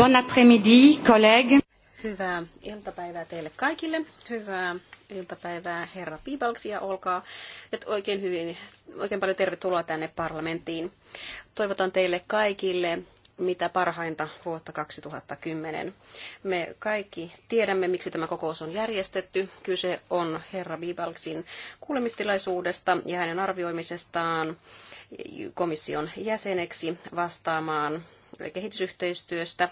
Bon après-midi, collègues. Hyvää iltapäivää teille kaikille. Hyvää iltapäivää herra Piibalksi ja olkaa et oikein, hyvin, oikein paljon tervetuloa tänne parlamenttiin. Toivotan teille kaikille mitä parhainta vuotta 2010. Me kaikki tiedämme, miksi tämä kokous on järjestetty. Kyse on herra Bibalksin kuulemistilaisuudesta ja hänen arvioimisestaan komission jäseneksi vastaamaan kehitysyhteistyöstä.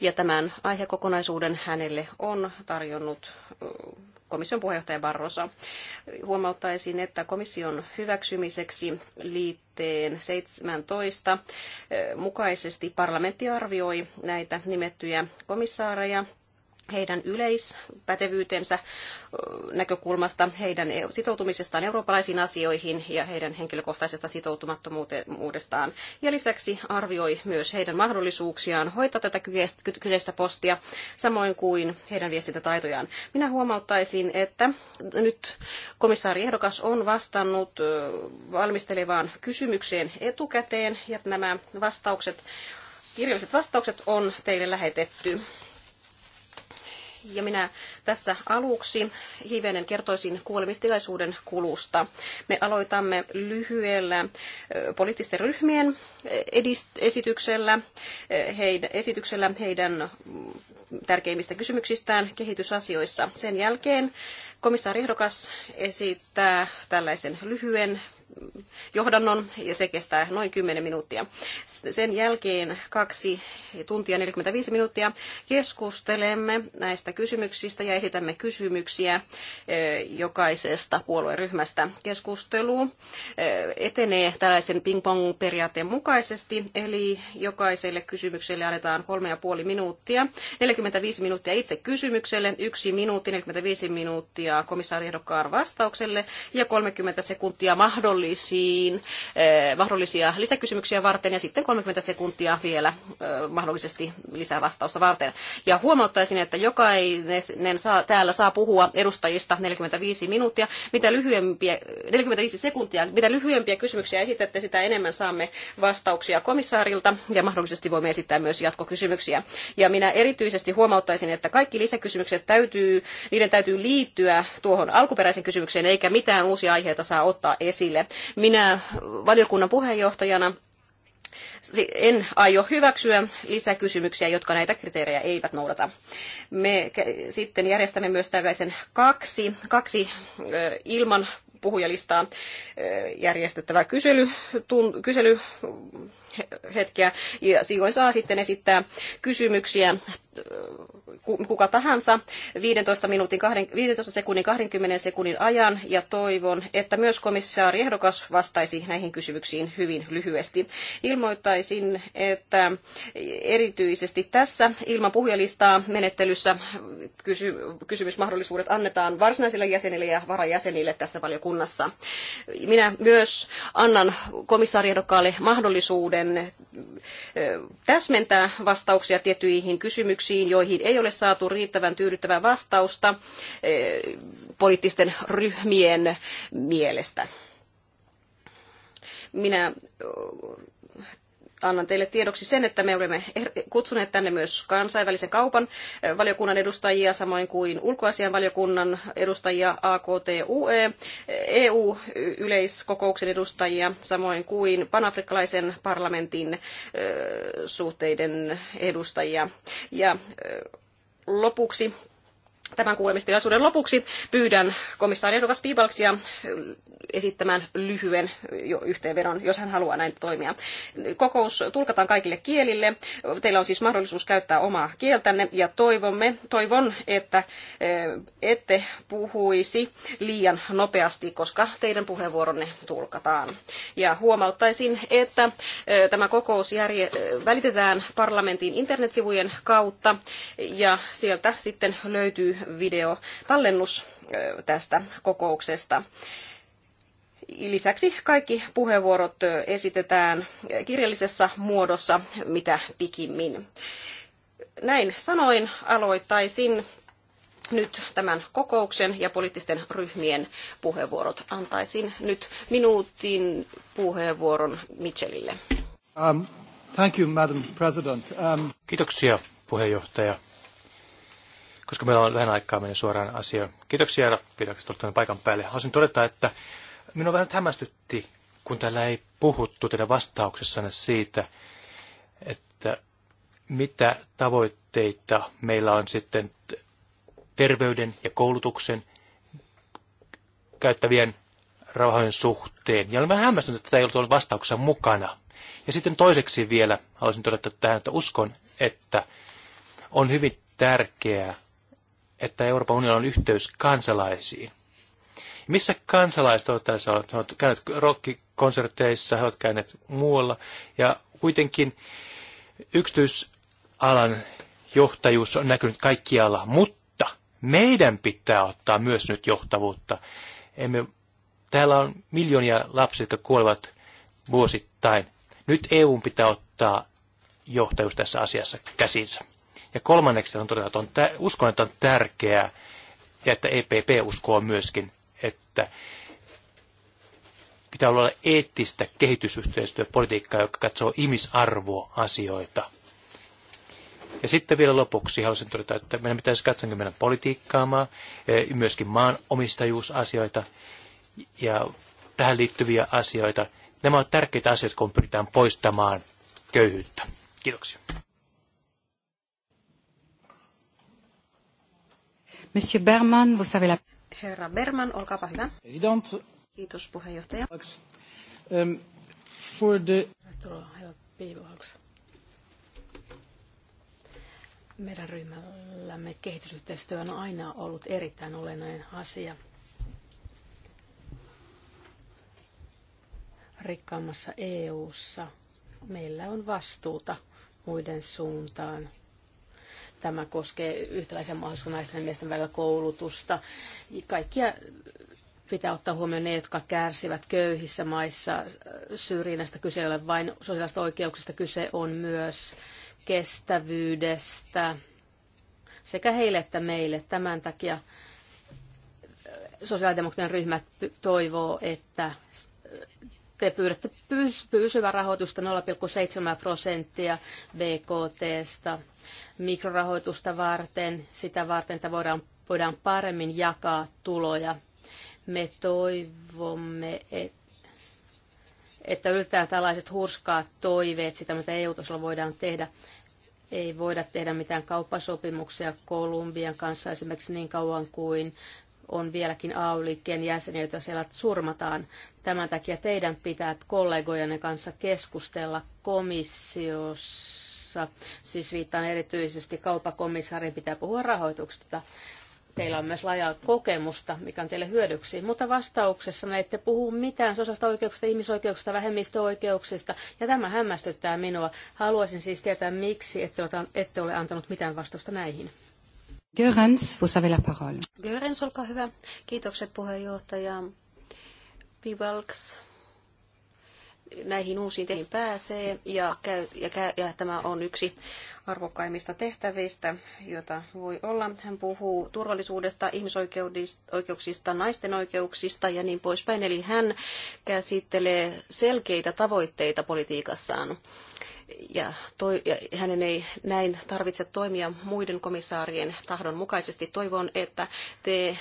Ja tämän aihekokonaisuuden hänelle on tarjonnut komission puheenjohtaja Barrosa Huomauttaisin, että komission hyväksymiseksi liitteen 17 mukaisesti parlamentti arvioi näitä nimettyjä komissaareja heidän yleispätevyytensä näkökulmasta, heidän e- sitoutumisestaan eurooppalaisiin asioihin ja heidän henkilökohtaisesta sitoutumattomuudestaan. Ja lisäksi arvioi myös heidän mahdollisuuksiaan hoitaa tätä kyseistä postia, samoin kuin heidän viestintätaitojaan. Minä huomauttaisin, että nyt komissaari ehdokas on vastannut valmistelevaan kysymykseen etukäteen, ja nämä vastaukset Kirjalliset vastaukset on teille lähetetty ja minä tässä aluksi hivenen kertoisin kuulemistilaisuuden kulusta. Me aloitamme lyhyellä poliittisten ryhmien esityksellä, heidän, esityksellä heidän tärkeimmistä kysymyksistään kehitysasioissa. Sen jälkeen komissaari ehdokas esittää tällaisen lyhyen johdannon ja se kestää noin 10 minuuttia. Sen jälkeen kaksi tuntia 45 minuuttia keskustelemme näistä kysymyksistä ja esitämme kysymyksiä eh, jokaisesta puolueryhmästä. Keskustelu eh, etenee tällaisen ping-pong-periaatteen mukaisesti, eli jokaiselle kysymykselle annetaan 3,5 minuuttia, 45 minuuttia itse kysymykselle, 1 minuutti, 45 minuuttia komissaariehdokkaan vastaukselle ja 30 sekuntia mahdollisesti mahdollisiin, eh, mahdollisia lisäkysymyksiä varten ja sitten 30 sekuntia vielä eh, mahdollisesti lisää vastausta varten. Ja huomauttaisin, että jokainen saa, täällä saa puhua edustajista 45 minuuttia. Mitä lyhyempiä, 45 sekuntia, mitä lyhyempiä kysymyksiä esitätte, sitä enemmän saamme vastauksia komissaarilta ja mahdollisesti voimme esittää myös jatkokysymyksiä. Ja minä erityisesti huomauttaisin, että kaikki lisäkysymykset täytyy, niiden täytyy liittyä tuohon alkuperäisen kysymykseen, eikä mitään uusia aiheita saa ottaa esille. Minä valiokunnan puheenjohtajana en aio hyväksyä lisäkysymyksiä, jotka näitä kriteerejä eivät noudata. Me sitten järjestämme myös tällaisen kaksi, kaksi ilman puhujalistaa järjestettävää kysely, tun, kysely hetkeä. Ja silloin saa sitten esittää kysymyksiä kuka tahansa 15, minuutin, 15 sekunnin 20 sekunnin ajan ja toivon, että myös komissaari ehdokas vastaisi näihin kysymyksiin hyvin lyhyesti. Ilmoittaisin, että erityisesti tässä ilman puhujalistaa menettelyssä kysy- kysymysmahdollisuudet annetaan varsinaisille jäsenille ja varajäsenille tässä valiokunnassa. Minä myös annan komissaariehdokkaalle mahdollisuuden sitten täsmentää vastauksia tiettyihin kysymyksiin, joihin ei ole saatu riittävän tyydyttävää vastausta poliittisten ryhmien mielestä. Minä annan teille tiedoksi sen, että me olemme eh, kutsuneet tänne myös kansainvälisen kaupan eh, valiokunnan edustajia, samoin kuin ulkoasian valiokunnan edustajia AKTUE, EU-yleiskokouksen eh, e edustajia, samoin kuin panafrikkalaisen parlamentin suhteiden edustajia. Ja lopuksi tämän kuulemistilaisuuden lopuksi pyydän komissaari Edukas Piibalksia esittämään lyhyen yhteenvedon, jos hän haluaa näin toimia. Kokous tulkataan kaikille kielille. Teillä on siis mahdollisuus käyttää omaa kieltänne ja toivomme, toivon, että ette puhuisi liian nopeasti, koska teidän puheenvuoronne tulkataan. Ja huomauttaisin, että tämä kokous järje, välitetään parlamentin internetsivujen kautta ja sieltä sitten löytyy videotallennus tästä kokouksesta. Lisäksi kaikki puheenvuorot esitetään kirjallisessa muodossa mitä pikimmin. Näin sanoin, aloittaisin nyt tämän kokouksen ja poliittisten ryhmien puheenvuorot. Antaisin nyt minuutin puheenvuoron Mitchellille. Um, thank you, Madam President. Um... Kiitoksia, puheenjohtaja koska meillä on vähän aikaa mennä suoraan asiaan. Kiitoksia Jaara Pidakset paikan päälle. Haluaisin todeta, että minua vähän hämmästytti, kun täällä ei puhuttu teidän vastauksessanne siitä, että mitä tavoitteita meillä on sitten terveyden ja koulutuksen käyttävien rahojen suhteen. Ja olen vähän hämmästynyt, että tämä ei ollut vastauksessa mukana. Ja sitten toiseksi vielä haluaisin todeta tähän, että uskon, että on hyvin tärkeää että Euroopan unionilla on yhteys kansalaisiin. Missä kansalaiset ovat tässä olleet? He ovat käyneet rockikonserteissa, he ovat käyneet muualla. Ja kuitenkin yksityisalan johtajuus on näkynyt kaikkialla, mutta meidän pitää ottaa myös nyt johtavuutta. Emme, täällä on miljoonia lapsia, jotka kuolevat vuosittain. Nyt EU pitää ottaa johtajuus tässä asiassa käsinsä. Ja kolmanneksi on todella, että on uskon, että on tärkeää, ja että EPP uskoo myöskin, että pitää olla eettistä kehitysyhteistyöpolitiikkaa, joka katsoo ihmisarvoa asioita. Ja sitten vielä lopuksi haluaisin todeta, että meidän pitäisi katsoa meidän politiikkaamaa, e, myöskin maanomistajuusasioita ja tähän liittyviä asioita. Nämä ovat tärkeitä asioita, kun pyritään poistamaan köyhyyttä. Kiitoksia. Monsieur Berman, vous savez la... Herra Berman, olkaapa hyvä. President. Kiitos puheenjohtaja. Um, for the... Meidän ryhmällämme kehitysyhteistyö on aina ollut erittäin olennainen asia. Rikkaammassa EU:ssa meillä on vastuuta muiden suuntaan – Tämä koskee yhtäläisen mahdollisuuden naisten ja miesten välillä koulutusta. Kaikkia pitää ottaa huomioon ne, jotka kärsivät köyhissä maissa syrjinnästä. Kyse ei ole vain sosiaalista oikeuksista, kyse on myös kestävyydestä sekä heille että meille. Tämän takia sosiaalidemokraattinen ryhmä toivoo, että te pyydätte pysyvää rahoitusta 0,7 prosenttia BKTstä mikrorahoitusta varten. Sitä varten, että voidaan, voidaan paremmin jakaa tuloja. Me toivomme, että että yltää tällaiset hurskaat toiveet sitä, mitä EU-tasolla voidaan tehdä. Ei voida tehdä mitään kauppasopimuksia Kolumbian kanssa esimerkiksi niin kauan kuin on vieläkin AY-liikkeen jäseniä, joita siellä surmataan. Tämän takia teidän pitää kollegojenne kanssa keskustella komissiossa. Siis viittaan erityisesti kaupakomissaarin pitää puhua rahoituksesta. Teillä on myös laajaa kokemusta, mikä on teille hyödyksi, mutta vastauksessa me ette puhu mitään sosiaalista oikeuksista, ihmisoikeuksista, vähemmistöoikeuksista, ja tämä hämmästyttää minua. Haluaisin siis tietää, miksi ette ole antanut mitään vastausta näihin. Görens, vous avez la parole. Görens, olkaa hyvä. Kiitokset puheenjohtaja Pivalks näihin uusiin tehtäviin pääsee ja, käy, ja, käy, ja tämä on yksi arvokkaimmista tehtävistä, jota voi olla. Hän puhuu turvallisuudesta, ihmisoikeuksista, naisten oikeuksista ja niin poispäin. Eli hän käsittelee selkeitä tavoitteita politiikassaan ja, toi, ja hänen ei näin tarvitse toimia muiden komissaarien tahdon mukaisesti. Toivon, että te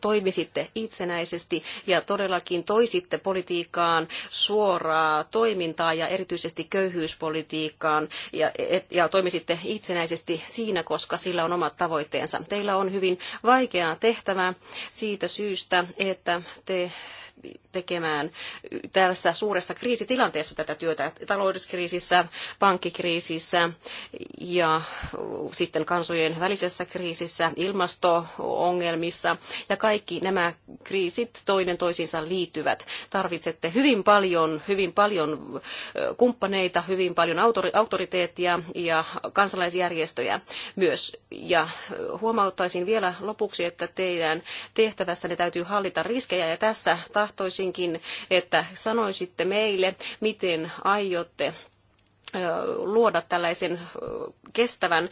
toimisitte itsenäisesti ja todellakin toisitte politiikkaan suoraa toimintaa ja erityisesti köyhyyspolitiikkaan ja, et, ja toimisitte itsenäisesti siinä, koska sillä on omat tavoitteensa. Teillä on hyvin vaikea tehtävä siitä syystä, että te tekemään tässä suuressa kriisitilanteessa tätä työtä kriisissä, pankkikriisissä ja sitten kansojen välisessä kriisissä, ilmastoongelmissa ja kaikki nämä kriisit toinen toisiinsa liittyvät. Tarvitsette hyvin paljon, hyvin paljon kumppaneita, hyvin paljon autoriteettia ja kansalaisjärjestöjä myös. Ja huomauttaisin vielä lopuksi, että teidän tehtävässänne täytyy hallita riskejä ja tässä tar- tahtoisinkin, että sanoisitte meille, miten aiotte luoda tällaisen kestävän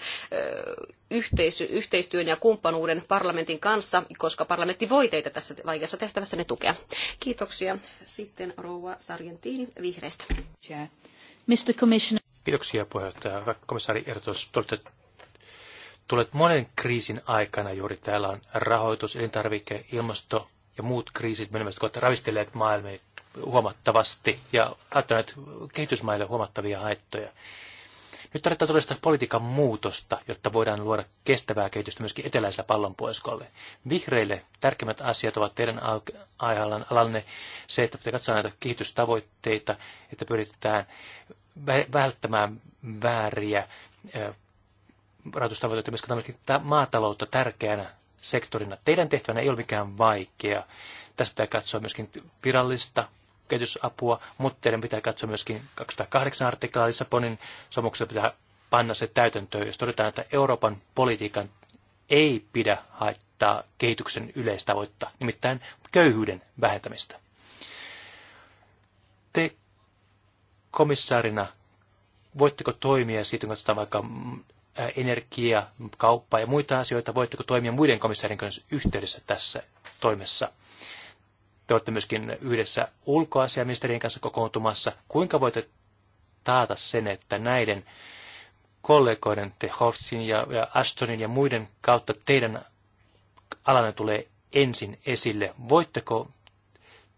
yhteistyön ja kumppanuuden parlamentin kanssa, koska parlamentti voi teitä tässä vaikeassa tehtävässänne tukea. Kiitoksia. Sitten rouva Sargentini vihreistä. Mr. Commissioner. Kiitoksia puheenjohtaja. Hyvä komissaari Ertos, olette tulet monen kriisin aikana juuri täällä on rahoitus, elintarvike, ilmasto, ja muut kriisit menemästä kohta ravistelleet maailmaa huomattavasti ja aiheuttaneet kehitysmaille huomattavia haittoja. Nyt tarvitaan todellista politiikan muutosta, jotta voidaan luoda kestävää kehitystä myöskin eteläisellä pallonpuoliskolle. Vihreille tärkeimmät asiat ovat teidän aihealan alanne se, että pitää katsoa näitä kehitystavoitteita, että pyritään välttämään vääriä rahoitustavoitteita, myöskin maataloutta tärkeänä sektorina. Teidän tehtävänä ei ole mikään vaikea. Tässä pitää katsoa myöskin virallista kehitysapua, mutta teidän pitää katsoa myöskin 208 artiklaa Lissabonin sopimuksessa pitää panna se täytäntöön, jos todetaan, että Euroopan politiikan ei pidä haittaa kehityksen yleistavoitta, nimittäin köyhyyden vähentämistä. Te komissaarina, voitteko toimia siitä, kun katsotaan vaikka energia, kauppa ja muita asioita. Voitteko toimia muiden komissaarien kanssa yhteydessä tässä toimessa? Te olette myöskin yhdessä ulkoasiaministerien kanssa kokoontumassa. Kuinka voitte taata sen, että näiden kollegoiden, te Hortin ja, ja Astonin ja muiden kautta teidän alanne tulee ensin esille. Voitteko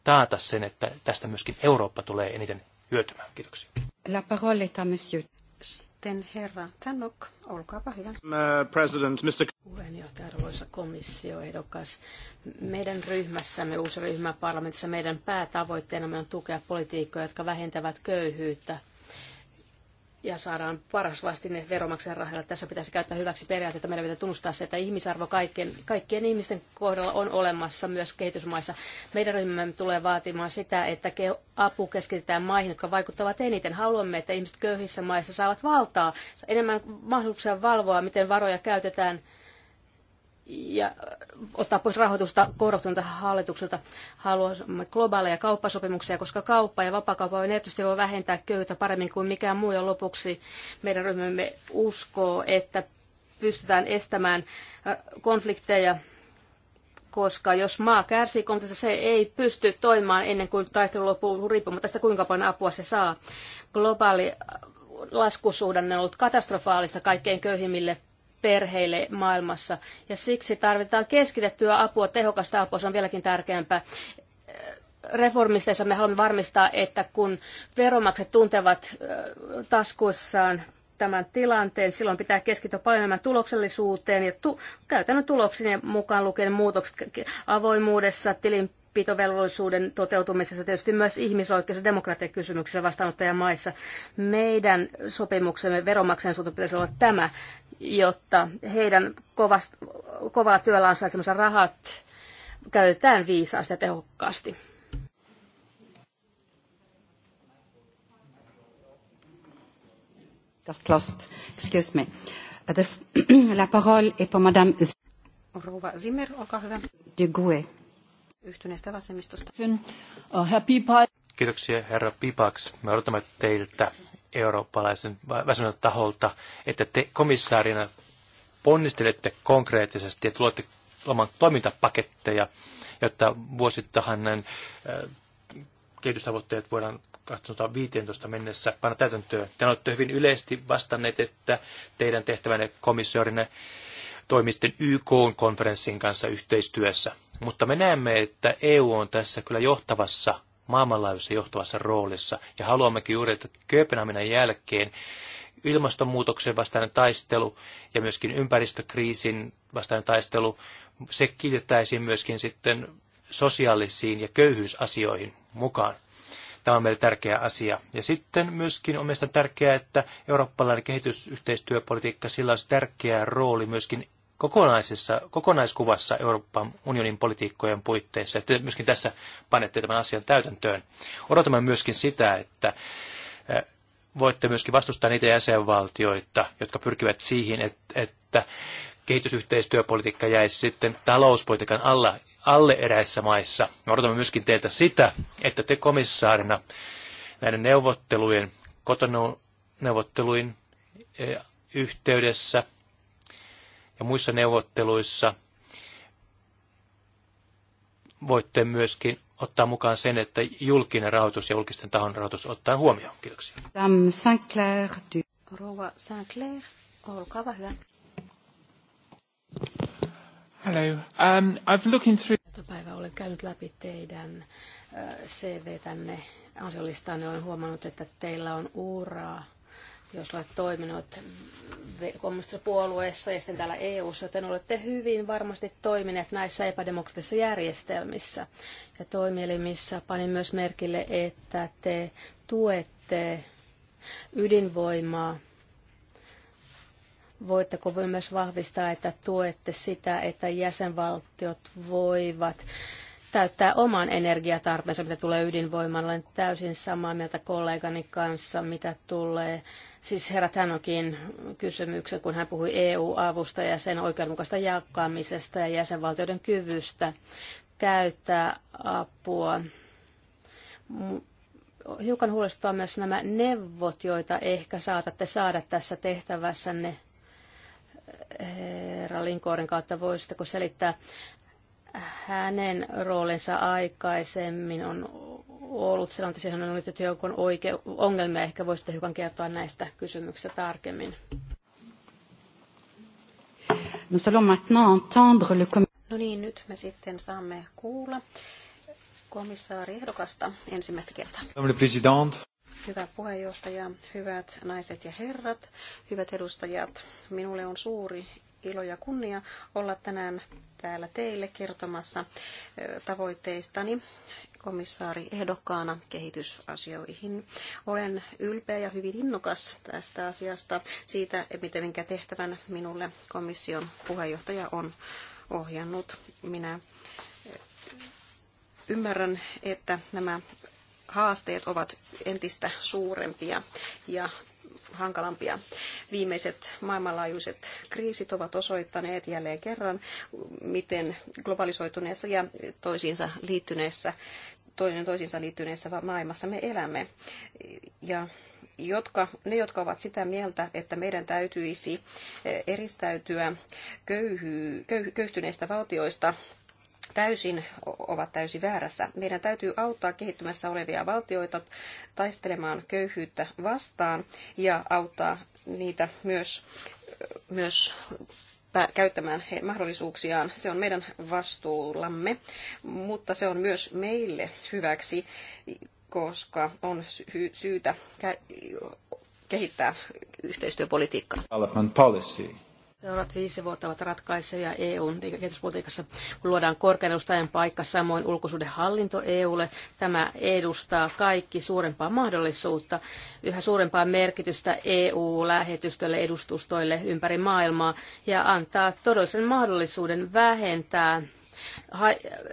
taata sen, että tästä myöskin Eurooppa tulee eniten hyötymään? Kiitoksia. La parole est à monsieur. Sitten herra Tanok. Olkaapa hyvä. Um, uh, President, Mr. Puheenjohtaja, arvoisa komissioehdokas. Meidän ryhmässämme, uusi ryhmä parlamentissa, meidän päätavoitteenamme on tukea politiikkoja, jotka vähentävät köyhyyttä ja saadaan paras vastine veromaksajan rahalla. Tässä pitäisi käyttää hyväksi periaatteita. Meidän pitää tunnustaa se, että ihmisarvo kaikkien, kaikkien ihmisten kohdalla on olemassa myös kehitysmaissa. Meidän ryhmämme tulee vaatimaan sitä, että apu keskitetään maihin, jotka vaikuttavat eniten. Haluamme, että ihmiset köyhissä maissa saavat valtaa, enemmän mahdollisuuksia valvoa, miten varoja käytetään – ja ottaa pois rahoitusta korottunutta hallitukselta. Haluamme globaaleja kauppasopimuksia, koska kauppa ja vapakauppa on erityisesti voi vähentää köyhyyttä paremmin kuin mikään muu. Ja lopuksi meidän ryhmämme uskoo, että pystytään estämään konflikteja koska jos maa kärsii konflikteja, se ei pysty toimimaan ennen kuin taistelu loppuu riippumatta sitä, kuinka paljon apua se saa. Globaali laskusuhdanne on ollut katastrofaalista kaikkein köyhimmille perheille maailmassa. Ja siksi tarvitaan keskitettyä apua, tehokasta apua, se on vieläkin tärkeämpää. Reformisteissa me haluamme varmistaa, että kun veromakset tuntevat taskuissaan tämän tilanteen. Silloin pitää keskittyä paljon enemmän tuloksellisuuteen ja tu- käytännön tuloksien mukaan lukien muutokset avoimuudessa, tilin kirjanpitovelvollisuuden toteutumisessa, tietysti myös ihmisoikeus- ja demokratiakysymyksissä vastaanottajamaissa. Meidän sopimuksemme veronmaksajan suunta pitäisi olla tämä, jotta heidän kovast, kovalla työllä ansaitsemansa rahat käytetään viisaasti ja tehokkaasti. Excuse me. Uh, la parole est pour Madame Rouva Zimmer, olkaa hyvä. De Gouet yhtyneestä vasemmistosta. Kiitoksia herra Pipaks. Me odotamme teiltä eurooppalaisen väsyneen taholta, että te komissaarina ponnistelette konkreettisesti, ja tuotte oman toimintapaketteja, jotta vuosittahan näin äh, kehitystavoitteet voidaan 2015 mennessä panna täytäntöön. Te olette hyvin yleisesti vastanneet, että teidän tehtävänne komissiorina toimisten YK-konferenssin kanssa yhteistyössä. Mutta me näemme, että EU on tässä kyllä johtavassa, maailmanlaajuisessa johtavassa roolissa. Ja haluammekin juuri, että Kööpenhaminan jälkeen ilmastonmuutoksen vastainen taistelu ja myöskin ympäristökriisin vastainen taistelu, se kiitettäisiin myöskin sitten sosiaalisiin ja köyhyysasioihin mukaan. Tämä on meille tärkeä asia. Ja sitten myöskin on mielestäni tärkeää, että eurooppalainen kehitysyhteistyöpolitiikka, sillä on tärkeä rooli myöskin kokonaisessa, kokonaiskuvassa Euroopan unionin politiikkojen puitteissa, että myöskin tässä panette tämän asian täytäntöön. Odotamme myöskin sitä, että voitte myöskin vastustaa niitä jäsenvaltioita, jotka pyrkivät siihen, että, kehitysyhteistyöpolitiikka jäisi sitten talouspolitiikan alla, alle eräissä maissa. Me odotamme myöskin teiltä sitä, että te komissaarina näiden neuvottelujen, kotoneuvottelujen yhteydessä – ja muissa neuvotteluissa voitte myöskin ottaa mukaan sen, että julkinen rahoitus ja julkisten tahon rahoitus ottaa huomioon. Kiitoksia. Madame Sinclair. Du... olkaa hyvä. Hello. Um, I've looking through... Päivä olen käynyt läpi teidän äh, CV tänne ansiolistanne. Olen huomannut, että teillä on uraa jos olet toiminut kommunistisessa puolueessa ja sitten täällä EU-ssa, joten olette hyvin varmasti toimineet näissä epädemokraattisissa järjestelmissä ja toimielimissä. Panin myös merkille, että te tuette ydinvoimaa. Voitteko myös vahvistaa, että tuette sitä, että jäsenvaltiot voivat täyttää oman energiatarpeensa, mitä tulee ydinvoimalle Olen täysin samaa mieltä kollegani kanssa, mitä tulee. Siis herra Tänokin kysymyksen, kun hän puhui EU-avusta ja sen oikeudenmukaista jakkaamisesta ja jäsenvaltioiden kyvystä käyttää apua. Hiukan huolestuttaa myös nämä neuvot, joita ehkä saatatte saada tässä tehtävässänne herra Linkoorin kautta. Voisitteko selittää hänen roolinsa aikaisemmin on ollut sellainen, että on ollut jonkun oike- ongelmia. Ehkä voisitte hiukan kertoa näistä kysymyksistä tarkemmin. Nous allons maintenant entendre le No niin, nyt me sitten saamme kuulla komissaari ehdokasta ensimmäistä kertaa. Hyvä puheenjohtaja, hyvät naiset ja herrat, hyvät edustajat. Minulle on suuri ilo ja kunnia olla tänään täällä teille kertomassa tavoitteistani komissaari ehdokkaana kehitysasioihin. Olen ylpeä ja hyvin innokas tästä asiasta, siitä, miten minkä tehtävän minulle komission puheenjohtaja on ohjannut. Minä ymmärrän, että nämä haasteet ovat entistä suurempia ja hankalampia. Viimeiset maailmanlaajuiset kriisit ovat osoittaneet jälleen kerran, miten globalisoituneessa ja toisiinsa liittyneessä, toinen toisiinsa liittyneessä maailmassa me elämme. Ja jotka, ne, jotka ovat sitä mieltä, että meidän täytyisi eh, eristäytyä köyhy, köy, köyhtyneistä valtioista täysin, ovat täysin väärässä. Meidän täytyy auttaa kehittymässä olevia valtioita taistelemaan köyhyyttä vastaan ja auttaa niitä myös, myös käyttämään mahdollisuuksiaan. Se on meidän vastuullamme, mutta se on myös meille hyväksi, koska on sy- syytä kehittää yhteistyöpolitiikkaa. Development policy. Seuraavat viisi vuotta ovat ratkaisevia EUn kehityspolitiikassa, kun luodaan korkean edustajan paikka, samoin ulkosuuden hallinto EUlle. Tämä edustaa kaikki suurempaa mahdollisuutta, yhä suurempaa merkitystä EU-lähetystölle, edustustoille ympäri maailmaa ja antaa todellisen mahdollisuuden vähentää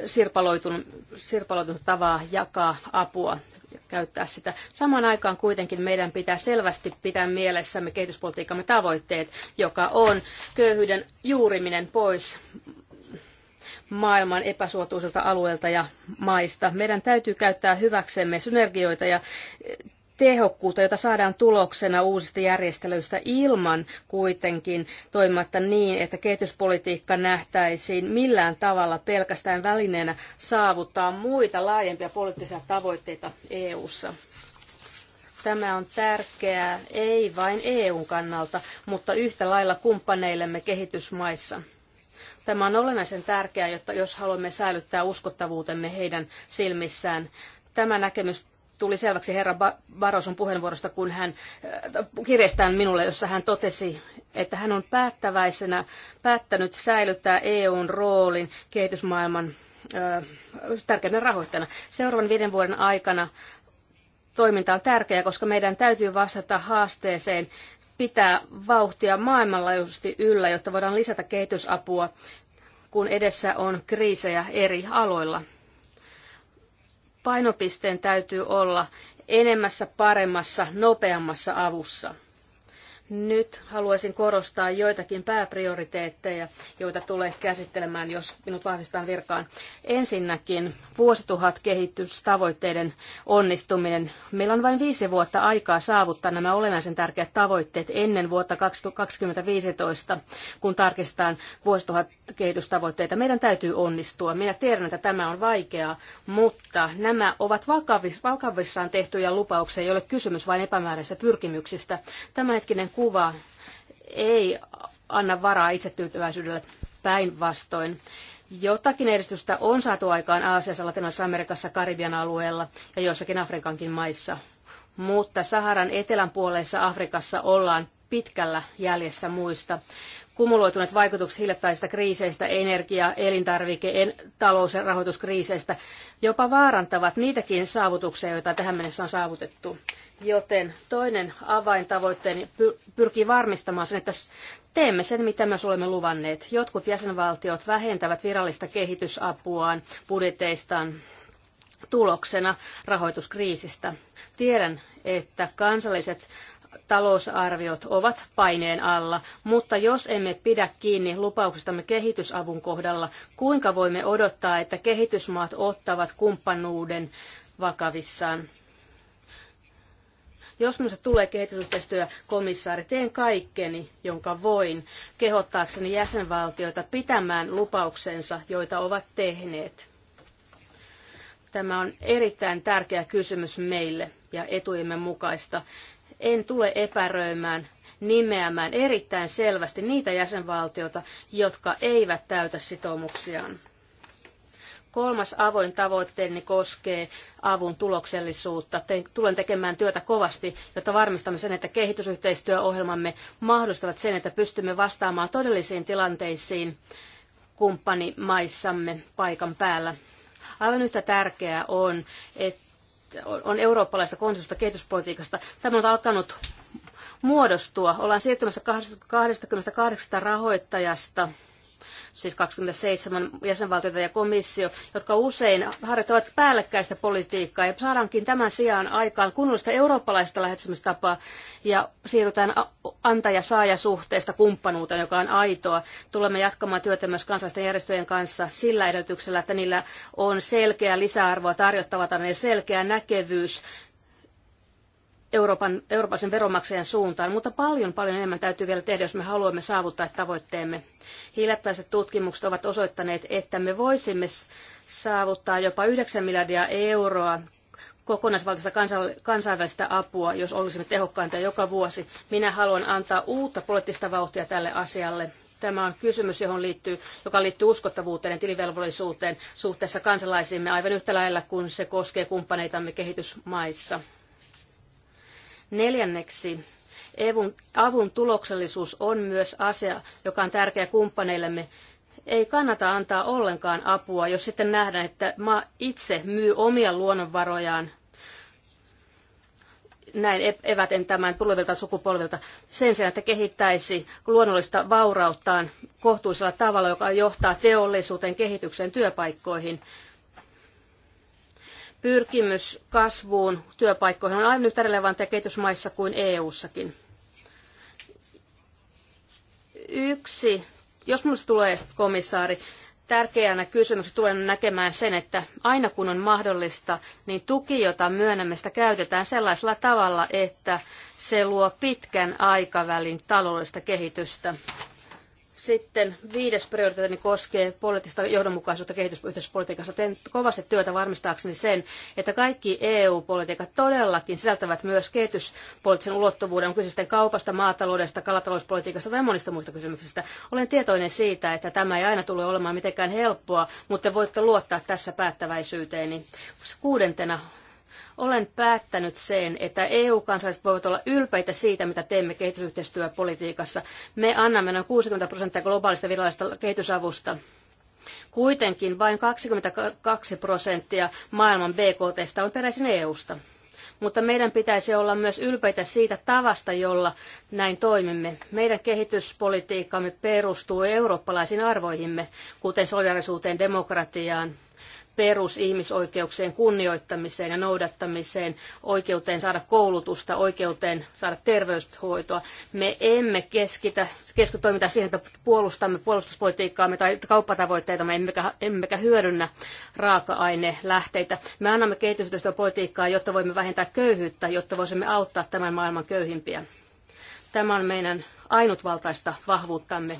sirpaloitunut, sirpaloitunut tavaa jakaa apua ja käyttää sitä. Samaan aikaan kuitenkin meidän pitää selvästi pitää mielessämme kehityspolitiikkamme tavoitteet, joka on köyhyyden juuriminen pois maailman epäsuotuisilta alueilta ja maista. Meidän täytyy käyttää hyväksemme synergioita ja tehokkuutta, jota saadaan tuloksena uusista järjestelyistä ilman kuitenkin toimimatta niin, että kehityspolitiikka nähtäisiin millään tavalla pelkästään välineenä saavuttaa muita laajempia poliittisia tavoitteita EU:ssa. Tämä on tärkeää ei vain EUn kannalta, mutta yhtä lailla kumppaneillemme kehitysmaissa. Tämä on olennaisen tärkeää, jotta jos haluamme säilyttää uskottavuutemme heidän silmissään. Tämä näkemys tuli selväksi herra Barroson puheenvuorosta, kun hän äh, kirjastaan minulle, jossa hän totesi, että hän on päättäväisenä päättänyt säilyttää EUn roolin kehitysmaailman äh, tärkeänä rahoittajana. Seuraavan viiden vuoden aikana toiminta on tärkeää, koska meidän täytyy vastata haasteeseen pitää vauhtia maailmanlaajuisesti yllä, jotta voidaan lisätä kehitysapua, kun edessä on kriisejä eri aloilla. Painopisteen täytyy olla enemmässä, paremmassa, nopeammassa avussa. Nyt haluaisin korostaa joitakin pääprioriteetteja, joita tulee käsittelemään, jos minut vahvistetaan virkaan. Ensinnäkin vuosituhat kehitystavoitteiden onnistuminen. Meillä on vain viisi vuotta aikaa saavuttaa nämä olennaisen tärkeät tavoitteet ennen vuotta 2015, kun tarkistetaan vuosituhat kehitystavoitteita. Meidän täytyy onnistua. Minä tiedän, että tämä on vaikeaa, mutta nämä ovat vakavissaan tehtyjä lupauksia, ei ole kysymys vain epämääräisistä pyrkimyksistä. Tämänhetkinen kuva ei anna varaa itsetyytyväisyydelle päinvastoin. Jotakin edistystä on saatu aikaan Aasiassa, Latinalaisessa Amerikassa, Karibian alueella ja joissakin Afrikankin maissa. Mutta Saharan puoleissa Afrikassa ollaan pitkällä jäljessä muista. Kumuloituneet vaikutukset hiljattaisista kriiseistä, energia-, elintarvike-, en, talous- ja rahoituskriiseistä jopa vaarantavat niitäkin saavutuksia, joita tähän mennessä on saavutettu. Joten toinen avaintavoitteeni pyrkii varmistamaan sen, että teemme sen, mitä myös olemme luvanneet. Jotkut jäsenvaltiot vähentävät virallista kehitysapuaan budjeteistaan tuloksena rahoituskriisistä. Tiedän, että kansalliset talousarviot ovat paineen alla, mutta jos emme pidä kiinni lupauksistamme kehitysavun kohdalla, kuinka voimme odottaa, että kehitysmaat ottavat kumppanuuden vakavissaan? Jos minusta tulee kehitysyhteistyökomissaari, teen kaikkeni, jonka voin, kehottaakseni jäsenvaltioita pitämään lupauksensa, joita ovat tehneet. Tämä on erittäin tärkeä kysymys meille ja etujemme mukaista. En tule epäröimään nimeämään erittäin selvästi niitä jäsenvaltioita, jotka eivät täytä sitoumuksiaan. Kolmas avoin tavoitteeni koskee avun tuloksellisuutta. tulen tekemään työtä kovasti, jotta varmistamme sen, että kehitysyhteistyöohjelmamme mahdollistavat sen, että pystymme vastaamaan todellisiin tilanteisiin kumppanimaissamme paikan päällä. Aivan yhtä tärkeää on, että on eurooppalaista konsensusta kehityspolitiikasta. Tämä on alkanut muodostua. Ollaan siirtymässä 28 rahoittajasta siis 27 jäsenvaltiota ja komissio, jotka usein harjoittavat päällekkäistä politiikkaa ja saadaankin tämän sijaan aikaan kunnollista eurooppalaista lähestymistapaa ja siirrytään antaja-saaja-suhteesta kumppanuuteen, joka on aitoa. Tulemme jatkamaan työtä myös kansallisten järjestöjen kanssa sillä edellytyksellä, että niillä on selkeä lisäarvoa tarjottavata ja selkeä näkevyys Euroopan, eurooppalaisen veronmaksajan suuntaan, mutta paljon paljon enemmän täytyy vielä tehdä, jos me haluamme saavuttaa tavoitteemme. Hiljattaiset tutkimukset ovat osoittaneet, että me voisimme saavuttaa jopa 9 miljardia euroa kokonaisvaltaista kansainvälistä apua, jos olisimme tehokkaimpia joka vuosi. Minä haluan antaa uutta poliittista vauhtia tälle asialle. Tämä on kysymys, johon liittyy, joka liittyy uskottavuuteen ja tilivelvollisuuteen suhteessa kansalaisimme aivan yhtä lailla kuin se koskee kumppaneitamme kehitysmaissa. Neljänneksi, EUn, avun tuloksellisuus on myös asia, joka on tärkeä kumppaneillemme. Ei kannata antaa ollenkaan apua, jos sitten nähdään, että maa itse myy omia luonnonvarojaan näin e- eväten tämän tulevilta sukupolvilta sen sijaan, että kehittäisi luonnollista vaurauttaan kohtuullisella tavalla, joka johtaa teollisuuteen, kehitykseen, työpaikkoihin – pyrkimys kasvuun työpaikkoihin on aivan yhtä relevantteja kehitysmaissa kuin EU-sakin. Yksi, jos minusta tulee komissaari, tärkeänä kysymyksenä tulen näkemään sen, että aina kun on mahdollista, niin tuki, jota myönnämme, sitä käytetään sellaisella tavalla, että se luo pitkän aikavälin taloudellista kehitystä. Sitten viides prioriteetti koskee poliittista johdonmukaisuutta kehitysyhteispolitiikassa. Teen kovasti työtä varmistaakseni sen, että kaikki EU-politiikat todellakin sisältävät myös kehityspoliittisen ulottuvuuden, on kyse kaupasta, maataloudesta, kalatalouspolitiikasta tai monista muista kysymyksistä. Olen tietoinen siitä, että tämä ei aina tule olemaan mitenkään helppoa, mutta voitte luottaa tässä päättäväisyyteeni. Kuudentena olen päättänyt sen, että EU-kansalaiset voivat olla ylpeitä siitä, mitä teemme kehitysyhteistyöpolitiikassa. Me annamme noin 60 prosenttia globaalista virallista kehitysavusta. Kuitenkin vain 22 prosenttia maailman BKTstä on peräisin EUsta. Mutta meidän pitäisi olla myös ylpeitä siitä tavasta, jolla näin toimimme. Meidän kehityspolitiikkamme perustuu eurooppalaisiin arvoihimme, kuten solidarisuuteen, demokratiaan, perusihmisoikeuksien kunnioittamiseen ja noudattamiseen, oikeuteen saada koulutusta, oikeuteen saada terveyshoitoa. Me emme keskitä, keskity siihen, että puolustamme puolustuspolitiikkaamme tai kauppatavoitteitamme, emmekä, emmekä hyödynnä raaka-ainelähteitä. Me annamme kehitysyhteistyöpolitiikkaa, jotta voimme vähentää köyhyyttä, jotta voisimme auttaa tämän maailman köyhimpiä. Tämä on meidän ainutvaltaista vahvuuttamme.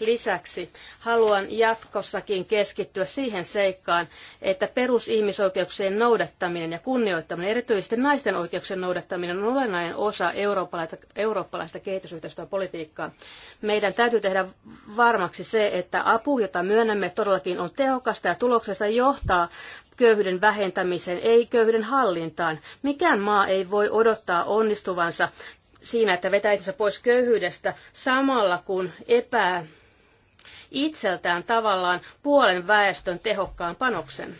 Lisäksi haluan jatkossakin keskittyä siihen seikkaan, että perusihmisoikeuksien noudattaminen ja kunnioittaminen, erityisesti naisten oikeuksien noudattaminen, on olennainen osa eurooppalaista, eurooppalaista kehitysyhteistyöpolitiikkaa. Meidän täytyy tehdä varmaksi se, että apu, jota myönnämme, todellakin on tehokasta ja tuloksesta johtaa köyhyyden vähentämiseen, ei köyhyyden hallintaan. Mikään maa ei voi odottaa onnistuvansa siinä, että vetää itsensä pois köyhyydestä samalla kun epää itseltään tavallaan puolen väestön tehokkaan panoksen.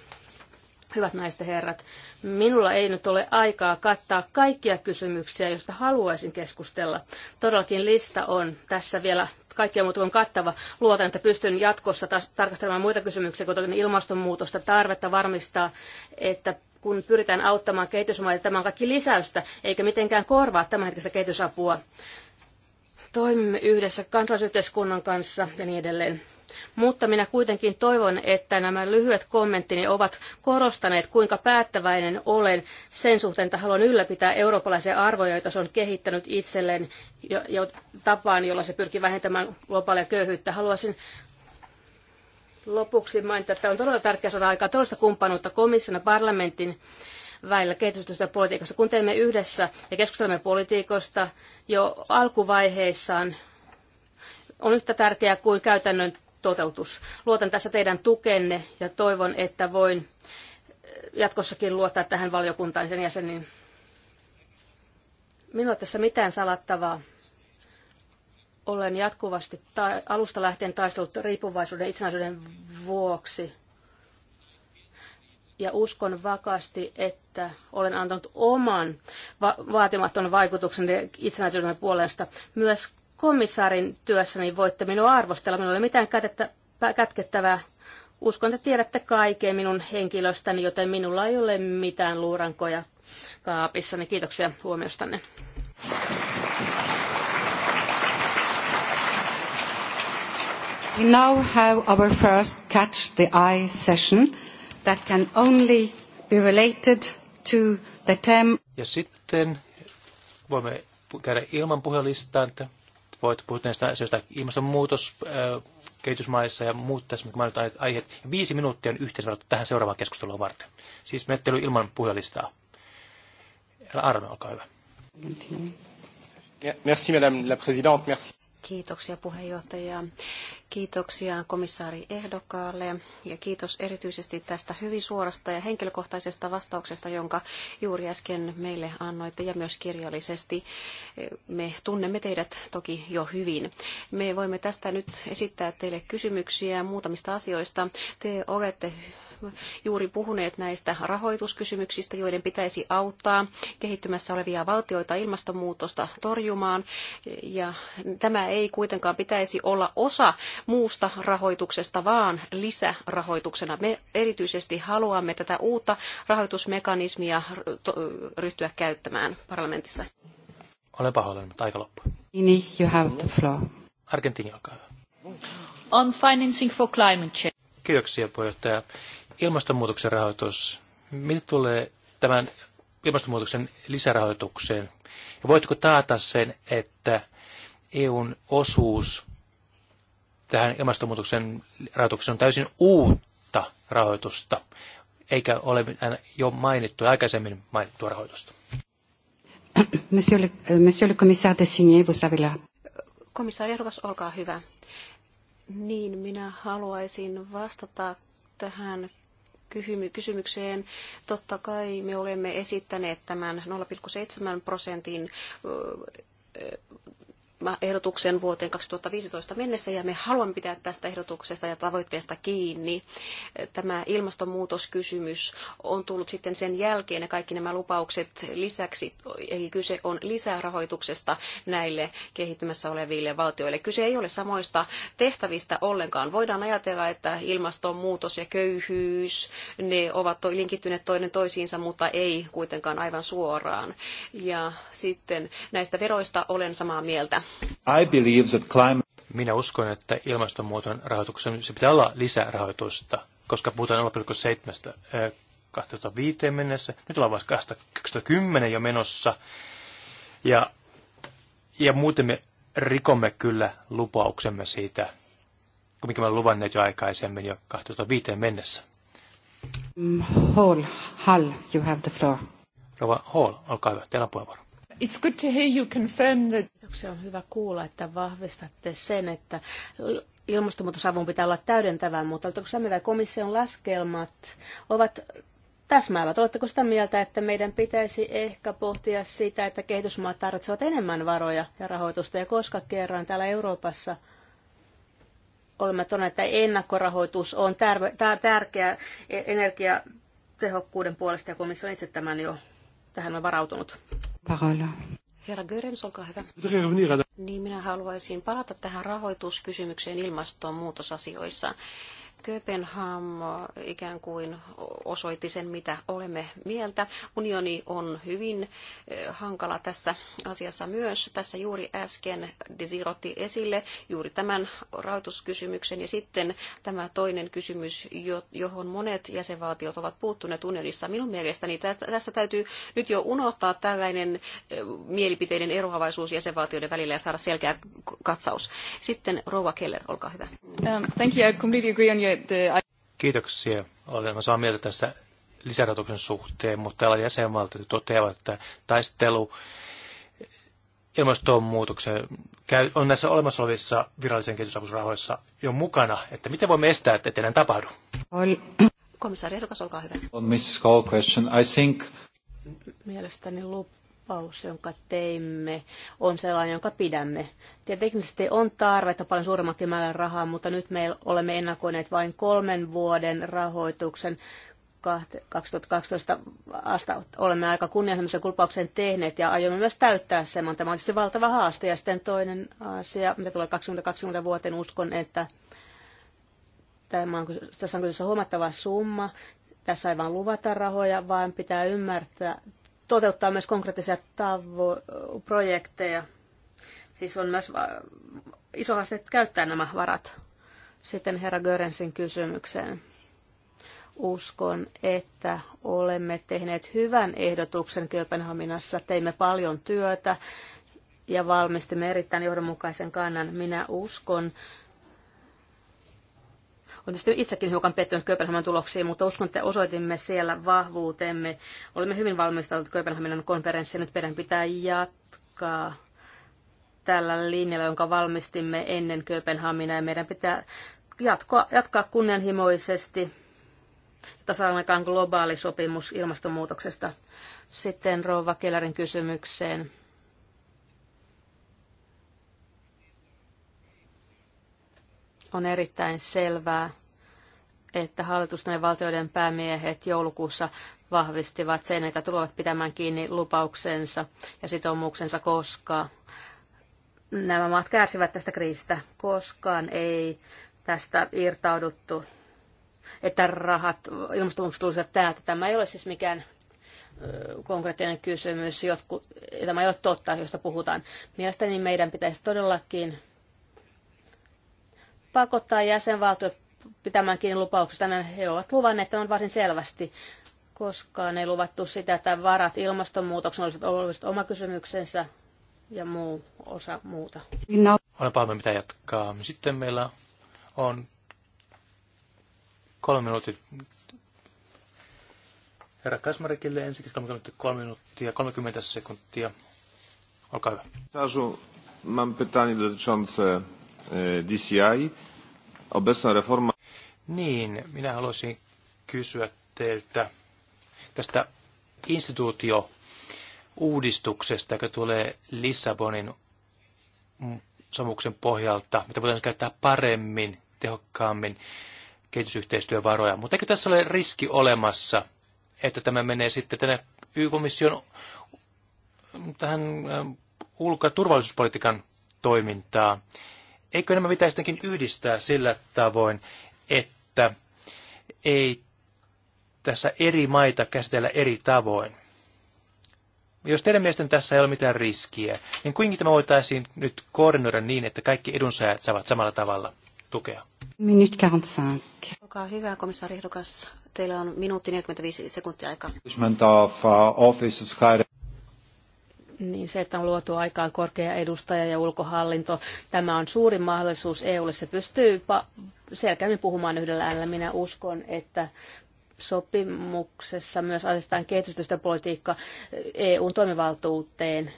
Hyvät naiset ja herrat, minulla ei nyt ole aikaa kattaa kaikkia kysymyksiä, joista haluaisin keskustella. Todellakin lista on tässä vielä kaikkea muuta kuin kattava. Luotan, että pystyn jatkossa tarkastelemaan muita kysymyksiä, kuten ilmastonmuutosta, tarvetta varmistaa, että kun pyritään auttamaan kehitysmaita, tämä on kaikki lisäystä, eikä mitenkään korvaa tämänhetkistä kehitysapua. Toimimme yhdessä kansalaisyhteiskunnan kanssa ja niin edelleen. Mutta minä kuitenkin toivon, että nämä lyhyet kommenttini ovat korostaneet, kuinka päättäväinen olen sen suhteen, että haluan ylläpitää eurooppalaisia arvoja, joita se on kehittänyt itselleen jo, jo tapaan, jolla se pyrkii vähentämään globaalia köyhyyttä. Haluaisin lopuksi mainita, että on todella tärkeää saada aikaa todellista kumppanuutta komission ja parlamentin välillä kehitystä politiikassa. Kun teemme yhdessä ja keskustelemme politiikosta jo alkuvaiheissaan, on yhtä tärkeää kuin käytännön toteutus. Luotan tässä teidän tukenne ja toivon, että voin eh, jatkossakin luottaa tähän valiokuntaan sen jäseniin. Minulla tässä mitään salattavaa. Olen jatkuvasti ta- alusta lähtien taistellut riippuvaisuuden itsenäisyyden vuoksi ja uskon vakaasti, että olen antanut oman va- vaatimaton vaikutuksen itsenäisyyden puolesta. Myös komissaarin työssäni voitte minua arvostella. Minulla ei ole mitään kätettä, kätkettävää. Uskon, että tiedätte kaiken minun henkilöstäni, joten minulla ei ole mitään luurankoja kaapissani. Kiitoksia huomiostanne. We now have our first catch the eye session that can only be related to the term. Ja sitten voimme käydä ilman puhelistaan, että voit puhua näistä asioista ilmastonmuutos, kehitysmaissa ja muut tässä mainitut aiheet. Viisi minuuttia on yhteensä tähän seuraavaan keskusteluun varten. Siis menettely ilman puhelistaa. Arno, olkaa hyvä. Merci, madame la présidente. Merci. Kiitoksia puheenjohtaja. Kiitoksia komissaari ehdokkaalle ja kiitos erityisesti tästä hyvin suorasta ja henkilökohtaisesta vastauksesta, jonka juuri äsken meille annoitte ja myös kirjallisesti. Me tunnemme teidät toki jo hyvin. Me voimme tästä nyt esittää teille kysymyksiä muutamista asioista. Te olette juuri puhuneet näistä rahoituskysymyksistä, joiden pitäisi auttaa kehittymässä olevia valtioita ilmastonmuutosta torjumaan. Ja tämä ei kuitenkaan pitäisi olla osa muusta rahoituksesta, vaan lisärahoituksena. Me erityisesti haluamme tätä uutta rahoitusmekanismia ryhtyä käyttämään parlamentissa. Olen pahoillani, mutta aika loppuu. you have the floor. Argentiini, olkaa hyvä. On financing for climate change. Kiitoksia puheenjohtaja ilmastonmuutoksen rahoitus, mitä tulee tämän ilmastonmuutoksen lisärahoitukseen? Ja voitko taata sen, että EUn osuus tähän ilmastonmuutoksen rahoitukseen on täysin uutta rahoitusta, eikä ole jo mainittu aikaisemmin mainittua rahoitusta? Monsieur le, euh, monsieur le commissaire désigné, vous savez la... Komissaari ehdokas, olkaa hyvä. Niin, minä haluaisin vastata tähän kysymykseen, totta kai me olemme esittäneet tämän 0,7 prosentin ehdotuksen vuoteen 2015 mennessä ja me haluamme pitää tästä ehdotuksesta ja tavoitteesta kiinni. Tämä ilmastonmuutoskysymys on tullut sitten sen jälkeen ja kaikki nämä lupaukset lisäksi, eli kyse on lisärahoituksesta näille kehittymässä oleville valtioille. Kyse ei ole samoista tehtävistä ollenkaan. Voidaan ajatella, että ilmastonmuutos ja köyhyys, ne ovat linkittyneet toinen toisiinsa, mutta ei kuitenkaan aivan suoraan. Ja sitten näistä veroista olen samaa mieltä. I believe that climate... Minä uskon, että ilmastonmuuton rahoituksen se pitää olla lisärahoitusta, koska puhutaan 0,7 2005 mennessä. Nyt ollaan vasta 2010 jo menossa. Ja, ja muuten me rikomme kyllä lupauksemme siitä, mikä me olemme luvanneet jo aikaisemmin jo 2005 mennessä. Mm, Hall, Hall, you have the floor. Rova Hall, olkaa hyvä, teillä on puheenvuoro. It's good to hear you confirm that... Se on hyvä kuulla, että vahvistatte sen, että ilmastonmuutosavun pitää olla täydentävää, mutta oletteko sitä mieltä, komission laskelmat ovat täsmäävät? Oletteko sitä mieltä, että meidän pitäisi ehkä pohtia sitä, että kehitysmaat tarvitsevat enemmän varoja ja rahoitusta, ja koska kerran täällä Euroopassa olemme todenneet, että ennakkorahoitus on tär- tärkeä e- energiatehokkuuden puolesta, ja komissio on itse tämän jo tähän on varautunut parole. Herra Görens, olkaa hyvä. Niin, minä haluaisin palata tähän rahoituskysymykseen ilmastonmuutosasioissa. Kööpenhamn ikään kuin osoitti sen, mitä olemme mieltä. Unioni on hyvin eh, hankala tässä asiassa myös. Tässä juuri äsken desirotti esille juuri tämän rahoituskysymyksen ja sitten tämä toinen kysymys, johon monet jäsenvaltiot ovat puuttuneet unionissa. Minun mielestäni tässä täytyy nyt jo unohtaa tällainen eh, mielipiteiden eroavaisuus jäsenvaltioiden välillä ja saada selkeä katsaus. Sitten Rouva Keller, olkaa hyvä. Um, thank you. I completely agree on your Kiitoksia. Olen samaa mieltä tässä lisärahoituksen suhteen, mutta täällä jäsenvaltiot toteavat, että taistelu ilmastonmuutoksen on näissä olemassa olevissa virallisen kehitysavusrahoissa jo mukana, että miten voimme estää, että etelän tapahdu? Komissaari Erukas, olkaa hyvä. On Mrs. question, I think... Mielestäni loppu tapaus, jonka teimme, on sellainen, jonka pidämme. Teknisesti on tarvetta paljon suuremmatkin määrän rahaa, mutta nyt me olemme ennakoineet vain kolmen vuoden rahoituksen 2012 asti olemme aika kunnianhimoisen kulpauksen tehneet ja aiomme myös täyttää sen. Tämä on siis valtava haaste. Ja sitten toinen asia, mitä tulee 2020 vuoteen, uskon, että tämä on, tässä on kyseessä huomattava summa. Tässä ei vain luvata rahoja, vaan pitää ymmärtää toteuttaa myös konkreettisia tavo- projekteja. Siis on myös iso haaste käyttää nämä varat. Sitten herra Görensin kysymykseen. Uskon, että olemme tehneet hyvän ehdotuksen Kööpenhaminassa. Teimme paljon työtä ja valmistimme erittäin johdonmukaisen kannan. Minä uskon, olen tietysti itsekin hiukan pettynyt Kööpenhaminan tuloksiin, mutta uskon, että osoitimme siellä vahvuutemme. Olemme hyvin valmistautuneet Kööpenhaminan konferenssiin. Nyt meidän pitää jatkaa tällä linjalla, jonka valmistimme ennen Kööpenhaminaa. meidän pitää jatkoa, jatkaa kunnianhimoisesti jotta saadaan aikaan globaali sopimus ilmastonmuutoksesta. Sitten Rouva Kellerin kysymykseen On erittäin selvää, että hallitusten ja valtioiden päämiehet joulukuussa vahvistivat sen, että tulevat pitämään kiinni lupauksensa ja sitoumuksensa, koska nämä maat kärsivät tästä kriisistä. Koskaan ei tästä irtauduttu, että rahat, ilmastonmuutokset tulisivat täältä. Tämä ei ole siis mikään konkreettinen kysymys, jotkut, tämä ei ole totta, josta puhutaan. Mielestäni meidän pitäisi todellakin pakottaa jäsenvaltiot pitämään kiinni lupauksista. Niin he ovat luvanneet tämän varsin selvästi. Koskaan ei luvattu sitä, että varat ilmastonmuutoksen olisivat, olleet oma kysymyksensä ja muu osa muuta. No. Olen paljon mitä jatkaa. Sitten meillä on kolme minuuttia herra Kasmarikille ensiksi kolme minuuttia 30 sekuntia. Olkaa hyvä. Sarzu, on pytanie dotyczące e, DCI reforma. Niin, minä haluaisin kysyä teiltä tästä instituutio uudistuksesta, joka tulee Lissabonin sopimuksen pohjalta, mitä voidaan käyttää paremmin, tehokkaammin kehitysyhteistyövaroja. Mutta eikö tässä ole riski olemassa, että tämä menee sitten tänne YK-komission tähän ulko- ja turvallisuuspolitiikan toimintaan? Eikö nämä pitäisi jotenkin yhdistää sillä tavoin, että ei tässä eri maita käsitellä eri tavoin? Jos teidän mielestänne tässä ei ole mitään riskiä, niin kuinka tämä voitaisiin nyt koordinoida niin, että kaikki edunsaajat saavat samalla tavalla tukea? Minuut 45. Olkaa hyvä, komissaari Ehdokas. Teillä on minuutti 45 sekuntia aikaa niin se, että on luotu aikaan korkea edustaja ja ulkohallinto, tämä on suurin mahdollisuus EUlle. Se pystyy selkeämmin puhumaan yhdellä äänellä. Minä uskon, että sopimuksessa myös asetetaan kehitysyhteistyöpolitiikka EUn toimivaltuuteen.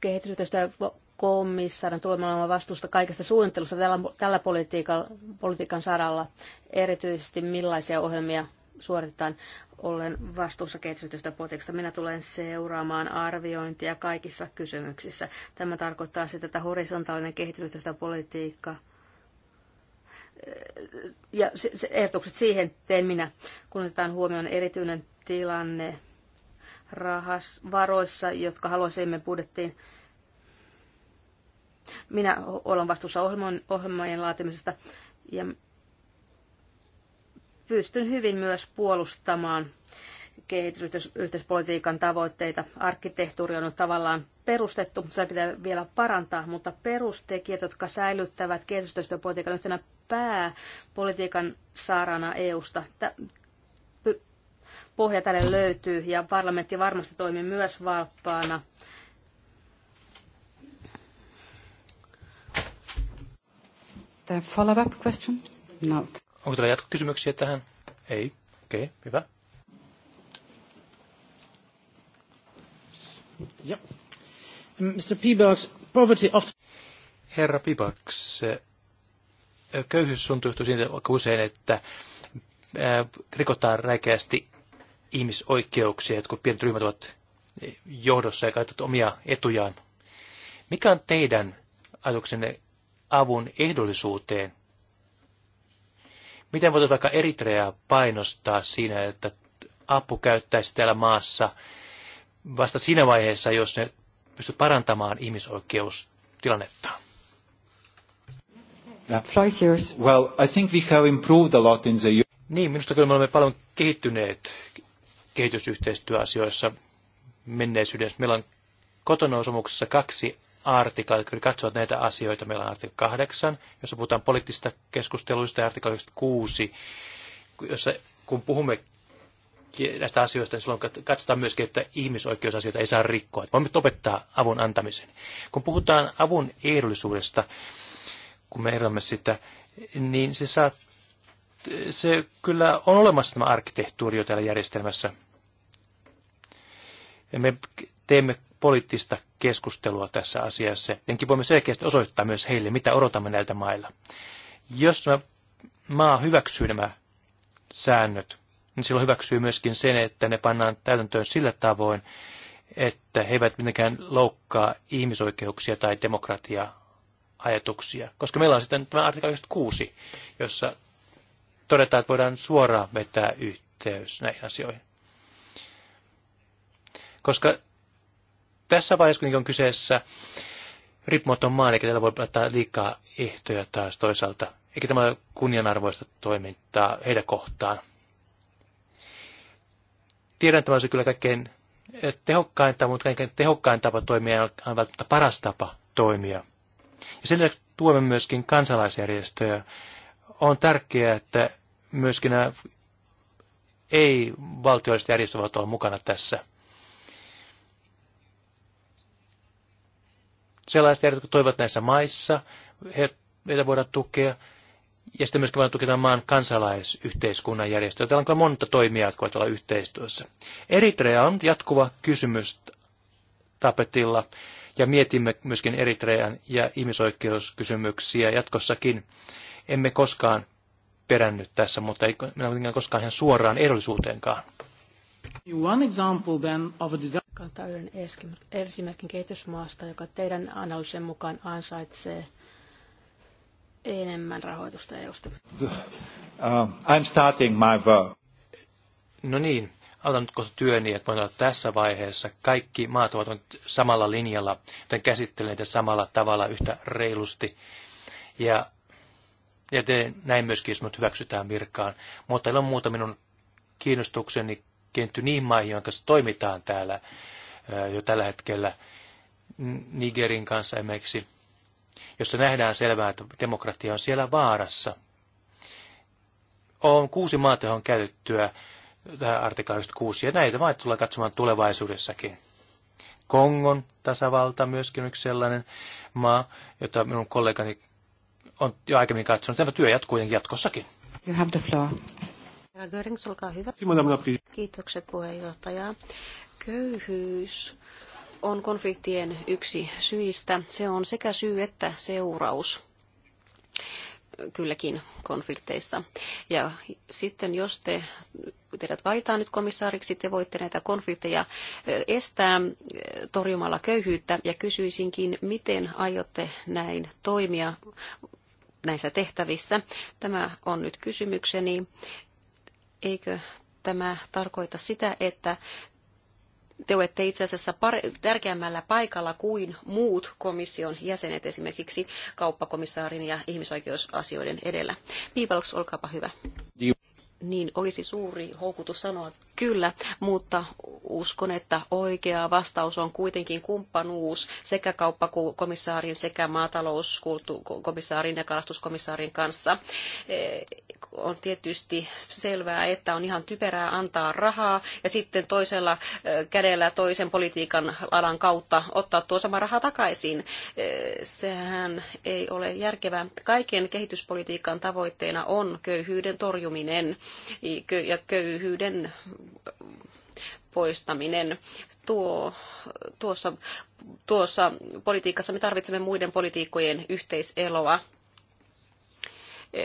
Kehitysyhteistyö komissaarin tulemaan olemaan vastuusta kaikesta suunnittelusta tällä, tällä politiikan saralla, erityisesti millaisia ohjelmia suoritetaan. Olen vastuussa kehitysyhteistyöpolitiikasta. Minä tulen seuraamaan arviointia kaikissa kysymyksissä. Tämä tarkoittaa sitä, että horisontaalinen politiikka eh, ja ehdotukset siihen teen minä, kun otetaan huomioon erityinen tilanne rahas, varoissa, jotka haluaisimme budjettiin. Minä olen vastuussa ohjelman, laatimisesta ja pystyn hyvin myös puolustamaan kehitysyhteispolitiikan tavoitteita. Arkkitehtuuri on nyt tavallaan perustettu, se pitää vielä parantaa, mutta perustekijät, jotka säilyttävät kehitysyhteispolitiikan yhtenä pääpolitiikan saarana EUsta, pohja tälle löytyy ja parlamentti varmasti toimii myös valppaana. The follow-up question? No. Onko teillä jatkokysymyksiä tähän? Ei. Okei, okay, hyvä. Mr. Peebox, poverty Herra Peebox, eh, köyhyys on tuohtu siitä vaikka usein, että eh, rikotaan räikeästi ihmisoikeuksia, jotkut pienet ryhmät ovat eh, johdossa ja käytetään omia etujaan. Mikä on teidän ajatuksenne avun ehdollisuuteen Miten voitaisiin vaikka Eritreaa painostaa siinä, että apu käyttäisi täällä maassa vasta siinä vaiheessa, jos ne pystyvät parantamaan ihmisoikeustilannetta? Well, I think we have improved a lot in the... Niin, minusta kyllä me olemme paljon kehittyneet kehitysyhteistyöasioissa menneisyydessä. Meillä on kotona kaksi artikla, jotka katsovat näitä asioita. Meillä on artikla 8, jossa puhutaan poliittisista keskusteluista, ja artikla 6, jossa kun puhumme näistä asioista, niin silloin katsotaan myöskin, että ihmisoikeusasioita ei saa rikkoa. voimme opettaa avun antamisen. Kun puhutaan avun ehdollisuudesta, kun me ehdotamme sitä, niin se, saa, se kyllä on olemassa tämä arkkitehtuuri jo täällä järjestelmässä. Ja me teemme poliittista keskustelua tässä asiassa. Enkin voimme selkeästi osoittaa myös heille, mitä odotamme näiltä mailla. Jos tämä maa hyväksyy nämä säännöt, niin silloin hyväksyy myöskin sen, että ne pannaan täytäntöön sillä tavoin, että he eivät mitenkään loukkaa ihmisoikeuksia tai demokratia-ajatuksia. Koska meillä on sitten tämä artikla 6, jossa todetaan, että voidaan suoraan vetää yhteys näihin asioihin. Koska tässä vaiheessa kun on kyseessä riippumaton maa, eikä tällä voi laittaa liikaa ehtoja taas toisaalta, eikä tämä ole kunnianarvoista toimintaa heidän kohtaan. Tiedän, että tämä olisi kyllä kaikkein eh, tehokkainta, mutta kaikkein tehokkain tapa toimia on välttämättä paras tapa toimia. Ja sen lisäksi tuomme myöskin kansalaisjärjestöjä. On tärkeää, että myöskin nämä ei-valtiolliset järjestöt ovat mukana tässä – sellaiset järjestöt, jotka toivat näissä maissa, heitä voidaan tukea. Ja sitten myöskin voidaan tukea maan kansalaisyhteiskunnan järjestöjä. Täällä on kyllä monta toimijaa, jotka voivat olla yhteistyössä. Eritrea on jatkuva kysymys tapetilla ja mietimme myöskin Eritrean ja ihmisoikeuskysymyksiä jatkossakin. Emme koskaan perännyt tässä, mutta ei minä koskaan ihan suoraan ehdollisuuteenkaan One example then of a Kantaa yhden esimerkin kehitysmaasta, joka teidän analyysien mukaan ansaitsee enemmän rahoitusta EUsta. Uh, um, I'm starting my work. No niin, aloitan nyt kohta työni, että voin olla tässä vaiheessa. Kaikki maat ovat samalla linjalla, joten käsittelen niitä samalla tavalla yhtä reilusti. Ja, ja te, näin myöskin, jos minut hyväksytään virkaan. Mutta ilman muuta minun kiinnostukseni kiinnitty niihin maihin, joiden se toimitaan täällä jo tällä hetkellä Nigerin kanssa esimerkiksi, jossa nähdään selvää, että demokratia on siellä vaarassa. On kuusi maata, on käytettyä tähän artiklaista kuusi ja näitä maita tullaan katsomaan tulevaisuudessakin. Kongon tasavalta myöskin yksi sellainen maa, jota minun kollegani on jo aikaisemmin katsonut. Tämä työ jatkuu jatkossakin. You have the floor. Görings, olkaa hyvä. Kiitokset puheenjohtaja. Köyhyys on konfliktien yksi syistä. Se on sekä syy että seuraus kylläkin konflikteissa. Ja sitten jos te, teidät valitaan nyt komissaariksi, te voitte näitä konflikteja estää torjumalla köyhyyttä ja kysyisinkin, miten aiotte näin toimia näissä tehtävissä. Tämä on nyt kysymykseni Eikö tämä tarkoita sitä, että te olette itse asiassa tärkeämmällä paikalla kuin muut komission jäsenet, esimerkiksi kauppakomissaarin ja ihmisoikeusasioiden edellä. Piipaloks, olkaapa hyvä. Niin olisi suuri houkutus sanoa kyllä, mutta uskon, että oikea vastaus on kuitenkin kumppanuus sekä kauppakomissaarin sekä maatalouskomissaarin ja kalastuskomissaarin kanssa. Eh, on tietysti selvää, että on ihan typerää antaa rahaa ja sitten toisella eh, kädellä toisen politiikan alan kautta ottaa tuo sama raha takaisin. Eh, sehän ei ole järkevää. Kaiken kehityspolitiikan tavoitteena on köyhyyden torjuminen ja köyhyyden poistaminen. Tuo, tuossa, tuossa politiikassa me tarvitsemme muiden politiikkojen yhteiseloa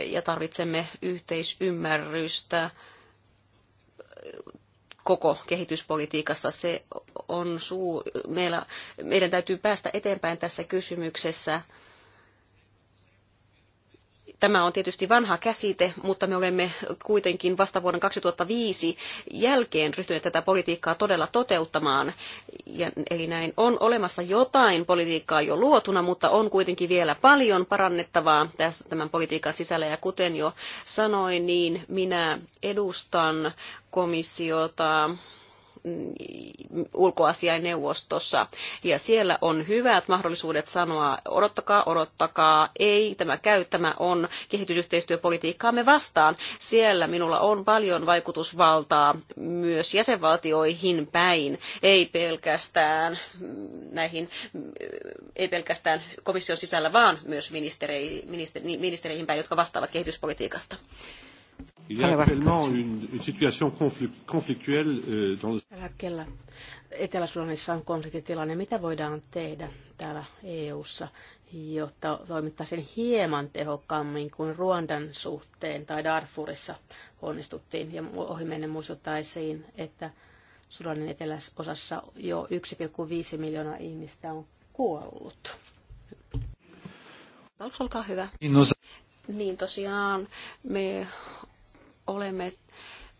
ja tarvitsemme yhteisymmärrystä koko kehityspolitiikassa. Se on suu, meillä, meidän täytyy päästä eteenpäin tässä kysymyksessä Tämä on tietysti vanha käsite, mutta me olemme kuitenkin vasta vuoden 2005 jälkeen ryhtyneet tätä politiikkaa todella toteuttamaan. Ja, eli näin on olemassa jotain politiikkaa jo luotuna, mutta on kuitenkin vielä paljon parannettavaa tässä tämän politiikan sisällä. Ja kuten jo sanoin, niin minä edustan komissiota Mm, ulkoasiainneuvostossa. Ja siellä on hyvät mahdollisuudet sanoa, odottakaa, odottakaa, ei, tämä käy, tämä on kehitysyhteistyöpolitiikkaamme vastaan. Siellä minulla on paljon vaikutusvaltaa myös jäsenvaltioihin päin, ei pelkästään mm, näihin, mm, ei pelkästään komission sisällä, vaan myös ministeri, ministeri, ministereihin päin, jotka vastaavat kehityspolitiikasta. Tällä hetkellä Etelä-Sudanissa on konfliktitilanne. Mitä voidaan tehdä täällä EU-ssa, jotta toimittaisiin hieman tehokkaammin kuin Ruandan suhteen tai Darfurissa onnistuttiin? Ja ohimennen muistuttaisiin, että Sudanin eteläosassa jo 1,5 miljoonaa ihmistä on kuollut. Olkaa hyvä. Niin tosiaan me olemme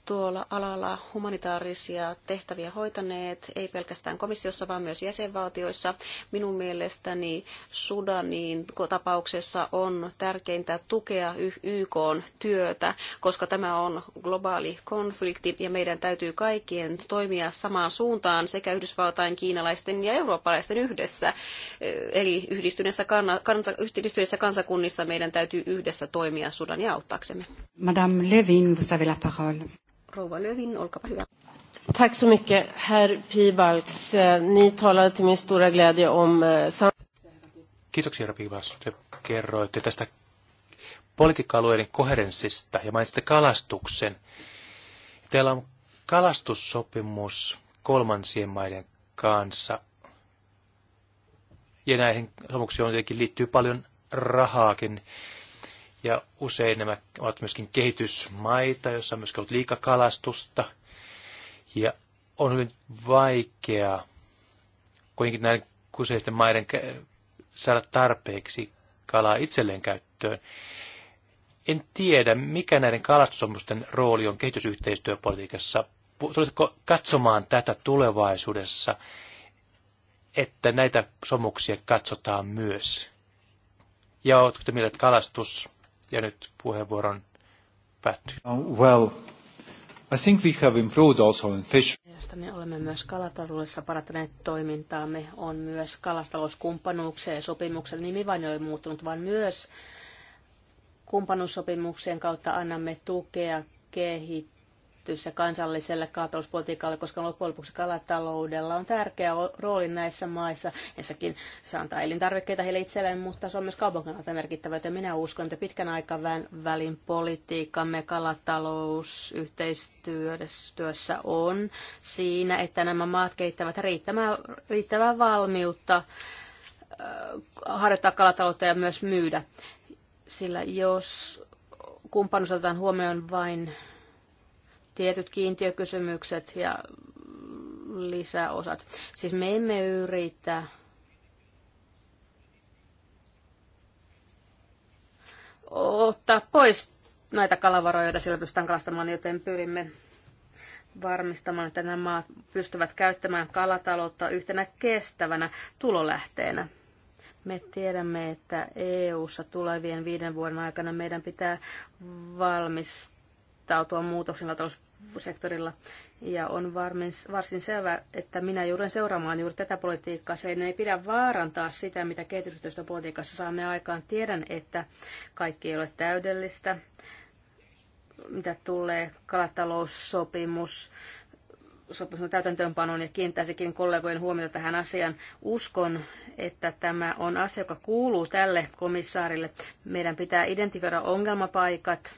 tuolla alalla humanitaarisia tehtäviä hoitaneet, ei pelkästään komissiossa, vaan myös jäsenvaltioissa. Minun mielestäni Sudanin tapauksessa on tärkeintä tukea YK työtä, koska tämä on globaali konflikti ja meidän täytyy kaikkien toimia samaan suuntaan sekä Yhdysvaltain, kiinalaisten ja eurooppalaisten yhdessä. Eli yhdistyneissä kansa, kansakunnissa meidän täytyy yhdessä toimia Sudania auttaaksemme. Madame Levin, vous avez la parole rouva Lövin, olkaapa hyvä. Tack så mycket, herr Pibalks. Eh, ni talade till min stora glädje om... Eh, Kiitoksia, herra Pibalks. Te kerroitte tästä politiikka-alueiden koherenssista ja mainitsitte kalastuksen. Teillä on kalastussopimus kolmansien maiden kanssa. Ja näihin sopimuksiin tietenkin liittyy paljon rahaakin. Ja usein nämä ovat myöskin kehitysmaita, joissa on myöskin ollut liikakalastusta. Ja on hyvin vaikeaa kuitenkin näiden kyseisten maiden saada tarpeeksi kalaa itselleen käyttöön. En tiedä, mikä näiden kalastussopimusten rooli on kehitysyhteistyöpolitiikassa. Tulisitko katsomaan tätä tulevaisuudessa, että näitä somuksia katsotaan myös? Ja oletko te mieltä, että kalastus ja nyt puheenvuoron päättyy. Well, I think we have improved also in fish. Mielestäni olemme myös kalataloudessa parantaneet toimintaamme. On myös kalastalouskumppanuuksia ja sopimuksen nimi vain ei ole muuttunut, vaan myös kumppanuussopimuksien kautta annamme tukea kehittää liittyessä kansalliselle kaatolospolitiikalle, koska loppujen lopuksi kalataloudella on tärkeä rooli näissä maissa. Ensinnäkin se antaa elintarvikkeita heille itselleen, mutta se on myös kaupan kannalta merkittävä, joten minä uskon, että pitkän aikavälin politiikkamme kalatalousyhteistyössä on siinä, että nämä maat kehittävät riittävää, riittävää valmiutta äh, harjoittaa kalataloutta ja myös myydä. Sillä jos kumppanuus otetaan huomioon vain tietyt kiintiökysymykset ja lisäosat. Siis me emme yritä ottaa pois näitä kalavaroja, joita siellä pystytään kalastamaan, joten pyrimme varmistamaan, että nämä maat pystyvät käyttämään kalataloutta yhtenä kestävänä tulolähteenä. Me tiedämme, että EU-ssa tulevien viiden vuoden aikana meidän pitää valmistaa valmistautua muutoksiin taloussektorilla. Ja on varmin, varsin selvää, että minä joudun seuraamaan juuri tätä politiikkaa. Se ei pidä vaarantaa sitä, mitä kehitysyhteistyöpolitiikassa saamme aikaan. Tiedän, että kaikki ei ole täydellistä, mitä tulee kalataloussopimus, sopimuksen täytäntöönpanoon ja kiinnittäisikin kollegojen huomiota tähän asiaan. Uskon, että tämä on asia, joka kuuluu tälle komissaarille. Meidän pitää identifioida ongelmapaikat,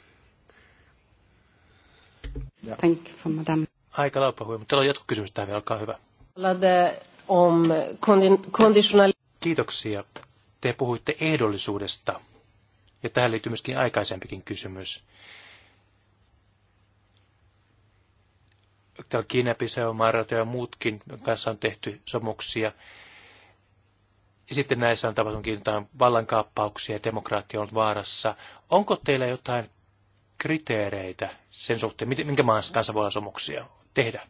Thank you, Aika lauppahuja, mutta teillä on jatkokysymys tähän vielä, olkaa hyvä. Om conditional... Kiitoksia. Te puhuitte ehdollisuudesta. Ja tähän liittyy myöskin aikaisempikin kysymys. Täällä Kiinapisa on Marato ja muutkin kanssa on tehty sopimuksia. Ja sitten näissä on tapahtunut vallankaappauksia ja demokraatio on vaarassa. Onko teillä jotain kriteereitä sen suhteen, minkä maan kanssa voi asumuksia tehdä?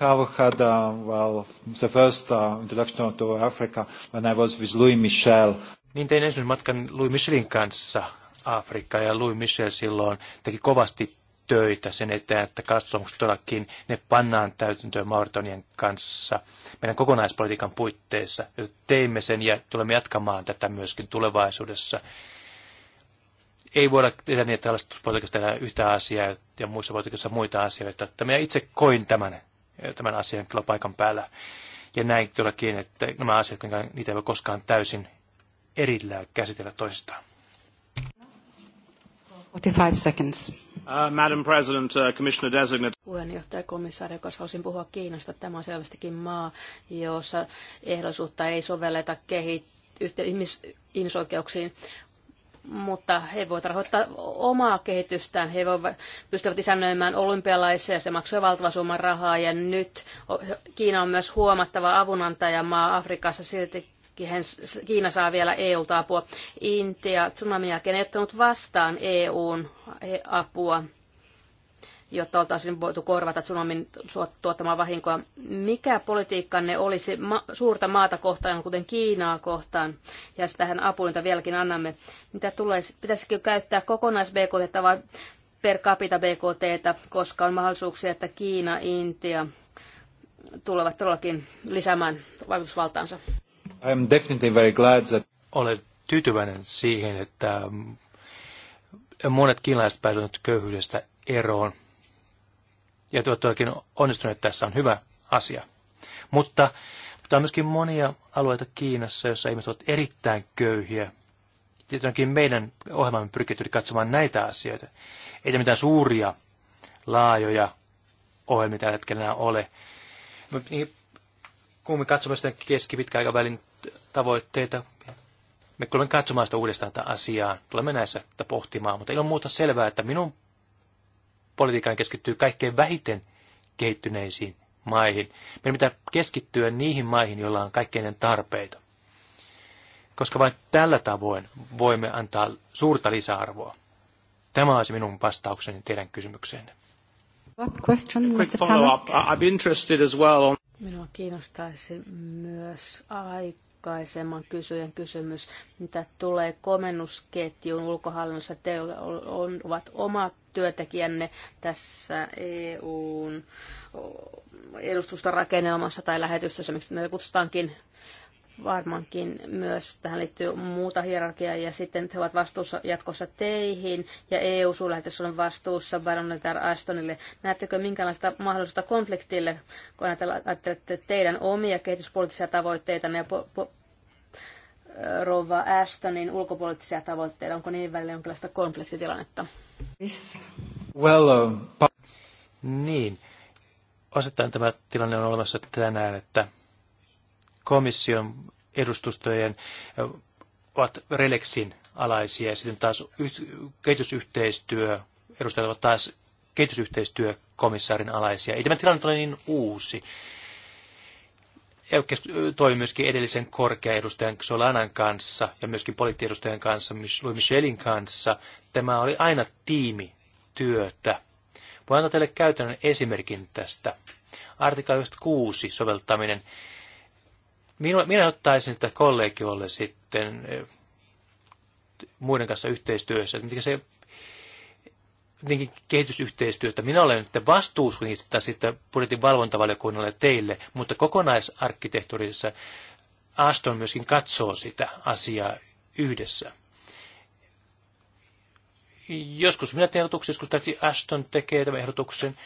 Have had uh, well the first uh, introduction to Africa when I was with Louis Michel. Niin tein ensimmäisen matkan Louis Michelin kanssa Afrikkaan ja Louis Michel silloin teki kovasti töitä sen eteen, että katsomukset todellakin ne pannaan täytäntöön Mauritonien kanssa meidän kokonaispolitiikan puitteissa. Teimme sen ja tulemme jatkamaan tätä myöskin tulevaisuudessa ei voida tehdä niin, että tällaisessa tehdään yhtä asiaa ja muissa politiikassa muita asioita. Että minä itse koin tämän, tämän asian kyllä paikan päällä. Ja näin todellakin, että nämä asiat, niitä ei voi koskaan täysin erillään käsitellä toistaan. 45 seconds. Uh, Madam President, uh, Commissioner Designate. Puheenjohtaja komissaari, joka halusin puhua Kiinasta. Tämä on selvästikin maa, jossa ehdollisuutta ei sovelleta kehittää ihmis, ihmisoikeuksiin mutta he voivat rahoittaa omaa kehitystään. He voivat, pystyvät isännöimään olympialaisia, se maksoi valtavan summan rahaa ja nyt Kiina on myös huomattava avunantajamaa Afrikassa silti Kiina saa vielä EU-apua. Intia tsunamin jälkeen ei ottanut vastaan EUn apua jotta oltaisiin voitu korvata tsunamin tuottamaa vahinkoa. Mikä politiikkanne olisi ma- suurta maata kohtaan, kuten Kiinaa kohtaan, ja tähän apuinta vieläkin annamme? Mitä tulee, pitäisikö käyttää kokonais BKT vai per capita BKT, koska on mahdollisuuksia, että Kiina, Intia tulevat todellakin lisäämään vaikutusvaltaansa? am definitely very glad that... Olen tyytyväinen siihen, että monet kiinalaiset pääsevät köyhyydestä eroon ja te olette onnistuneet tässä, on hyvä asia. Mutta, mutta on myöskin monia alueita Kiinassa, joissa ihmiset ovat erittäin köyhiä. Tietenkin meidän ohjelmamme pyrkii katsomaan näitä asioita. Ei mitään suuria, laajoja ohjelmia tällä hetkellä enää ole. Niin, kun me katsomme sitä keski-pitkäaikavälin tavoitteita, me tulemme katsomaan sitä uudestaan tätä asiaa, tulemme näissä pohtimaan, mutta ilman muuta selvää, että minun politiikkaan keskittyy kaikkein vähiten kehittyneisiin maihin. Meidän pitää keskittyä niihin maihin, joilla on kaikkein tarpeita. Koska vain tällä tavoin voimme antaa suurta lisäarvoa. Tämä olisi minun vastaukseni teidän kysymykseenne. What question, Mr. Follow-up. I'm interested as well on... Minua kiinnostaisi myös aikaisemman kysyjän kysymys, mitä tulee komennusketjun ulkohallinnossa. Teillä on, ovat omat työntekijänne tässä EUn edustustorakennelmassa tai lähetystössä, miksi näitä kutsutaankin varmaankin myös tähän liittyy muuta hierarkiaa ja sitten he ovat vastuussa jatkossa teihin ja EU-suurlähetys on vastuussa Baronitar Astonille. Näettekö minkälaista mahdollisuutta konfliktille, kun ajattelette teidän omia kehityspoliittisia tavoitteita ja po- po- Rova Ashtonin ulkopoliittisia tavoitteita? Onko niin välillä jonkinlaista konfliktitilannetta? Well, uh, niin. Osittain tämä tilanne on olemassa tänään, että komission edustustojen ovat Relexin alaisia ja sitten taas kehitysyhteistyö, edustajat ovat taas kehitysyhteistyökomissaarin alaisia. Ei tämä tilanne ole niin uusi toimi myöskin edellisen korkean edustajan Solanan kanssa ja myöskin poliittiedustajan kanssa, Louis Michelin kanssa. Tämä oli aina tiimityötä. Voin antaa teille käytännön esimerkin tästä. Artikla 6 soveltaminen. Minä, minä ottaisin sitä kollegiolle sitten muiden kanssa yhteistyössä, että mitkä se Niinkin kehitysyhteistyötä. Minä olen nyt vastuus niistä sitten budjetin valvontavaliokunnalle teille, mutta kokonaisarkkitehtuurissa Aston myöskin katsoo sitä asiaa yhdessä. Joskus minä teen ehdotuksen, joskus Aston tekee tämän ehdotuksen.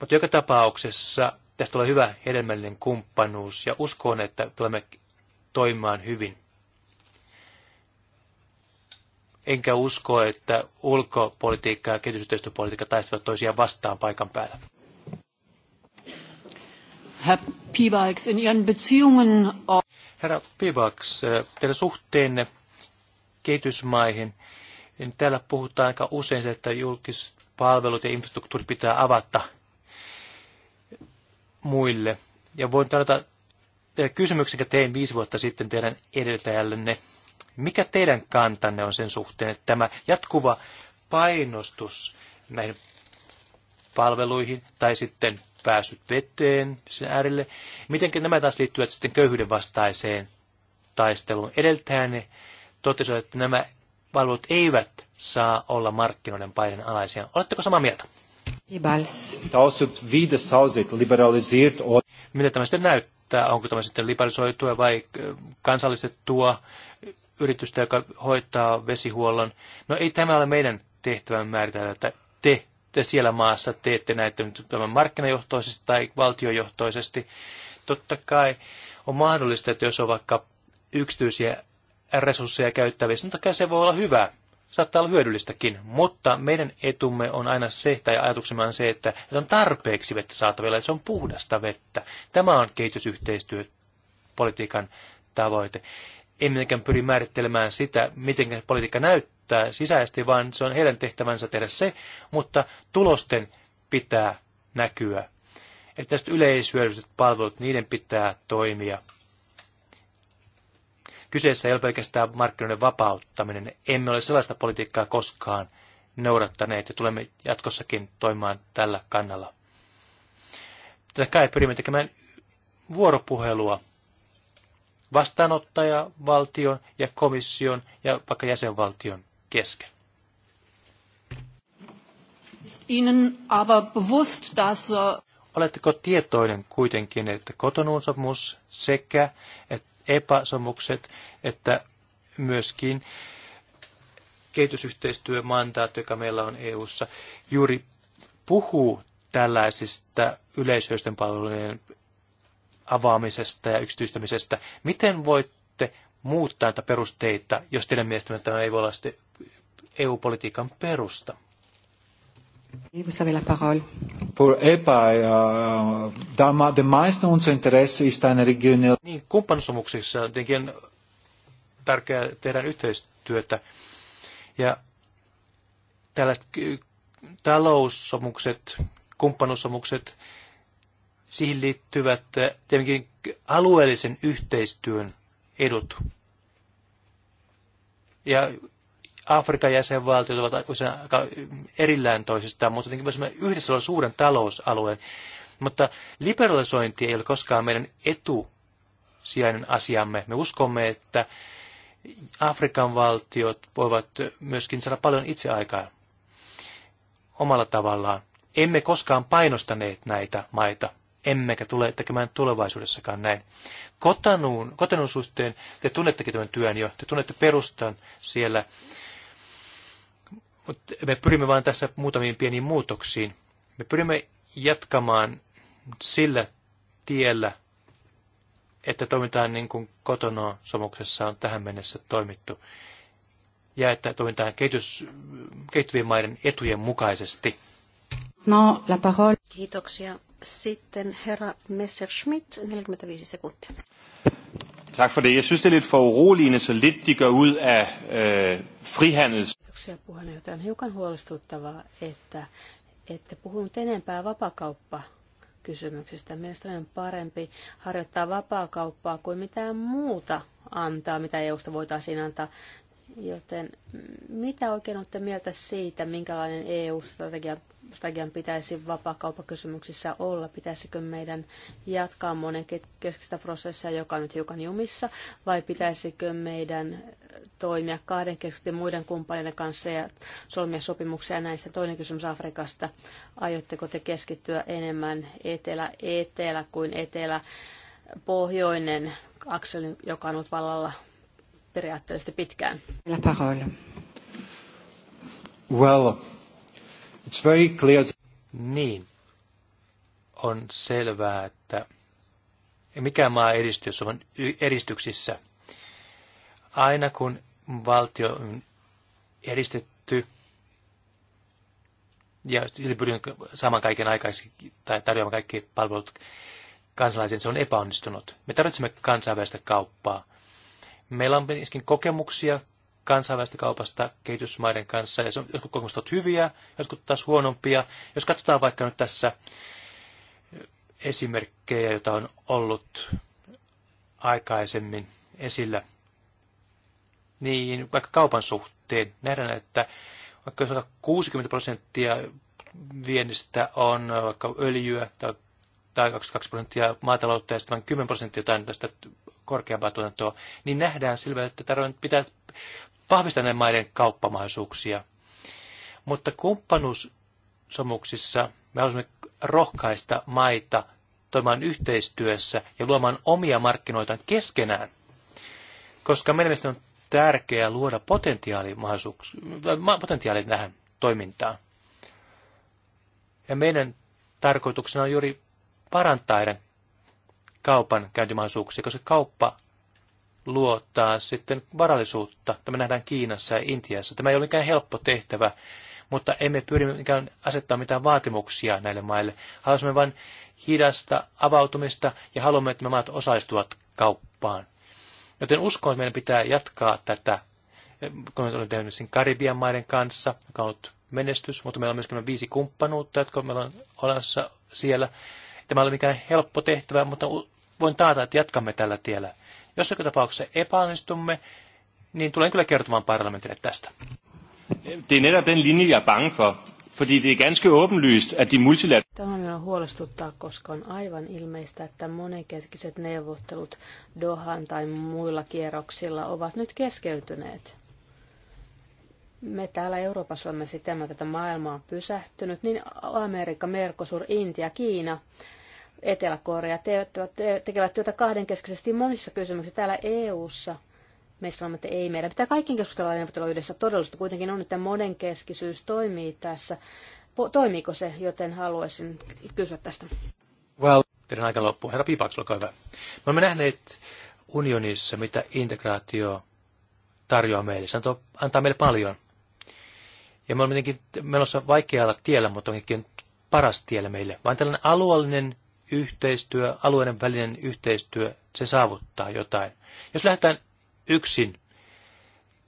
Mutta joka tapauksessa tästä tulee hyvä hedelmällinen kumppanuus ja uskon, että tulemme toimimaan hyvin enkä usko, että ulkopolitiikka ja kehitysyhteistyöpolitiikka taistelevat toisiaan vastaan paikan päällä. Herr Pivax, in Ihren Beziehungen... Herra Pivaks, äh, teidän suhteenne kehitysmaihin, niin täällä puhutaan aika usein se, että julkiset palvelut ja infrastruktuuri pitää avata muille. Ja voin tarjota kysymyksen, jonka tein viisi vuotta sitten teidän edeltäjällenne mikä teidän kantanne on sen suhteen, että tämä jatkuva painostus näihin palveluihin tai sitten pääsyt veteen sen äärelle, miten nämä taas liittyvät sitten köyhyyden vastaiseen taisteluun. edeltään, ne totesivat, että nämä palvelut eivät saa olla markkinoiden paineen alaisia. Oletteko samaa mieltä? Mitä tämä sitten näyttää? Onko tämä sitten liberalisoitua vai kansallistettua? yritystä, joka hoitaa vesihuollon. No ei tämä ole meidän tehtävän määritellä, että te, te siellä maassa teette näitä nyt tämän markkinajohtoisesti tai valtiojohtoisesti. Totta kai on mahdollista, että jos on vaikka yksityisiä resursseja käyttävissä, niin totta kai se voi olla hyvä, saattaa olla hyödyllistäkin, mutta meidän etumme on aina se, tai ajatuksemme on se, että, että on tarpeeksi vettä saatavilla, että se on puhdasta vettä. Tämä on kehitysyhteistyöpolitiikan tavoite emmekä pyri määrittelemään sitä, miten politiikka näyttää sisäisesti, vaan se on heidän tehtävänsä tehdä se, mutta tulosten pitää näkyä. Että tästä yleishyödylliset palvelut, niiden pitää toimia. Kyseessä ei ole pelkästään markkinoiden vapauttaminen. Emme ole sellaista politiikkaa koskaan noudattaneet ja tulemme jatkossakin toimimaan tällä kannalla. Tätä kai pyrimme tekemään vuoropuhelua vastaanottajavaltion ja komission ja vaikka jäsenvaltion kesken. Ihnen aber bewusst, dass äh, Oletteko tietoinen kuitenkin, että kotonuun sopimus sekä epäsomukset e että myöskin kehitysyhteistyömandaatti, joka meillä on EU:ssa, juuri puhuu tällaisista yleisöisten palvelujen avaamisesta ja yksityistämisestä. Miten voitte muuttaa näitä perusteita, jos teidän mielestänne tämä ei voi olla EU-politiikan perusta? Vous avez la parole. Pour EPA, uh, de meisten unser Interesse ist eine Niin, kumppanusomuksissa on tietenkin tärkeää tehdä yhteistyötä. Ja tällaiset taloussomukset, kumppanussomukset, siihen liittyvät eh, tietenkin alueellisen yhteistyön edut. Ja Afrikan jäsenvaltiot ovat usein aika erillään toisistaan, mutta tietenkin voisimme yhdessä olla suuren talousalueen. Mutta liberalisointi ei ole koskaan meidän etusijainen asiamme. Me uskomme, että Afrikan valtiot voivat myöskin saada paljon itse aikaa omalla tavallaan. Emme koskaan painostaneet näitä maita, emmekä tule tekemään tulevaisuudessakaan näin. Kotanuun, kotanuun suhteen te tunnettekin tämän työn jo, te tunnette perustan siellä, mutta me pyrimme vain tässä muutamiin pieniin muutoksiin. Me pyrimme jatkamaan sillä tiellä, että toimitaan niin kuin kotonoa somuksessa on tähän mennessä toimittu, ja että toimitaan kehitys, kehittyvien maiden etujen mukaisesti. No, la parole. Kiitoksia. Sitten herra Messerschmidt, 45 sekuntia. Tak for det. Jeg synes, det er lidt for uroligende, så lidt de gør ud af øh, frihandels... Kiitoksia puheenjohtaja. On hiukan huolestuttavaa, että ette puhunut enempää vapakauppa kysymyksistä. Mielestäni on parempi harjoittaa vapaakauppaa kuin mitään muuta antaa, mitä EUsta voitaisiin antaa. Joten mm, mitä oikein olette mieltä siitä, minkälainen EU-strategian strategian pitäisi vapaakauppakysymyksissä olla? Pitäisikö meidän jatkaa monen keskistä prosessia, joka on nyt hiukan jumissa, vai pitäisikö meidän toimia kahden keskisten muiden kumppaneiden kanssa ja solmia sopimuksia ja näistä? Toinen kysymys Afrikasta. Aiotteko te keskittyä enemmän etelä-etelä kuin etelä-pohjoinen akseli, joka on ollut vallalla periaatteellisesti pitkään. Well, it's very clear. Niin, on selvää, että mikään maa edistyy, on eristyksissä. Aina kun valtio on eristetty ja pyrin saamaan kaiken aikaisin tai tarjoamaan kaikki palvelut kansalaisen, se on epäonnistunut. Me tarvitsemme kansainvälistä kauppaa Meillä on myöskin kokemuksia kansainvälistä kaupasta kehitysmaiden kanssa, ja se on, jotkut kokemukset ovat hyviä, jotkut taas huonompia. Jos katsotaan vaikka nyt tässä esimerkkejä, joita on ollut aikaisemmin esillä, niin vaikka kaupan suhteen nähdään, että vaikka 60 prosenttia viennistä on vaikka öljyä tai, tai 22 prosenttia maataloutta ja sitten vain 10 prosenttia jotain tästä korkeampaa tuotantoa, niin nähdään sillä, että tarvitaan pitää vahvistaa näiden maiden kauppamahdollisuuksia. Mutta kumppanuussomuksissa me haluamme rohkaista maita toimimaan yhteistyössä ja luomaan omia markkinoitaan keskenään, koska meidän mielestä on tärkeää luoda potentiaali äh, tähän toimintaan. Ja meidän tarkoituksena on juuri parantaa heidän kaupan käyntimahdollisuuksia, koska kauppa luo taas sitten varallisuutta. Tämä nähdään Kiinassa ja Intiassa. Tämä ei ole mikään helppo tehtävä, mutta emme pyri mikään asettaa mitään vaatimuksia näille maille. Haluaisimme vain hidasta avautumista ja haluamme, että nämä maat osaistuvat kauppaan. Joten uskon, että meidän pitää jatkaa tätä, kun me olemme tehneet sen Karibian maiden kanssa, joka on ollut menestys, mutta meillä on myöskin viisi kumppanuutta, jotka meillä on olemassa siellä. Tämä ei ole mikään helppo tehtävä, mutta voin taata, että jatkamme tällä tiellä. Jos joka tapauksessa epäonnistumme, niin tulen kyllä kertomaan parlamentille tästä. Det er, er for. Fordi er ganske at Tämä minua huolestuttaa, koska on aivan ilmeistä, että monenkeskiset neuvottelut Dohan tai muilla kierroksilla ovat nyt keskeytyneet. Me täällä Euroopassa olemme sitä että maailma on pysähtynyt, niin Amerikka, Mercosur, Intia, Kiina – Etelä-Korea tekevät työtä kahdenkeskisesti monissa kysymyksissä täällä EU-ssa. Me sanomme, että ei meidän pitää kaikkien keskustella ja yhdessä. Todellista kuitenkin on, että monenkeskisyys toimii tässä. Po- toimiiko se, joten haluaisin kysyä tästä. Well, teidän aika loppuu. Herra Piipaks, olkaa hyvä. Me olemme nähneet unionissa, mitä integraatio tarjoaa meille. Se antaa meille paljon. Ja me olemme menossa vaikealla tiellä, mutta onkin paras tiellä meille. Vain tällainen alueellinen yhteistyö, alueiden välinen yhteistyö, se saavuttaa jotain. Jos lähdetään yksin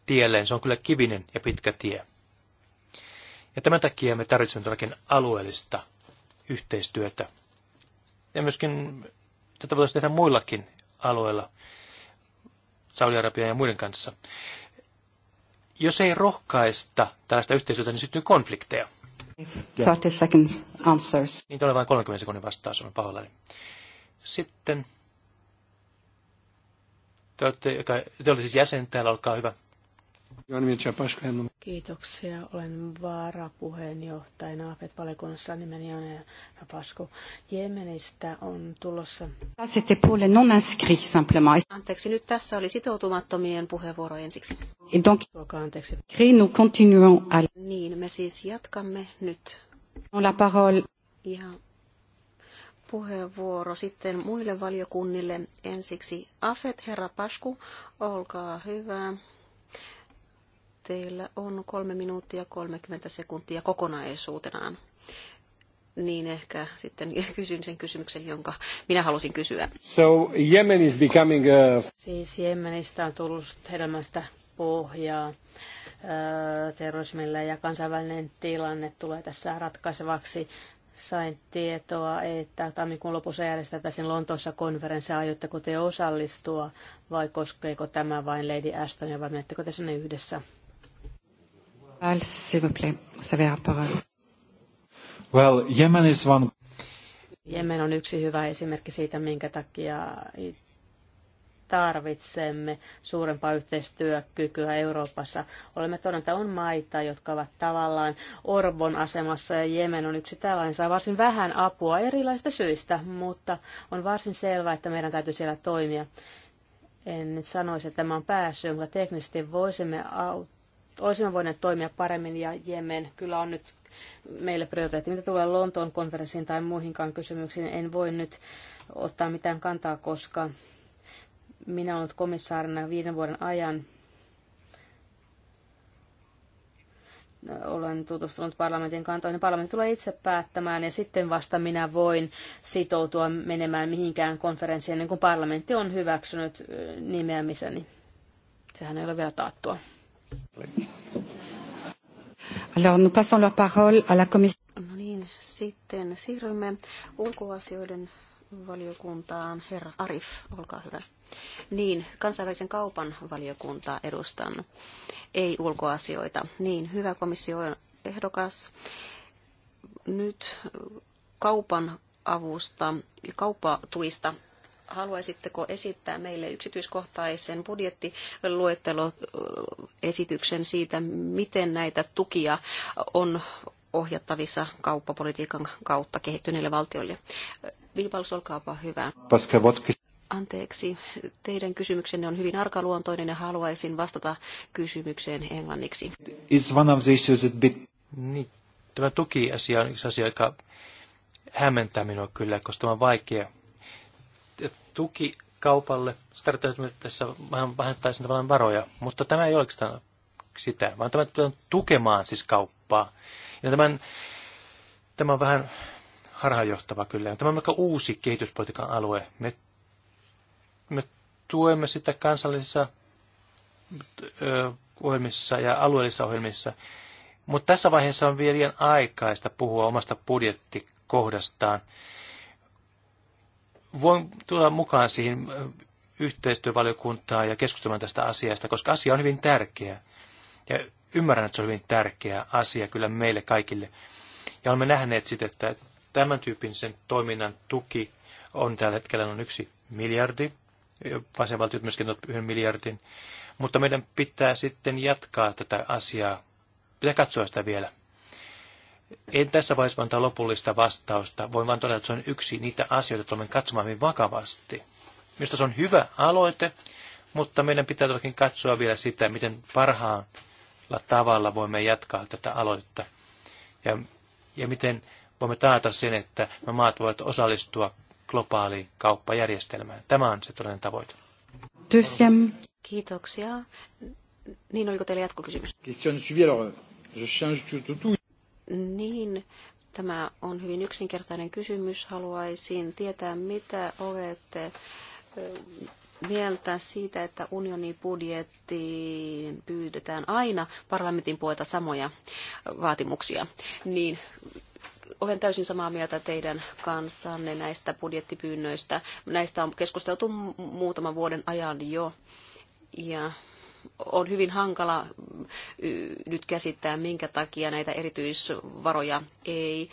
tielleen, se on kyllä kivinen ja pitkä tie. Ja tämän takia me tarvitsemme todellakin alueellista yhteistyötä. Ja myöskin tätä voitaisiin tehdä muillakin alueilla, Saudi-Arabian ja muiden kanssa. Jos ei rohkaista tällaista yhteistyötä, niin syntyy konflikteja. 30 seconds answers. Niitä oli vain 30 sekunnin vastaus, olen pahoillani. Sitten, te olette, te olette siis jäsen täällä, olkaa hyvä. Kiitoksia. Olen varapuheenjohtajana AFET-valikunnassa nimeni on Rapasku. Jemenistä on tulossa... Ah, non Anteeksi, nyt tässä oli sitoutumattomien puheenvuoro ensiksi. donc, anteeksi. Niin, me siis jatkamme nyt. On la parole. Ja puheenvuoro sitten muille valiokunnille. Ensiksi AFET, herra Pasku, olkaa hyvä. Teillä on kolme minuuttia 30 sekuntia kokonaisuutenaan. Niin ehkä sitten kysyn sen kysymyksen, jonka minä halusin kysyä. So Yemen is becoming a... Siis Jemenistä on tullut helmästä pohjaa terrorismille ja kansainvälinen tilanne tulee tässä ratkaisevaksi. Sain tietoa, että tammikuun lopussa järjestetään Lontoossa konferenssi. Aiotteko te osallistua vai koskeeko tämä vain Lady Astonia vai menettekö te sinne yhdessä? S'il vous plaît, vous avez la parole. Well, Yemen is one... Jemen on yksi hyvä esimerkki siitä, minkä takia tarvitsemme suurempaa yhteistyökykyä Euroopassa. Olemme todenneet, että on maita, jotka ovat tavallaan Orbon asemassa ja Jemen on yksi tällainen. Saa varsin vähän apua erilaisista syistä, mutta on varsin selvää, että meidän täytyy siellä toimia. En nyt sanoisi, että tämä on päässyt, mutta teknisesti voisimme auttaa olisimme voineet toimia paremmin ja Jemen kyllä on nyt meille prioriteetti. Mitä tulee Lontoon konferenssiin tai muihinkaan kysymyksiin, en voi nyt ottaa mitään kantaa, koska minä olen ollut komissaarina viiden vuoden ajan. Olen tutustunut parlamentin kantoihin. Parlamentti tulee itse päättämään ja sitten vasta minä voin sitoutua menemään mihinkään konferenssiin ennen kuin parlamentti on hyväksynyt nimeämiseni. Sehän ei ole vielä taattua. Alors, nous passons la parole à la commission. No niin, sitten siirrymme ulkoasioiden valiokuntaan. Herra Arif, olkaa hyvä. Niin, kansainvälisen kaupan valiokuntaa edustan, ei ulkoasioita. Niin, hyvä komission ehdokas. Nyt kaupan avusta ja kauppatuista haluaisitteko esittää meille yksityiskohtaisen budjettiluetteloesityksen siitä, miten näitä tukia on ohjattavissa kauppapolitiikan kautta kehittyneille valtioille. Viipaus, olkaapa hyvä. Anteeksi, teidän kysymyksenne on hyvin arkaluontoinen ja haluaisin vastata kysymykseen englanniksi. Is one of the issues a bit... Niin, tämä tukiasia on yksi asia, joka hämmentää minua kyllä, koska tämä on vaikea tuki kaupalle. Se tarkoittaa, että tässä vähän vähentäisiin tavallaan varoja, mutta tämä ei oikeastaan sitä, vaan tämä tulee tukemaan siis kauppaa. Ja tämän, tämä on vähän harhaanjohtava kyllä. Tämä on aika uusi kehityspolitiikan alue. Me, me tuemme sitä kansallisissa ö, ohjelmissa ja alueellisissa ohjelmissa, mutta tässä vaiheessa on vielä liian aikaista puhua omasta budjettikohdastaan voin tulla mukaan siihen yhteistyövaliokuntaan ja keskustelemaan tästä asiasta, koska asia on hyvin tärkeä. Ja ymmärrän, että se on hyvin tärkeä asia kyllä meille kaikille. Ja olemme nähneet sitten, että tämän tyyppisen toiminnan tuki on tällä hetkellä noin yksi miljardi. Vasenvaltiot myöskin on yhden miljardin. Mutta meidän pitää sitten jatkaa tätä asiaa. Pitää katsoa sitä vielä. En tässä vaiheessa antaa lopullista vastausta. Voin vain todeta, että se on yksi niitä asioita, joita olen katsomaan hyvin vakavasti. Minusta se on hyvä aloite, mutta meidän pitää todellakin katsoa vielä sitä, miten parhaalla tavalla voimme jatkaa tätä aloitetta. Ja, ja miten voimme taata sen, että me maat voivat osallistua globaaliin kauppajärjestelmään. Tämä on se todellinen tavoite. Tyssem. Kiitoksia. Niin, oliko teillä jatkokysymys? Question alors je change tout, tout, tout. Niin, tämä on hyvin yksinkertainen kysymys. Haluaisin tietää, mitä olette mieltä siitä, että unionin budjettiin pyydetään aina parlamentin puolta samoja vaatimuksia, niin olen täysin samaa mieltä teidän kanssanne näistä budjettipyynnöistä. Näistä on keskusteltu muutaman vuoden ajan jo. Ja on hyvin hankala mm, nyt käsittää, minkä takia näitä erityisvaroja ei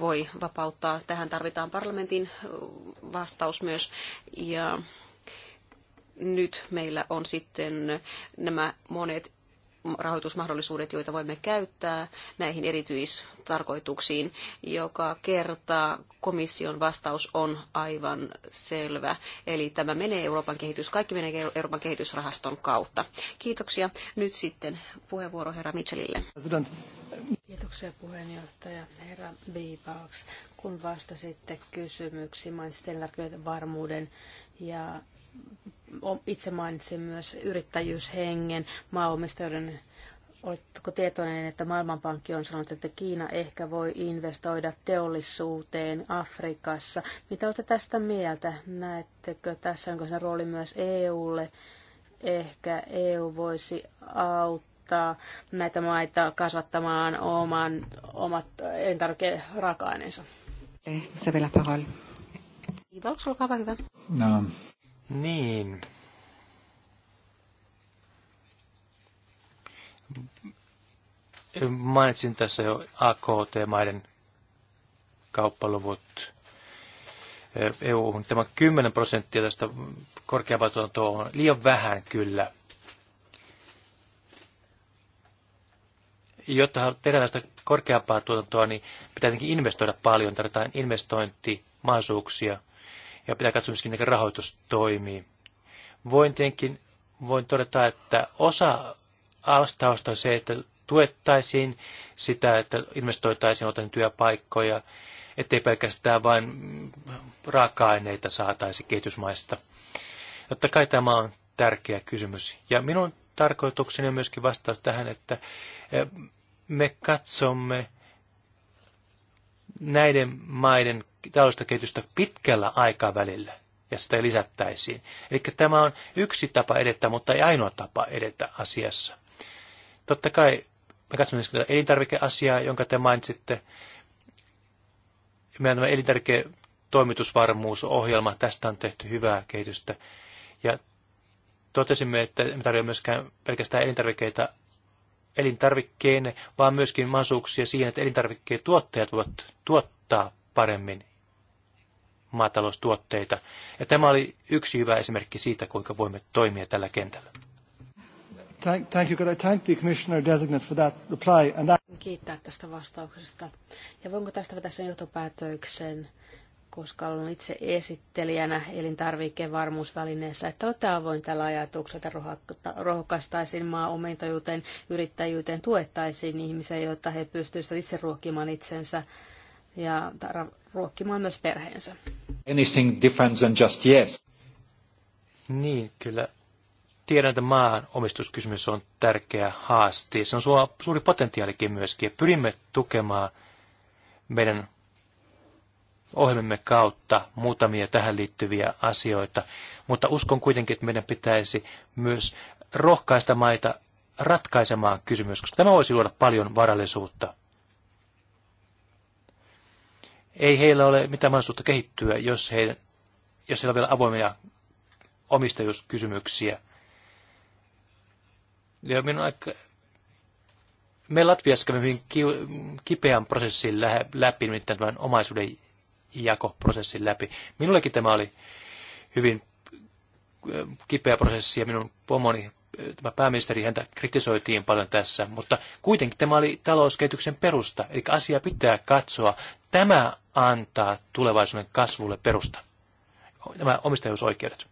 voi vapauttaa. Tähän tarvitaan parlamentin vastaus myös. Ja nyt meillä on sitten nämä monet rahoitusmahdollisuudet, joita voimme käyttää näihin erityistarkoituksiin. Joka kerta komission vastaus on aivan selvä. Eli tämä menee Euroopan kehitys, kaikki menee Euroopan kehitysrahaston kautta. Kiitoksia. Nyt sitten puheenvuoro herra Mitchellille. Kiitoksia puheenjohtaja herra Biipauks. Kun vastasitte kysymyksiin, mainitsitte varmuuden ja itse mainitsin myös yrittäjyyshengen, maaomistajuuden Oletko tietoinen, että Maailmanpankki on sanonut, että Kiina ehkä voi investoida teollisuuteen Afrikassa? Mitä olette tästä mieltä? Näettekö tässä, onko se rooli myös EUlle? Ehkä EU voisi auttaa näitä maita kasvattamaan oman, omat elintarvikeraaka-aineensa. vielä eh, Parol. Kiitos, olkaa hyvä. No, niin. Mainitsin tässä jo AKT-maiden kauppaluvut EU-hun. Tämä 10 prosenttia tästä korkeapalvelutuotantoa on liian vähän kyllä. Jotta tehdään tästä korkeampaa tuotantoa, niin pitää tietenkin investoida paljon. Tarvitaan investointimahdollisuuksia – ja pitää katsoa myöskin, miten rahoitus toimii. Voin tietenkin voin todeta, että osa alstausta on se, että tuettaisiin sitä, että investoitaisiin otan työpaikkoja, ettei pelkästään vain raaka-aineita saataisi kehitysmaista. Totta kai tämä on tärkeä kysymys. Ja minun tarkoitukseni on myöskin vastata tähän, että eh, me katsomme näiden maiden taloudellista kehitystä pitkällä aikavälillä ja sitä lisättäisiin. Eli tämä on yksi tapa edetä, mutta ei ainoa tapa edetä asiassa. Totta kai me katsomme myös tätä elintarvikeasiaa, jonka te mainitsitte. Meidän tämä elintärkeä toimitusvarmuusohjelma, tästä on tehty hyvää kehitystä. Ja totesimme, että me tarvitsemme myöskään pelkästään elintarvikeita elintarvikkeen, vaan myöskin mahdollisuuksia siihen, että elintarvikkeen tuottajat voivat tuottaa paremmin maataloustuotteita. Ja tämä oli yksi hyvä esimerkki siitä, kuinka voimme toimia tällä kentällä. Thank you. Could I thank the commissioner designate for that reply and that... Kiittää tästä vastauksesta. Ja voinko tästä vetää sen johtopäätöksen, koska olen itse esittelijänä elintarvikevarmuusvälineessä, että olette avoin tällä ajatuksella, että rohkaistaisiin maa omintajuuteen, yrittäjyyteen, tuettaisiin ihmisiä, jotta he pystyisivät itse ruokkimaan itsensä ja ruokkimaan myös perheensä. Anything different than just yes. Niin, kyllä. Tiedän, että maan omistuskysymys on tärkeä haaste. Se on suuri potentiaalikin myöskin. Pyrimme tukemaan meidän ohjelmamme kautta muutamia tähän liittyviä asioita, mutta uskon kuitenkin, että meidän pitäisi myös rohkaista maita ratkaisemaan kysymys, koska tämä voisi luoda paljon varallisuutta ei heillä ole mitään mahdollisuutta kehittyä, jos, he, jos heillä on vielä avoimia omistajuuskysymyksiä. Ja minun aika... Me Latviassa kävimme hyvin kipeän prosessin läpi, nimittäin tämän omaisuuden jakoprosessin läpi. Minullekin tämä oli hyvin kipeä prosessi ja minun pomoni, tämä pääministeri, häntä kritisoitiin paljon tässä, mutta kuitenkin tämä oli talouskehityksen perusta, eli asia pitää katsoa tämä antaa tulevaisuuden kasvulle perusta? Nämä omistajuusoikeudet.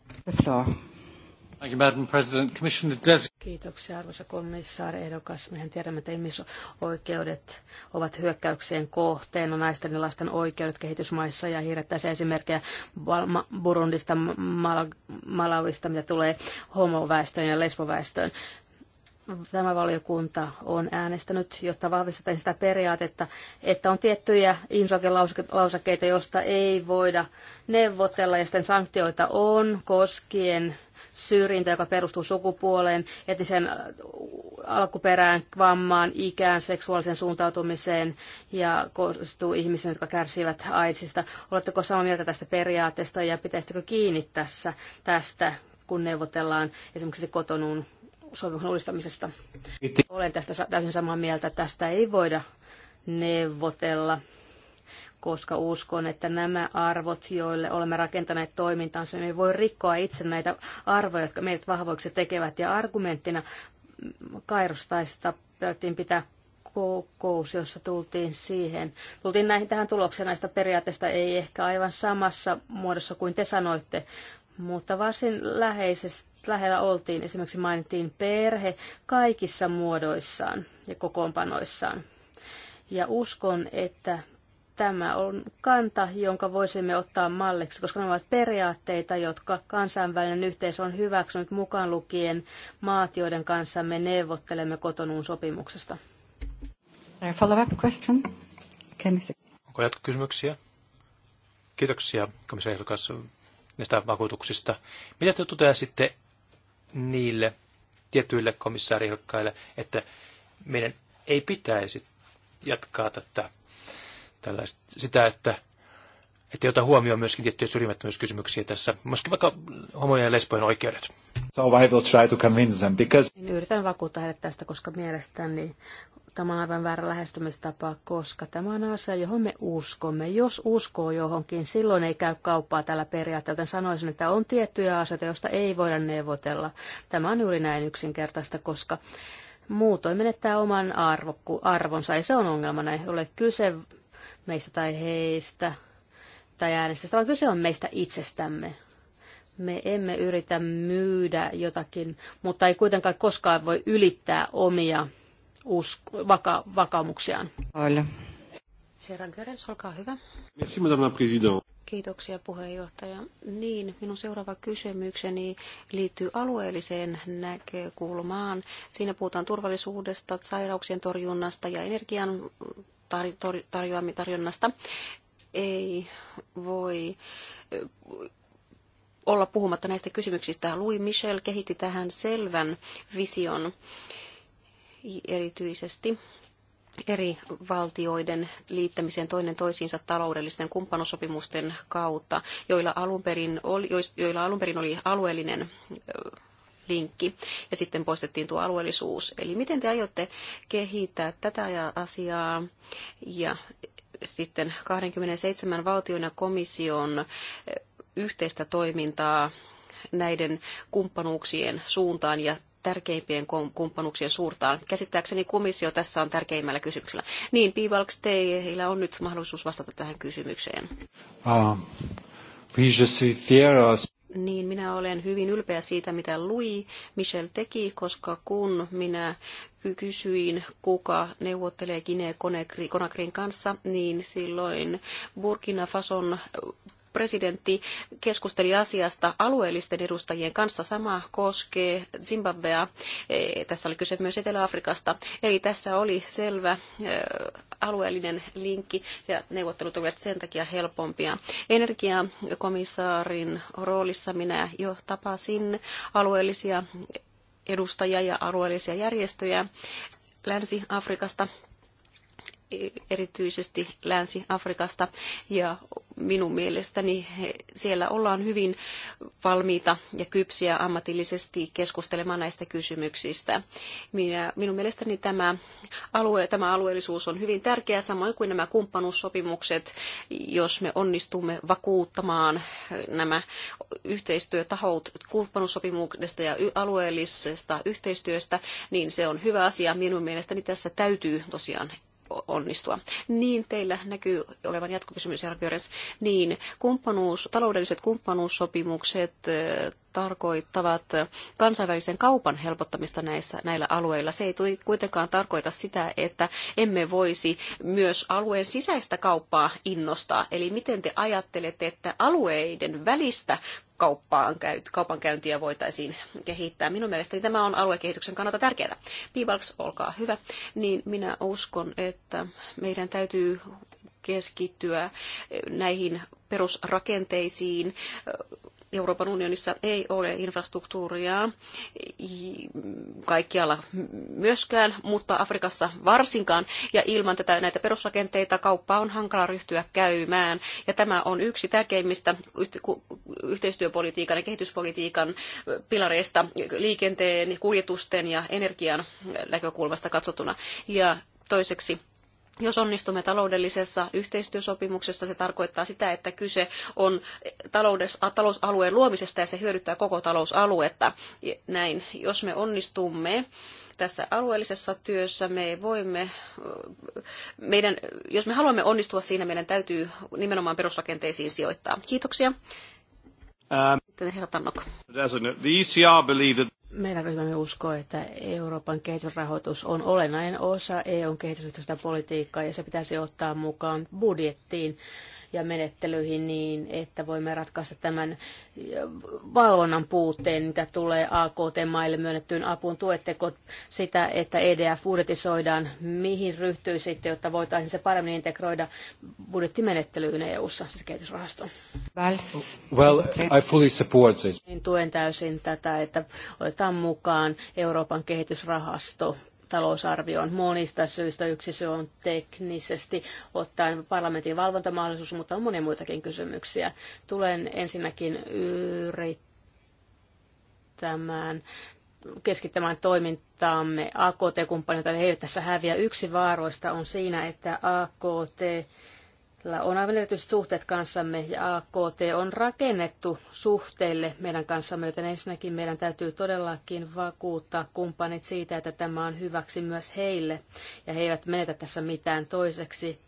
Kiitoksia arvoisa komissaari ehdokas. Mehän tiedämme, että ihmisoikeudet ovat hyökkäykseen kohteena no, naisten ja lasten oikeudet kehitysmaissa ja hirrettäisiin esimerkkejä Burundista, Malawista, mitä tulee homoväestöön ja lesboväestöön tämä valiokunta on äänestänyt, jotta vahvistetaan sitä periaatetta, että on tiettyjä ihmisoikeuslausakkeita, joista ei voida neuvotella, ja sitten sanktioita on koskien syrjintä, joka perustuu sukupuoleen, etnisen äh, alkuperään, vammaan, ikään, seksuaaliseen suuntautumiseen ja koostuu ihmisiin, jotka kärsivät AIDSista. Oletteko samaa mieltä tästä periaatteesta ja pitäisikö kiinni tässä, tästä, kun neuvotellaan esimerkiksi kotonuun sopimuksen uudistamisesta. Olen tästä täysin samaa mieltä. Tästä ei voida neuvotella, koska uskon, että nämä arvot, joille olemme rakentaneet toimintansa, me niin voi rikkoa itse näitä arvoja, jotka meidät vahvoiksi tekevät. Ja argumenttina Kairostaista pelättiin pitää kokous, jossa tultiin siihen. Tultiin näihin tähän tulokseen näistä periaatteista, ei ehkä aivan samassa muodossa kuin te sanoitte, mutta varsin läheisesti lähellä oltiin. Esimerkiksi mainittiin perhe kaikissa muodoissaan ja kokoonpanoissaan. Ja uskon, että tämä on kanta, jonka voisimme ottaa malliksi, koska nämä ovat periaatteita, jotka kansainvälinen yhteisö on hyväksynyt mukaan lukien maat, joiden kanssa me neuvottelemme kotonuun sopimuksesta. Follow-up question. Onko jatkokysymyksiä? Kiitoksia komissaari näistä vakuutuksista. Mitä te sitten? niille tietyille komissaariehdokkaille, että meidän ei pitäisi jatkaa tätä, tällaista, sitä, että että ota huomioon myöskin tiettyjä syrjimättömyyskysymyksiä tässä, myöskin vaikka homojen ja lesbojen oikeudet. So I will try to convince them because... Niin yritän vakuuttaa heidät tästä, koska mielestäni tämä on aivan väärä lähestymistapa, koska tämä on asia, johon me uskomme. Jos uskoo johonkin, silloin ei käy kauppaa tällä periaatteella. sanoisin, että on tiettyjä asioita, joista ei voida neuvotella. Tämä on juuri näin yksinkertaista, koska muutoin menettää oman arvonsa. Ei se on ongelma, ei ole kyse meistä tai heistä tai äänestystä, vaan kyse on meistä itsestämme. Me emme yritä myydä jotakin, mutta ei kuitenkaan koskaan voi ylittää omia usko, vaka, vakaumuksiaan. Aile. Herra Görens, olkaa hyvä. Merci, madame la présidente. Kiitoksia puheenjohtaja. Niin, minun seuraava kysymykseni liittyy alueelliseen näkökulmaan. Siinä puhutaan turvallisuudesta, sairauksien torjunnasta ja energian tarjoamitarjonnasta ei voi olla puhumatta näistä kysymyksistä. Louis Michel kehitti tähän selvän vision erityisesti eri valtioiden liittämiseen toinen toisiinsa taloudellisten kumppanusopimusten kautta, joilla alun perin oli, joilla alun perin oli alueellinen linkki ja sitten poistettiin tuo alueellisuus. Eli miten te aiotte kehittää tätä asiaa ja sitten 27 valtion ja komission eh, yhteistä toimintaa näiden kumppanuuksien suuntaan ja tärkeimpien kumppanuuksien suurtaan. Käsittääkseni komissio tässä on tärkeimmällä kysymyksellä. Niin, Piivalks, teillä on nyt mahdollisuus vastata tähän kysymykseen. Uh, niin minä olen hyvin ylpeä siitä, mitä Louis Michel teki, koska kun minä kysyin, kuka neuvottelee kine konakrin kanssa, niin silloin Burkina Fason presidentti keskusteli asiasta alueellisten edustajien kanssa. Sama koskee Zimbabwea. E, tässä oli kyse myös Etelä-Afrikasta. Eli tässä oli selvä e, alueellinen linkki ja neuvottelut olivat sen takia helpompia. Energiakomissaarin roolissa minä jo tapasin alueellisia edustajia ja alueellisia järjestöjä Länsi-Afrikasta erityisesti Länsi-Afrikasta ja minun mielestäni siellä ollaan hyvin valmiita ja kypsiä ammatillisesti keskustelemaan näistä kysymyksistä. Minä, minun mielestäni tämä, alue, tämä alueellisuus on hyvin tärkeä, samoin kuin nämä kumppanuussopimukset, jos me onnistumme vakuuttamaan nämä yhteistyötahot kumppanuussopimuksesta ja alueellisesta yhteistyöstä, niin se on hyvä asia. Minun mielestäni tässä täytyy tosiaan onnistua. Niin teillä näkyy olevan jatkokysymys, Jarkko Niin, kumppanuus, taloudelliset kumppanuussopimukset tarkoittavat kansainvälisen kaupan helpottamista näissä, näillä alueilla. Se ei kuitenkaan tarkoita sitä, että emme voisi myös alueen sisäistä kauppaa innostaa. Eli miten te ajattelette, että alueiden välistä kauppaan, kaupankäyntiä voitaisiin kehittää. Minun mielestäni tämä on aluekehityksen kannalta tärkeää. Piibalks, olkaa hyvä. Niin minä uskon, että meidän täytyy keskittyä näihin perusrakenteisiin, Euroopan unionissa ei ole infrastruktuuria kaikkialla myöskään, mutta Afrikassa varsinkaan. Ja ilman tätä, näitä perusrakenteita kauppaa on hankala ryhtyä käymään. Ja tämä on yksi tärkeimmistä yhteistyöpolitiikan ja kehityspolitiikan pilareista liikenteen, kuljetusten ja energian näkökulmasta katsottuna. Ja toiseksi jos onnistumme taloudellisessa yhteistyösopimuksessa, se tarkoittaa sitä, että kyse on talousalueen luomisesta ja se hyödyttää koko talousaluetta. Näin, jos me onnistumme tässä alueellisessa työssä me voimme, meidän, jos me haluamme onnistua siinä, meidän täytyy nimenomaan perusrakenteisiin sijoittaa. Kiitoksia. Um, Herra Tannok. The ECR believe that meidän ryhmämme uskoo, että Euroopan kehitysrahoitus on olennainen osa EUn kehitysyhteistyöpolitiikkaa ja se pitäisi ottaa mukaan budjettiin ja menettelyihin niin, että voimme ratkaista tämän valvonnan puutteen, mitä tulee AKT-maille myönnettyyn apuun. Tuetteko sitä, että EDF budjetisoidaan, mihin ryhtyy sitten, jotta voitaisiin se paremmin integroida budjettimenettelyyn EU-ssa, siis kehitysrahastoon? Well, I fully support this. Niin tuen täysin tätä, että otetaan mukaan Euroopan kehitysrahasto talousarvioon monista syistä. Yksi se on teknisesti ottaen parlamentin valvontamahdollisuus, mutta on monia muitakin kysymyksiä. Tulen ensinnäkin yrittämään keskittämään toimintaamme akt kumppanilta he eivät tässä häviä. Yksi vaaroista on siinä, että AKT on aivan suhteet kanssamme ja AKT on rakennettu suhteille meidän kanssamme, joten ensinnäkin meidän täytyy todellakin vakuuttaa kumppanit siitä, että tämä on hyväksi myös heille ja he eivät menetä tässä mitään toiseksi.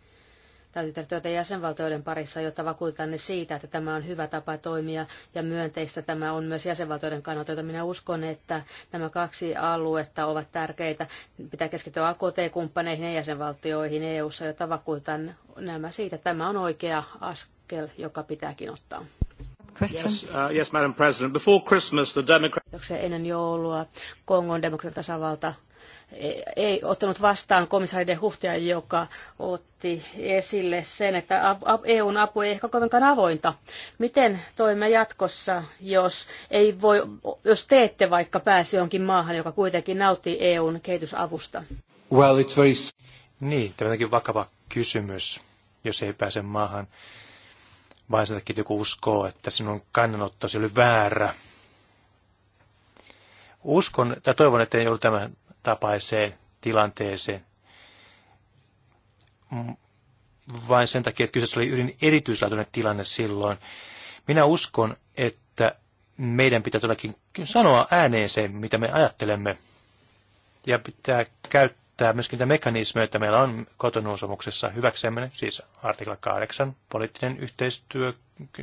Täytyy tehdä työtä jäsenvaltioiden parissa, jotta vakuutetaan ne siitä, että tämä on hyvä tapa toimia ja myönteistä tämä on myös jäsenvaltioiden kannalta, joten minä uskon, että nämä kaksi aluetta ovat tärkeitä. Pitää keskittyä AKT-kumppaneihin ja jäsenvaltioihin EU-ssa, jotta vakuutetaan nämä siitä, että tämä on oikea askel, joka pitääkin ottaa question? Yes, uh, Ennen joulua Kongon demokratasavalta e- ei ottanut vastaan komissaari de Huhtia, joka otti esille sen, että EUn apu ei ehkä kovinkaan avointa. Miten toimme jatkossa, jos, ei voi, jos teette vaikka pääsi jonkin maahan, joka kuitenkin nauttii EUn kehitysavusta? Well, it's very... Niin, tämäkin vakava kysymys, jos ei pääse maahan, vai sen takia, että joku uskoo, että sinun kannanottosi oli väärä. Uskon ja toivon, että ei joudu tämän tapaiseen tilanteeseen. Vain sen takia, että kyseessä oli hyvin erityislaatuinen tilanne silloin. Minä uskon, että meidän pitää todellakin sanoa ääneen se, mitä me ajattelemme. Ja pitää käyttää käyttää myöskin niitä mekanismeja, joita meillä on kotonuusomuksessa hyväksemme, siis artikla 8, poliittinen yhteistyö,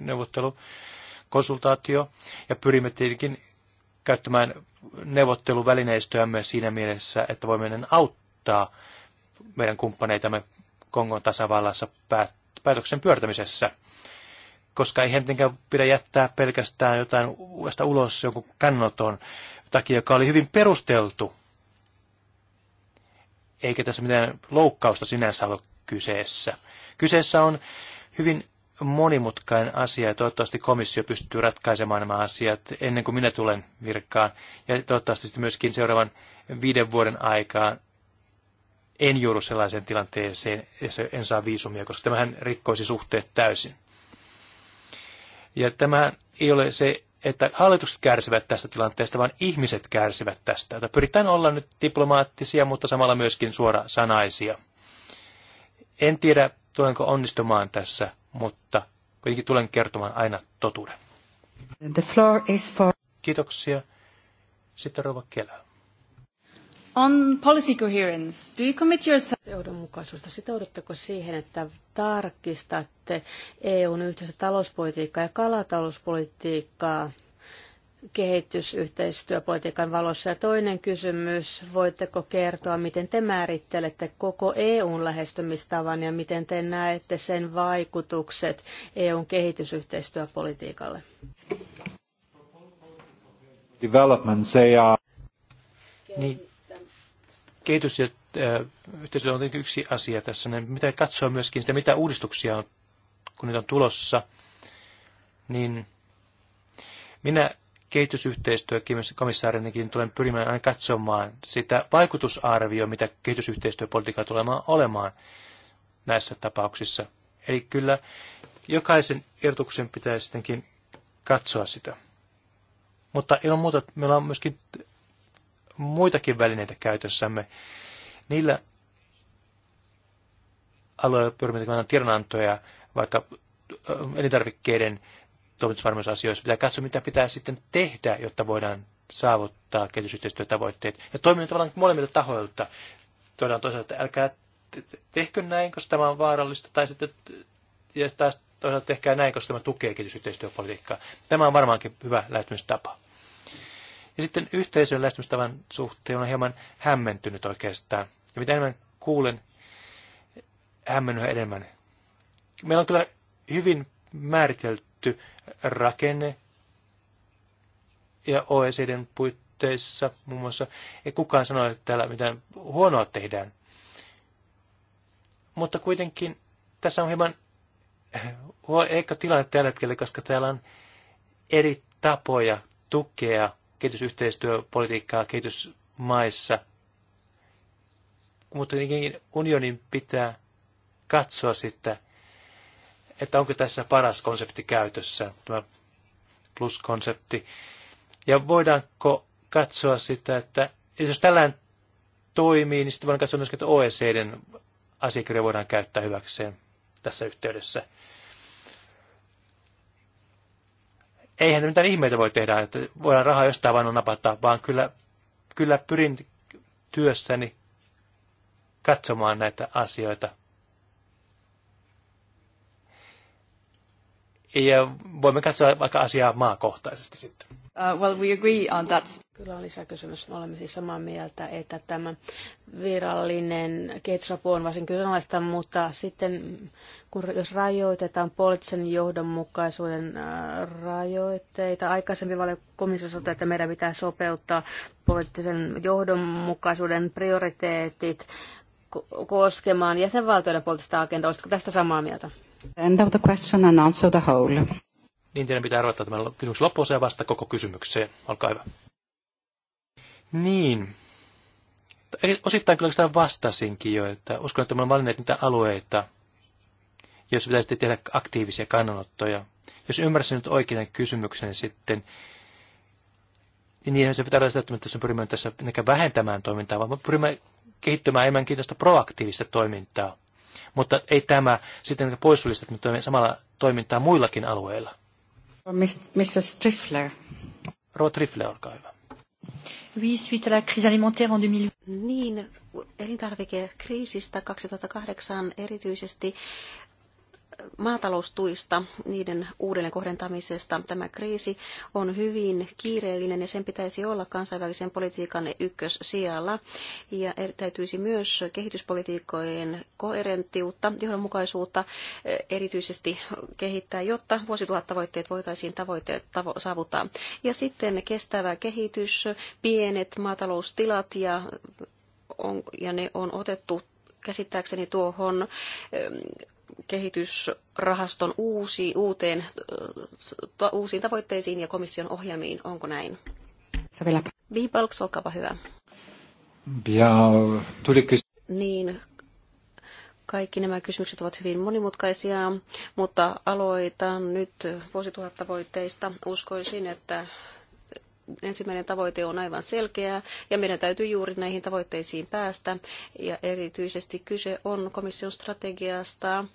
neuvottelu, konsultaatio, ja pyrimme tietenkin käyttämään neuvotteluvälineistöämme siinä mielessä, että voimme auttaa meidän kumppaneitamme Kongon tasavallassa päätöksen pyörtämisessä. Koska ei tietenkään pidä jättää pelkästään jotain uudesta ulos jonkun kannoton takia, joka oli hyvin perusteltu eikä tässä mitään loukkausta sinänsä ole kyseessä. Kyseessä on hyvin monimutkainen asia ja toivottavasti komissio pystyy ratkaisemaan nämä asiat ennen kuin minä tulen virkaan. Ja toivottavasti sitten myöskin seuraavan viiden vuoden aikaan en joudu sellaiseen tilanteeseen, jossa en saa viisumia, koska tämähän rikkoisi suhteet täysin. Ja tämä ei ole se että hallitukset kärsivät tästä tilanteesta, vaan ihmiset kärsivät tästä. Jota pyritään olla nyt diplomaattisia, mutta samalla myöskin suora sanaisia. En tiedä, tulenko onnistumaan tässä, mutta kuitenkin tulen kertomaan aina totuuden. The floor is for... Kiitoksia. Sitten Rova Kelä. On policy coherence, do you commit yourself... Johdonmukaisuudesta sitoudutteko siihen, että tarkistatte EUn yhteistä talouspolitiikkaa ja kalatalouspolitiikkaa kehitysyhteistyöpolitiikan valossa? Ja toinen kysymys, voitteko kertoa, miten te määrittelette koko EUn lähestymistavan ja miten te näette sen vaikutukset EUn kehitysyhteistyöpolitiikalle? Development they are... Niin, kehitys ja äh, yhteistyö on tietenkin yksi asia tässä. Mitä katsoa myöskin sitä, mitä uudistuksia on, kun niitä on tulossa, niin minä kehitysyhteistyökomissaarinenkin tulen pyrimään aina katsomaan sitä vaikutusarvioa, mitä kehitysyhteistyöpolitiikka tulee olemaan näissä tapauksissa. Eli kyllä jokaisen irtuksen pitäisi sittenkin katsoa sitä. Mutta ilman muuta meillä on myöskin muitakin välineitä käytössämme. Niillä alueilla pyrimme tekemään tiedonantoja vaikka elintarvikkeiden toimitusvarmuusasioissa. Pitää katsoa, mitä pitää sitten tehdä, jotta voidaan saavuttaa kehitysyhteistyötavoitteet. Ja toimimme tavallaan molemmilta tahoilta. Todetaan toisaalta, että älkää tehkö näin, koska tämä on vaarallista, tai sitten ja taas toisaalta tehkää näin, koska tämä tukee kehitysyhteistyöpolitiikkaa. Tämä on varmaankin hyvä lähtymistapa. Ja sitten yhteisön lähestymistavan suhteen on hieman hämmentynyt oikeastaan. Ja mitä enemmän kuulen, hämmennyt enemmän. Meillä on kyllä hyvin määritelty rakenne ja OECDn puitteissa muun muassa. Ei kukaan sano, että täällä mitään huonoa tehdään. Mutta kuitenkin tässä on hieman eikä tilanne tällä hetkellä, koska täällä on eri tapoja tukea kehitysyhteistyöpolitiikkaa kehitysmaissa. Mutta tietenkin unionin pitää katsoa sitten, että onko tässä paras konsepti käytössä, tämä plus-konsepti. Ja voidaanko katsoa sitä, että jos tällään toimii, niin sitten voidaan katsoa myös, että OECDn asiakirja voidaan käyttää hyväkseen tässä yhteydessä. eihän mitään ihmeitä voi tehdä, että voidaan rahaa jostain vain napata, vaan kyllä, kyllä pyrin työssäni katsomaan näitä asioita ja voimme katsoa vaikka asiaa maakohtaisesti sitten. Uh, well, we agree on that. Kyllä on lisäkysymys. Me olemme siis samaa mieltä, että tämä virallinen kehitysapu on varsin kyseenalaista, mutta sitten kun jos rajoitetaan poliittisen johdonmukaisuuden uh, rajoitteita, aikaisemmin komissio sanoi, että meidän pitää sopeuttaa poliittisen johdonmukaisuuden prioriteetit koskemaan jäsenvaltioiden poliittista agendaa. Olisitko tästä samaa mieltä? End of the question and answer the whole. Niin teidän pitää arvata tämän kysymyksen loppuosa ja vasta koko kysymykseen. Olkaa hyvä. Niin. Osittain kyllä sitä vastasinkin jo, että uskon, että me olemme valinneet niitä alueita, jos pitäisi tehdä aktiivisia kannanottoja. Jos ymmärsin nyt oikein kysymyksen niin sitten, niin se pitää olla että me pyrimme tässä vähentämään toimintaa, vaan me pyrimme kehittämään enemmänkin tästä proaktiivista toimintaa. Mutta ei tämä sitten poissulista, että me toimme samalla toimintaa muillakin alueilla. Mrs. Trifler. Rouva Trifler, olkaa hyvä. Oui, suite à la crise alimentaire en 2000. Niin, elintarvikekriisistä 2008 erityisesti maataloustuista, niiden uudelleenkohdentamisesta. Tämä kriisi on hyvin kiireellinen ja sen pitäisi olla kansainvälisen politiikan ykkössijalla. Ja er, täytyisi myös kehityspolitiikkojen koherenttiutta, johdonmukaisuutta eh, erityisesti kehittää, jotta vuosituhattavoitteet voitaisiin tavoitteet tavo- saavuttaa. Ja sitten kestävä kehitys, pienet maataloustilat ja, on, ja ne on otettu käsittääkseni tuohon eh, kehitysrahaston uusi, uuteen, äh, uusiin tavoitteisiin ja komission ohjelmiin. Onko näin? Savela. olkaapa hyvä. Ja, tuliko... Niin, kaikki nämä kysymykset ovat hyvin monimutkaisia, mutta aloitan nyt vuosituhattavoitteista. Uskoisin, että ensimmäinen tavoite on aivan selkeä ja meidän täytyy juuri näihin tavoitteisiin päästä. Ja erityisesti kyse on komission strategiasta,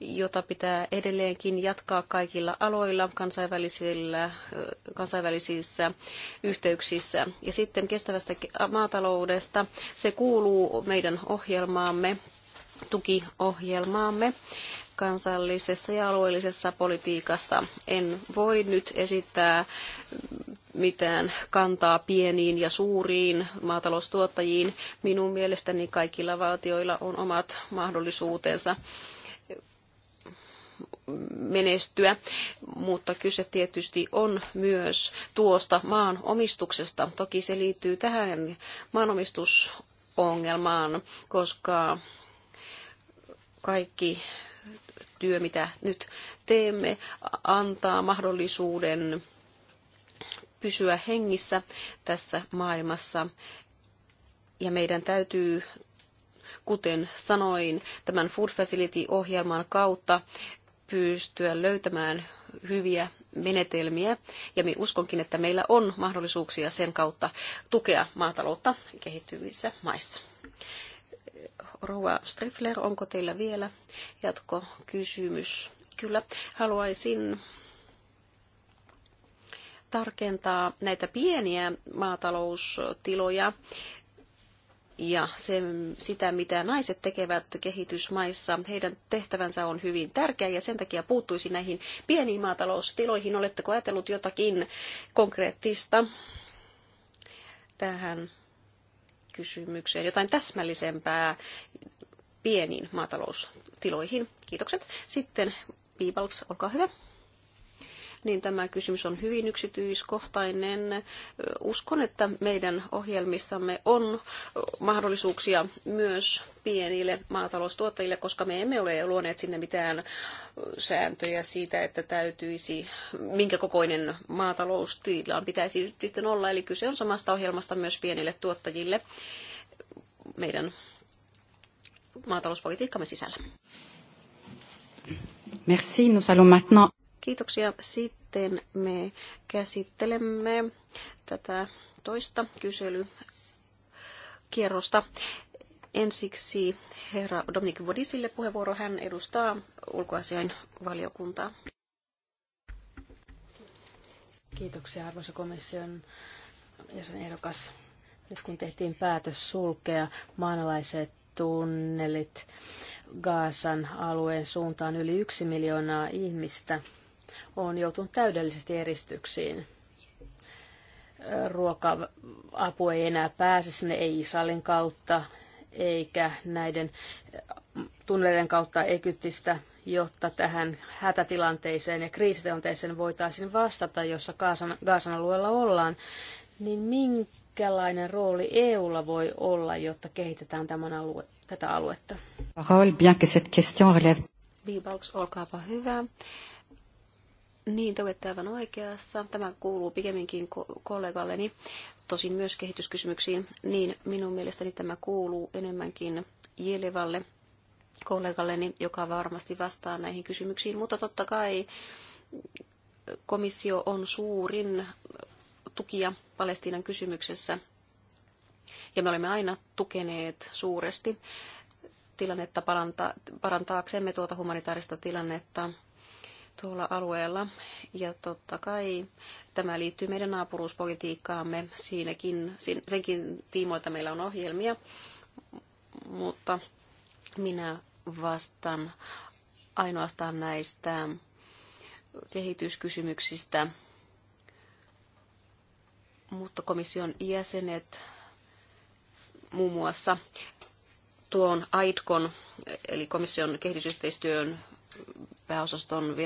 jota pitää edelleenkin jatkaa kaikilla aloilla kansainvälisillä, kansainvälisissä yhteyksissä. Ja sitten kestävästä maataloudesta. Se kuuluu meidän ohjelmaamme tukiohjelmaamme kansallisessa ja alueellisessa politiikassa. En voi nyt esittää mitään kantaa pieniin ja suuriin maataloustuottajiin. Minun mielestäni kaikilla valtioilla on omat mahdollisuutensa menestyä, mutta kyse tietysti on myös tuosta maanomistuksesta. Toki se liittyy tähän maanomistusongelmaan, koska kaikki työ, mitä nyt teemme, antaa mahdollisuuden pysyä hengissä tässä maailmassa. Ja meidän täytyy, kuten sanoin, tämän Food Facility-ohjelman kautta pystyä löytämään hyviä menetelmiä. Ja minä uskonkin, että meillä on mahdollisuuksia sen kautta tukea maataloutta kehittyvissä maissa. Strifler, onko teillä vielä jatkokysymys? Kyllä, haluaisin tarkentaa näitä pieniä maataloustiloja ja se, sitä, mitä naiset tekevät kehitysmaissa. Heidän tehtävänsä on hyvin tärkeä ja sen takia puuttuisi näihin pieniin maataloustiloihin. Oletteko ajatellut jotakin konkreettista tähän kysymykseen, jotain täsmällisempää pieniin maataloustiloihin. Kiitokset. Sitten Piibalks, olkaa hyvä niin tämä kysymys on hyvin yksityiskohtainen. Uskon, että meidän ohjelmissamme on mahdollisuuksia myös pienille maataloustuottajille, koska me emme ole luoneet sinne mitään sääntöjä siitä, että täytyisi, minkä kokoinen maataloustila pitäisi nyt sitten olla. Eli kyse on samasta ohjelmasta myös pienille tuottajille meidän maatalouspolitiikkamme sisällä. Merci, nous allons maintenant... Kiitoksia. Sitten me käsittelemme tätä toista kyselykierrosta. Ensiksi herra Dominik Vodisille puheenvuoro. Hän edustaa ulkoasiain valiokuntaa. Kiitoksia arvoisa komission jäsenehdokas. Nyt kun tehtiin päätös sulkea maanalaiset tunnelit Gaasan alueen suuntaan yli yksi miljoonaa ihmistä on joutunut täydellisesti eristyksiin. Ruoka-apu ei enää pääse sinne, ei Israelin kautta, eikä näiden äh, tunneleiden kautta Egyptistä, jotta tähän hätätilanteeseen ja kriisitilanteeseen voitaisiin vastata, jossa Gaasan alueella ollaan, niin minkälainen rooli EUlla voi olla, jotta kehitetään tämän alue, tätä aluetta? Parole, bien que cette question relève... olkaapa hyvä. Niin, te olette aivan oikeassa. Tämä kuuluu pikemminkin kollegalleni, tosin myös kehityskysymyksiin. Niin minun mielestäni tämä kuuluu enemmänkin Jelevalle kollegalleni, joka varmasti vastaa näihin kysymyksiin. Mutta totta kai komissio on suurin tukija Palestiinan kysymyksessä. Ja me olemme aina tukeneet suuresti tilannetta parantaaksemme tuota humanitaarista tilannetta tuolla alueella. Ja totta kai tämä liittyy meidän naapuruuspolitiikkaamme. Siinäkin, senkin tiimoilta meillä on ohjelmia, mutta minä vastaan ainoastaan näistä kehityskysymyksistä. Mutta komission jäsenet muun muassa tuon AIDKON, eli komission kehitysyhteistyön pääosaston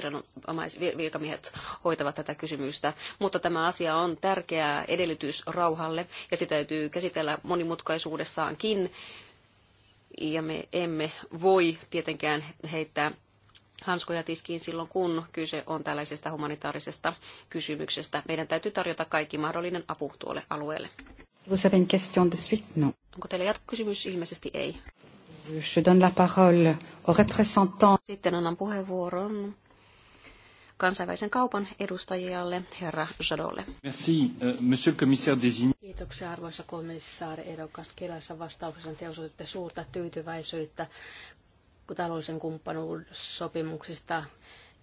virkamiehet hoitavat tätä kysymystä. Mutta tämä asia on tärkeä edellytys rauhalle ja sitä täytyy käsitellä monimutkaisuudessaankin. Ja me emme voi tietenkään heittää hanskoja tiskiin silloin, kun kyse on tällaisesta humanitaarisesta kysymyksestä. Meidän täytyy tarjota kaikki mahdollinen apu tuolle alueelle. Onko teillä jatkokysymys? Ilmeisesti ei. Je donne la parole au représentant. Sitten annan puheenvuoron kansainvälisen kaupan edustajalle, herra Jadolle. Merci, euh, monsieur le commissaire désigné. Kiitoksia arvoisa komissaari ehdokas. Kirjallisessa vastauksessa te osoitatte suurta tyytyväisyyttä taloudellisen kumppanuussopimuksista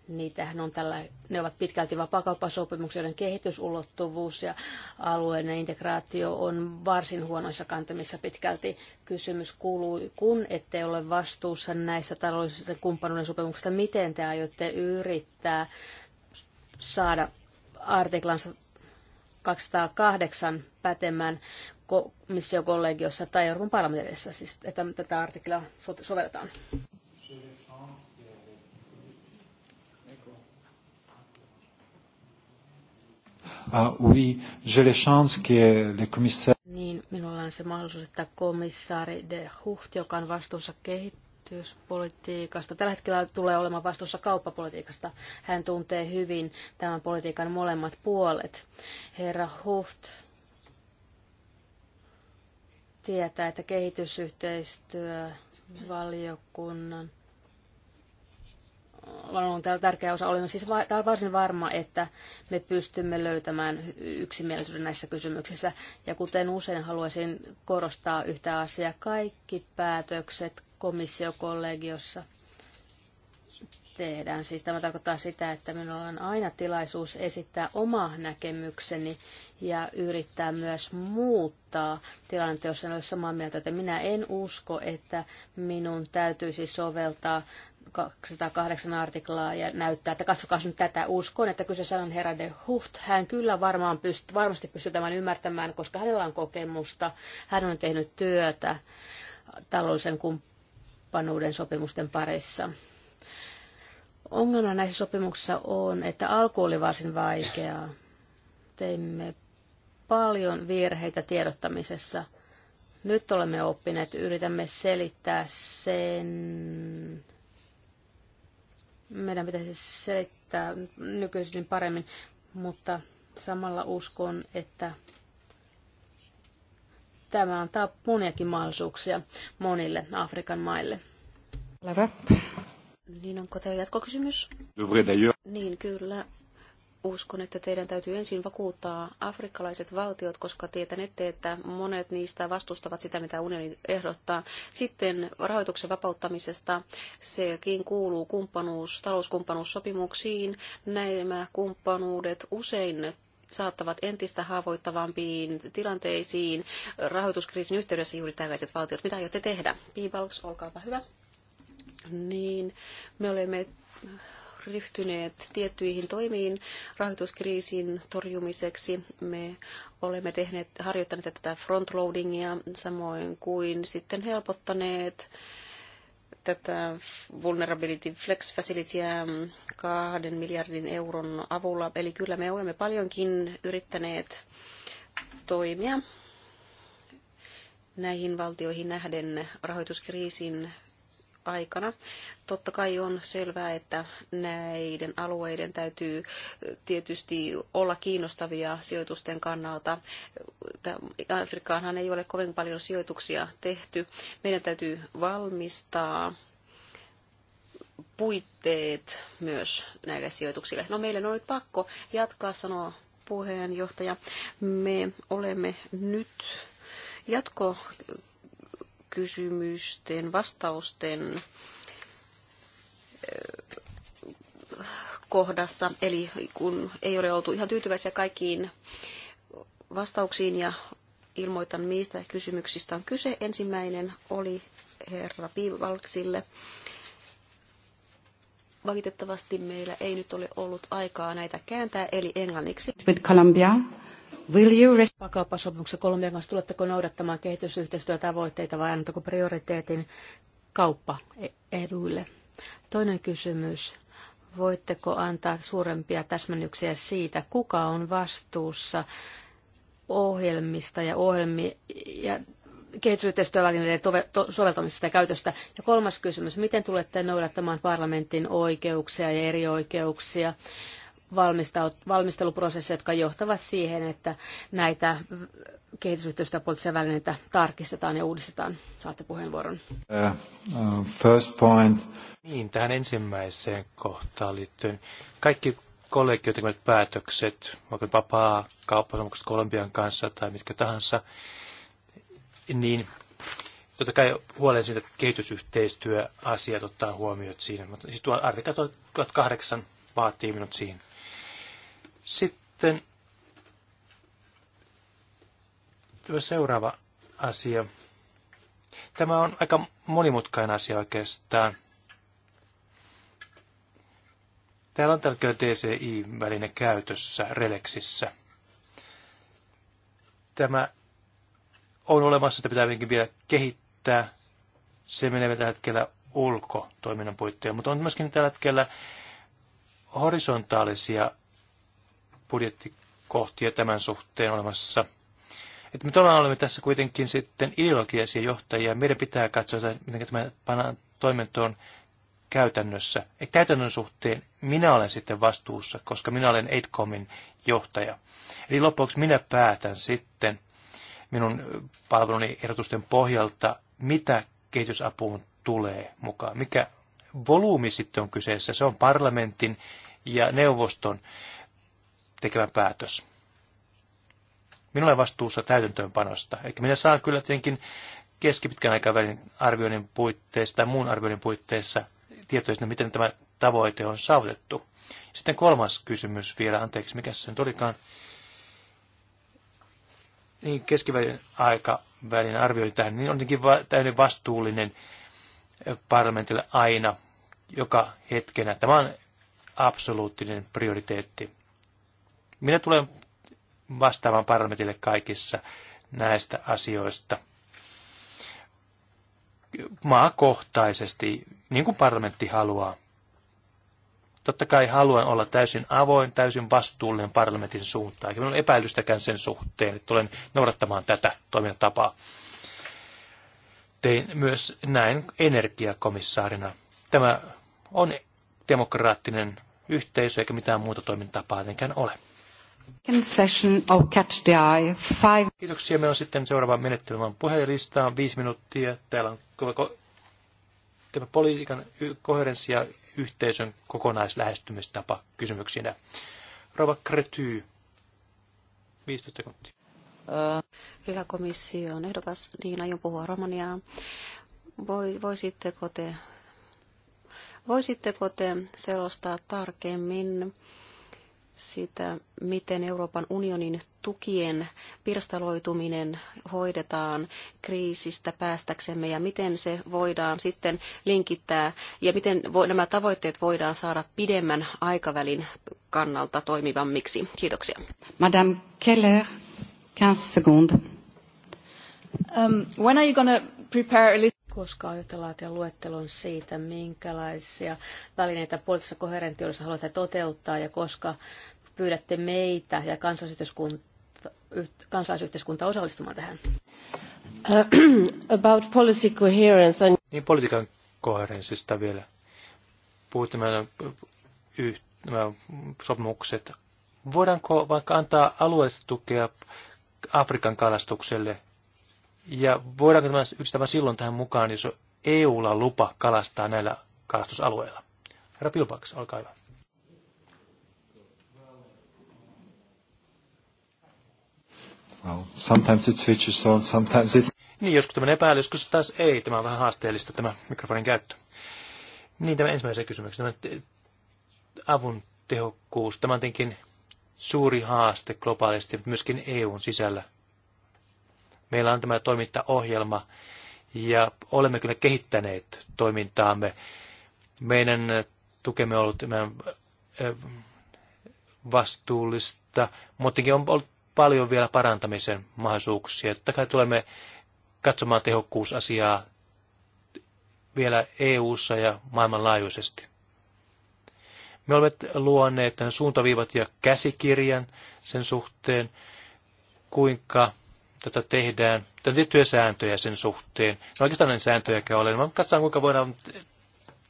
Niitähän on tällä, ne ovat pitkälti vapaakauppasopimuksia, kehitysulottuvuus ja alueellinen integraatio on varsin huonoissa kantamissa pitkälti. Kysymys kuuluu, kun ette ole vastuussa näistä taloudellisista kumppanuuden sopimuksista, miten te aiotte yrittää saada artiklan 208 pätemään komissiokollegiossa tai Euroopan parlamentissa, siis, että tätä artiklaa sovelletaan. Ah, oui, j'ai la chance que le commissaire... Niin, minulla on se mahdollisuus, että komissaari de Hucht, joka on vastuussa kehityspolitiikasta, tällä hetkellä tulee olemaan vastuussa kauppapolitiikasta. Hän tuntee hyvin tämän politiikan molemmat puolet. Herra Hucht tietää, että kehitysyhteistyö valiokunnan on tärkeä osa. Olen siis varsin varma, että me pystymme löytämään yksimielisyyden näissä kysymyksissä. Ja kuten usein haluaisin korostaa yhtä asiaa, kaikki päätökset komissiokollegiossa tehdään. Siis tämä tarkoittaa sitä, että minulla on aina tilaisuus esittää oma näkemykseni ja yrittää myös muuttaa tilannetta, jos en ole samaa mieltä, että minä en usko, että minun täytyisi soveltaa 208 artiklaa ja näyttää, että katsokaa nyt tätä. Uskon, että kyseessä on herra de Huht. Hän kyllä varmaan pyst- varmasti pystyy tämän ymmärtämään, koska hänellä on kokemusta. Hän on tehnyt työtä taloudellisen kumppanuuden sopimusten parissa. Ongelma näissä sopimuksissa on, että alku oli varsin vaikeaa. Teimme paljon virheitä tiedottamisessa. Nyt olemme oppineet, yritämme selittää sen meidän pitäisi selittää nykyisin paremmin, mutta samalla uskon, että tämä antaa moniakin mahdollisuuksia monille Afrikan maille. Lävä. Niin, onko teillä jatkokysymys? Niin, kyllä uskon, että teidän täytyy ensin vakuuttaa afrikkalaiset valtiot, koska tietänette, että monet niistä vastustavat sitä, mitä unioni ehdottaa. Sitten rahoituksen vapauttamisesta sekin kuuluu kumppanuus, talouskumppanuussopimuksiin. Nämä kumppanuudet usein saattavat entistä haavoittavampiin tilanteisiin rahoituskriisin yhteydessä juuri tällaiset valtiot. Mitä aiotte tehdä? Piibalks, olkaapa hyvä. Niin, me olemme ryhtyneet tiettyihin toimiin rahoituskriisin torjumiseksi. Me olemme tehneet, harjoittaneet tätä frontloadingia samoin kuin sitten helpottaneet tätä Vulnerability Flex Facilityä kahden miljardin euron avulla. Eli kyllä me olemme paljonkin yrittäneet toimia näihin valtioihin nähden rahoituskriisin aikana. Totta kai on selvää, että näiden alueiden täytyy tietysti olla kiinnostavia sijoitusten kannalta. Afrikkaanhan ei ole kovin paljon sijoituksia tehty. Meidän täytyy valmistaa puitteet myös näille sijoituksille. No meillä on nyt pakko jatkaa, sanoa puheenjohtaja. Me olemme nyt jatko kysymysten vastausten kohdassa, eli kun ei ole oltu ihan tyytyväisiä kaikkiin vastauksiin ja ilmoitan, mistä kysymyksistä on kyse. Ensimmäinen oli herra Pivalksille. Valitettavasti meillä ei nyt ole ollut aikaa näitä kääntää, eli englanniksi. With Colombia Will you rest- Vakauppasopimuksen kolmien kanssa tuletteko noudattamaan kehitysyhteistyötavoitteita vai annatteko prioriteetin kauppaeduille? E- Toinen kysymys. Voitteko antaa suurempia täsmennyksiä siitä, kuka on vastuussa ohjelmista ja ohjelmi ja kehitysyhteistyövälineiden soveltamisesta ja käytöstä. Ja kolmas kysymys, miten tulette noudattamaan parlamentin oikeuksia ja eri oikeuksia valmisteluprosesseja, jotka johtavat siihen, että näitä kehitysyhteistyötä poliittisia välineitä tarkistetaan ja uudistetaan. Saatte puheenvuoron. Uh, uh, first point. Niin, tähän ensimmäiseen kohtaan liittyen. Kaikki kollegio tekevät päätökset, vaikka vapaa kauppasopimukset Kolumbian kanssa tai mitkä tahansa, niin totta kai huolen siitä, että kehitysyhteistyöasiat ottaa huomioon siinä. Mutta siis tuo artikla 18 vaatii minut siihen. Sitten tämä seuraava asia. Tämä on aika monimutkainen asia oikeastaan. Täällä on tällä DCI-väline käytössä Relexissä. Tämä on olemassa, että pitää vielä kehittää. Se menee tällä hetkellä ulkotoiminnan puitteen, mutta on myöskin tällä hetkellä horisontaalisia budjettikohtia tämän suhteen olemassa. Että me tavallaan olemme tässä kuitenkin sitten ideologisia johtajia. Meidän pitää katsoa, miten tämä pannaan toimintoon käytännössä. Et käytännön suhteen minä olen sitten vastuussa, koska minä olen Aidcomin johtaja. Eli lopuksi minä päätän sitten minun palveluni erotusten pohjalta, mitä kehitysapuun tulee mukaan. Mikä volyymi sitten on kyseessä? Se on parlamentin ja neuvoston tekemä päätös. Minulla on vastuussa täytäntöönpanosta. Eli minä saan kyllä tietenkin keskipitkän aikavälin arvioinnin puitteissa tai muun arvioinnin puitteissa tietoisena, miten tämä tavoite on saavutettu. Sitten kolmas kysymys vielä, anteeksi, mikä se nyt olikaan. Niin keskivälin aikavälin arviointi tähän, niin on tietenkin va- täysin vastuullinen parlamentille aina, joka hetkenä. Tämä on absoluuttinen prioriteetti. Minä tulen vastaamaan parlamentille kaikissa näistä asioista maakohtaisesti, niin kuin parlamentti haluaa. Totta kai haluan olla täysin avoin, täysin vastuullinen parlamentin suuntaan. Eikä minulla ole epäilystäkään sen suhteen, että tulen noudattamaan tätä toimintatapaa. Tein myös näin energiakomissaarina. Tämä on demokraattinen yhteisö eikä mitään muuta toimintatapaa tietenkään ole. Kiitoksia. Meillä on sitten seuraava menettelymään puheenlistaan. Viisi minuuttia. Täällä on tämä politiikan koherenssi ja yhteisön kokonaislähestymistapa kysymyksinä. Rova Krety, 15 sekuntia. Hyvä komissio, on ehdokas, niin aion puhua romaniaa. Voisitteko te, voisitteko te selostaa tarkemmin sitä, miten Euroopan unionin tukien pirstaloituminen hoidetaan kriisistä päästäksemme ja miten se voidaan sitten linkittää ja miten nämä tavoitteet voidaan saada pidemmän aikavälin kannalta toimivammiksi. Kiitoksia. Madame Keller, 15 secondes. Um, when are you gonna prepare a koska aiotte laatia luettelon siitä, minkälaisia välineitä poliittisessa koherentioissa haluatte toteuttaa ja koska pyydätte meitä ja kansalaisyhteiskunta, kansalaisyhteiskunta osallistumaan tähän? Uh, about policy coherence and... Niin politiikan koherenssista vielä. Puhutte meillä yh, nämä sopimukset. Voidaanko vaikka antaa alueellista tukea Afrikan kalastukselle ja voidaanko tämä, yksi silloin tähän mukaan, jos on EUlla lupa kalastaa näillä kalastusalueilla? Herra Pilpaks, olkaa hyvä. Well, sometimes it switches on, sometimes it's... Niin, joskus tämä päälle, joskus taas ei. Tämä on vähän haasteellista, tämä mikrofonin käyttö. Niin, tämä ensimmäisen kysymyksen, tämä avun tehokkuus. Tämä on tietenkin suuri haaste globaalisti, myöskin EUn sisällä – Meillä on tämä toimintaohjelma ja olemme kyllä kehittäneet toimintaamme. Meidän tukemme on ollut vastuullista, mutta on ollut paljon vielä parantamisen mahdollisuuksia. Totta kai tulemme katsomaan tehokkuusasiaa vielä EU-ssa ja maailmanlaajuisesti. Me olemme luoneet tämän suuntaviivat ja käsikirjan sen suhteen, kuinka tätä tehdään, on tiettyjä sääntöjä sen suhteen. No oikeastaan näin sääntöjäkään ole, Mutta katsotaan kuinka voidaan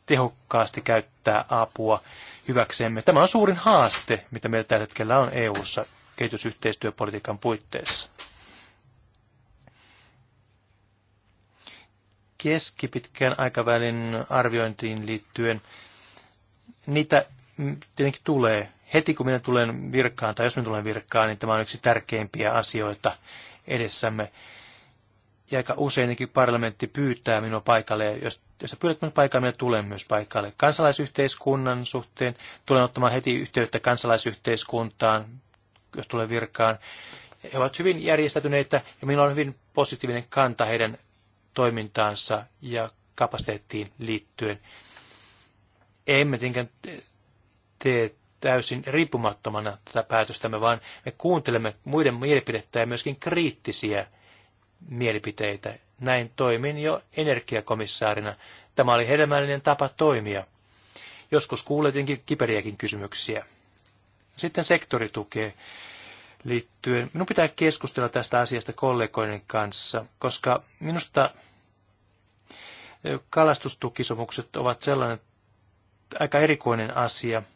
tehokkaasti käyttää apua hyväksemme. Tämä on suurin haaste, mitä meillä tällä hetkellä on EU-ssa kehitysyhteistyöpolitiikan puitteissa. Keskipitkän aikavälin arviointiin liittyen niitä tietenkin tulee. Heti kun minä tulen virkaan, tai jos minä tulen virkaan, niin tämä on yksi tärkeimpiä asioita, edessämme. Ja aika useinkin parlamentti pyytää minua paikalle, ja jos, jos pyydät minua paikalle, minä tulen myös paikalle. Kansalaisyhteiskunnan suhteen tulen ottamaan heti yhteyttä kansalaisyhteiskuntaan, jos tulee virkaan. He ovat hyvin järjestäytyneitä, ja minulla on hyvin positiivinen kanta heidän toimintaansa ja kapasiteettiin liittyen. Emme tietenkään tee täysin riippumattomana tätä päätöstämme, vaan me kuuntelemme muiden mielipidettä ja myöskin kriittisiä mielipiteitä. Näin toimin jo energiakomissaarina. Tämä oli hedelmällinen tapa toimia. Joskus kuuletinkin kiperiäkin kysymyksiä. Sitten sektoritukeen liittyen. Minun pitää keskustella tästä asiasta kollegoiden kanssa, koska minusta kalastustukisomukset ovat sellainen aika erikoinen asia –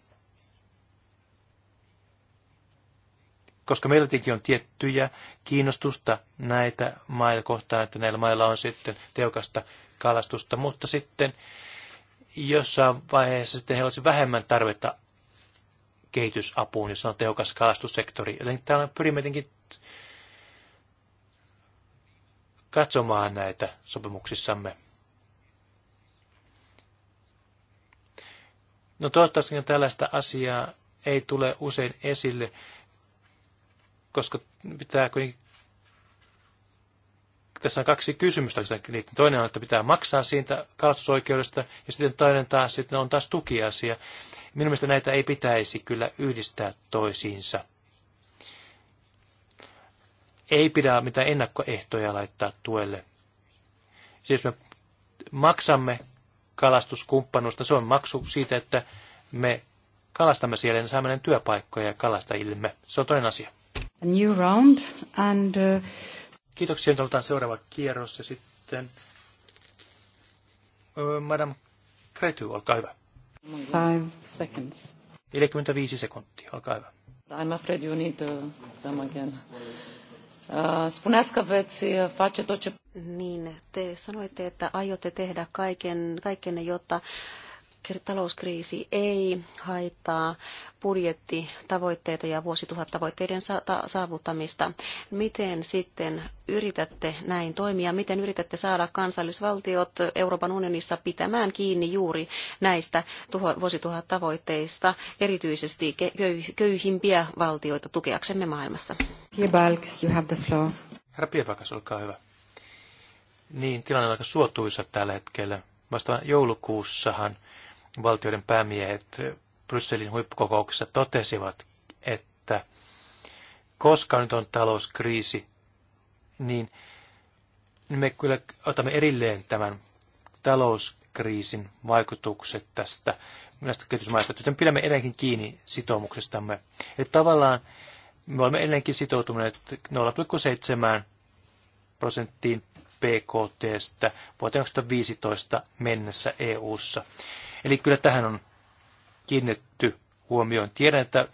koska tietenkin on tiettyjä kiinnostusta näitä maita kohtaan, että näillä mailla on sitten teokasta kalastusta, mutta sitten jossain vaiheessa sitten heillä olisi vähemmän tarvetta kehitysapuun, jos on tehokas kalastussektori. Joten täällä pyrimme jotenkin katsomaan näitä sopimuksissamme. No toivottavasti tällaista asiaa ei tule usein esille, koska pitää kun tässä on kaksi kysymystä. Niin, toinen on, että pitää maksaa siitä kalastusoikeudesta, ja sitten toinen taas sitten on taas tukiasia. Minun mielestä näitä ei pitäisi kyllä yhdistää toisiinsa. Ei pidä mitään ennakkoehtoja laittaa tuelle. Siis me maksamme kalastuskumppanuusta, se on maksu siitä, että me kalastamme siellä ja saamme työpaikkoja ja kalastajillemme. Se on toinen asia a new round and, uh... Kiitoksia. Nyt seuraava kierros ja sitten Madame Kretu, olkaa hyvä. Five seconds. 45 sekuntia, olkaa hyvä. I'm afraid you need to uh, come again. Uh, uh, niin, te sanoitte, että aiotte tehdä kaiken, kaiken jotta talouskriisi ei haittaa budjettitavoitteita ja vuosituhattavoitteiden saavuttamista. Miten sitten yritätte näin toimia? Miten yritätte saada kansallisvaltiot Euroopan unionissa pitämään kiinni juuri näistä vuosituhattavoitteista, erityisesti köyhimpiä valtioita tukeaksemme maailmassa? Piebalgs, you have the floor. Herra Piepakas, olkaa hyvä. Niin, tilanne on aika suotuisa tällä hetkellä. Vasta joulukuussahan – valtioiden päämiehet Brysselin huippukokouksessa totesivat, että koska nyt on talouskriisi, niin me kyllä otamme erilleen tämän talouskriisin vaikutukset tästä näistä kehitysmaista, joten pidämme edelleenkin kiinni sitoumuksestamme. Eli tavallaan me olemme edelleenkin sitoutuneet 0,7 prosenttiin PKTstä vuoteen 2015 mennessä EU:ssa. ssa Eli kyllä tähän on kiinnitetty huomioon. Tiedän, että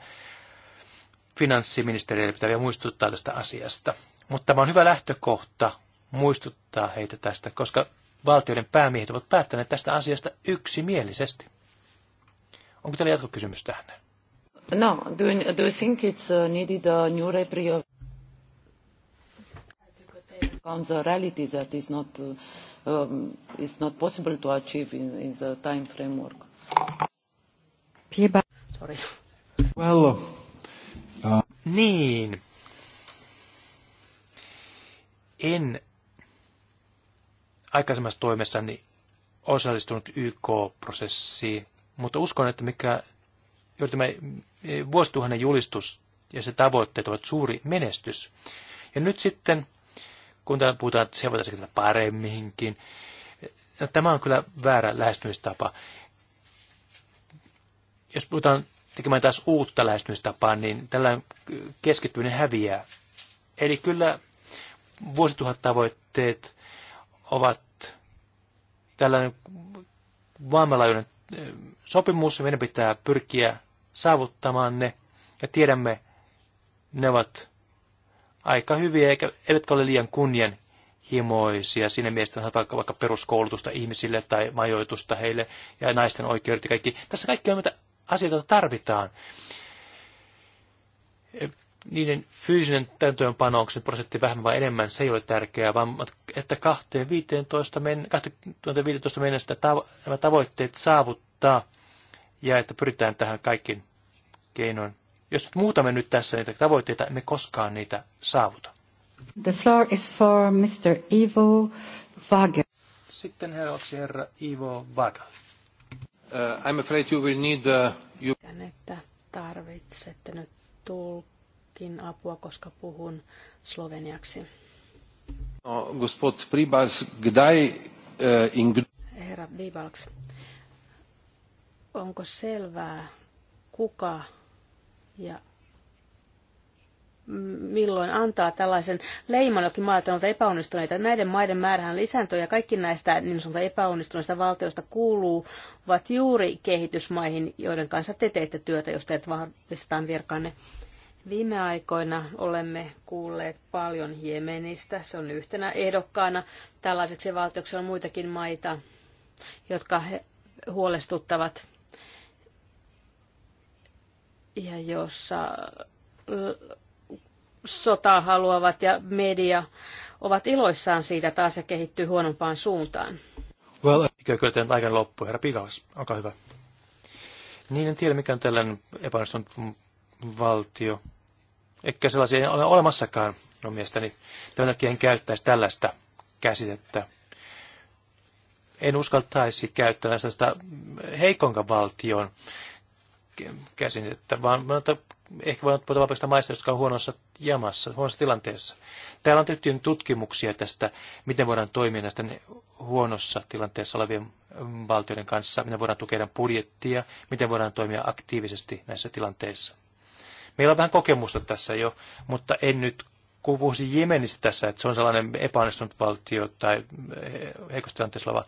finanssiministeriölle pitää vielä muistuttaa tästä asiasta. Mutta tämä on hyvä lähtökohta muistuttaa heitä tästä, koska valtioiden päämiehet ovat päättäneet tästä asiasta yksimielisesti. Onko teillä jatkokysymys tähän? No, do you, do you think it's uh, needed a new reprieve? comes a reality that is not uh, Um, is not possible to achieve in, in the time framework. Sorry. Well, uh... Niin. En aikaisemmassa toimessani osallistunut YK-prosessiin, mutta uskon, että mikä juuri tämä vuosituhannen julistus ja se tavoitteet ovat suuri menestys. Ja nyt sitten kun täällä puhutaan, että se voitaisiin käsitellä paremminkin. No, tämä on kyllä väärä lähestymistapa. Jos puhutaan tekemään taas uutta lähestymistapaa, niin tällainen keskittyminen häviää. Eli kyllä vuosituhattavoitteet ovat tällainen maailmanlaajuinen eh, sopimus, ja meidän pitää pyrkiä saavuttamaan ne, ja tiedämme, ne ovat aika hyviä, eikä, eivätkä ole liian kunnianhimoisia siinä mielessä, että vaikka, vaikka peruskoulutusta ihmisille tai majoitusta heille ja naisten oikeudet ja kaikki. Tässä kaikki on mitä asioita tarvitaan. Niiden fyysinen täytönpano, onko se prosentti vähemmän vai enemmän, se ei ole tärkeää, vaan että 2015, men, 2015 mennessä nämä tavoitteet saavuttaa ja että pyritään tähän kaikkiin keinoin jos muutamme nyt tässä niitä tavoitteita, emme koskaan niitä saavuta. The floor is for Mr. Ivo Vagel. Sitten herraksi herra Ivo Vagel. Uh, I'm afraid you will need... Uh, you... että tarvitsette nyt tulkin apua, koska puhun sloveniaksi. No, gospod Pribas, gdaj uh, in... Herra Bibalks, onko selvää, kuka ja milloin antaa tällaisen leiman jokin maat ovat epäonnistuneita. Näiden maiden määrähän lisääntyy ja kaikki näistä niin sanotaan epäonnistuneista valtioista kuuluu, ovat juuri kehitysmaihin, joiden kanssa te teette työtä, jos teet vahvistetaan virkanne. Viime aikoina olemme kuulleet paljon Jemenistä. Se on yhtenä ehdokkaana. Tällaiseksi valtioksi on muitakin maita, jotka huolestuttavat ja jossa sotaa haluavat ja media ovat iloissaan siitä, että asia kehittyy huonompaan suuntaan. Well, uh, kyllä teidän aikana loppu, herra Pikaus, olkaa hyvä. Niin en tiedä, mikä on tällainen epäonnistunut valtio. Ehkä sellaisia ei ole olemassakaan, no mielestäni. Tämän takia en käyttäisi tällaista käsitettä. En uskaltaisi käyttää sellaista heikonka valtion Käsin, että vaan mutta ehkä voi puhuta vapaista maista, jotka on huonossa jamassa, huonossa tilanteessa. Täällä on tehty tutkimuksia tästä, miten voidaan toimia näisten huonossa tilanteessa olevien valtioiden kanssa, miten voidaan tukea budjettia, miten voidaan toimia aktiivisesti näissä tilanteissa. Meillä on vähän kokemusta tässä jo, mutta en nyt kun puhuisin Jemenistä tässä, että se on sellainen epäonnistunut valtio tai heikosti tilanteessa oleva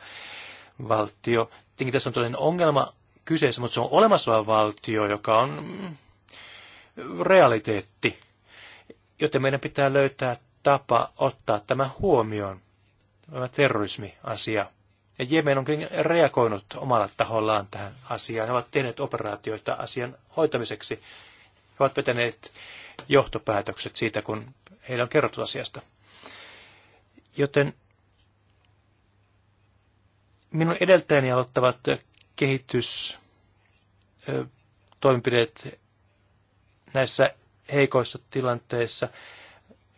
valtio. Tietenkin tässä on toinen ongelma kyseessä, mutta se on olemassa oleva valtio, joka on realiteetti. Joten meidän pitää löytää tapa ottaa tämä huomioon, tämä terrorismiasia. Ja Jemen onkin reagoinut omalla tahollaan tähän asiaan. He ovat tehneet operaatioita asian hoitamiseksi. He ovat vetäneet johtopäätökset siitä, kun heillä on kerrottu asiasta. Joten minun edeltäjäni aloittavat kehitys toimenpideet näissä heikoissa tilanteissa,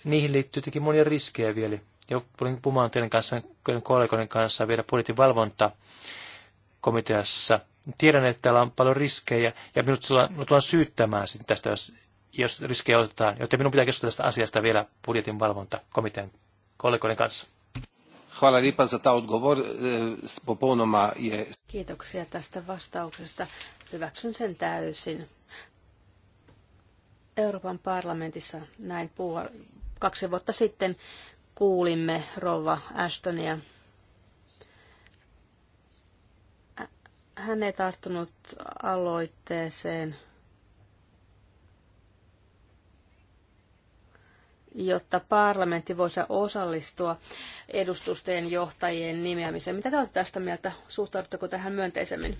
niihin liittyy tietenkin monia riskejä vielä. Ja tulin puhumaan teidän kanssa, teidän kollegoiden kanssa vielä budjetin valvontakomiteassa. Tiedän, että täällä on paljon riskejä ja minut, sillä, tullaan syyttämään sitten tästä, jos, jos riskejä otetaan. Joten minun pitää keskustella tästä asiasta vielä budjetin valvontakomitean kollegoiden kanssa. Hvala lipa za ta odgovor. E, popolnoma je... Kiitoksia tästä vastauksesta. Hyväksyn sen täysin. Euroopan parlamentissa näin puol kaksi vuotta sitten kuulimme Rova Ashtonia. Hän ei tarttunut aloitteeseen – jotta parlamentti voisi osallistua edustustojen johtajien nimeämiseen. Mitä te olette tästä mieltä? Suhtaudutteko tähän myönteisemmin?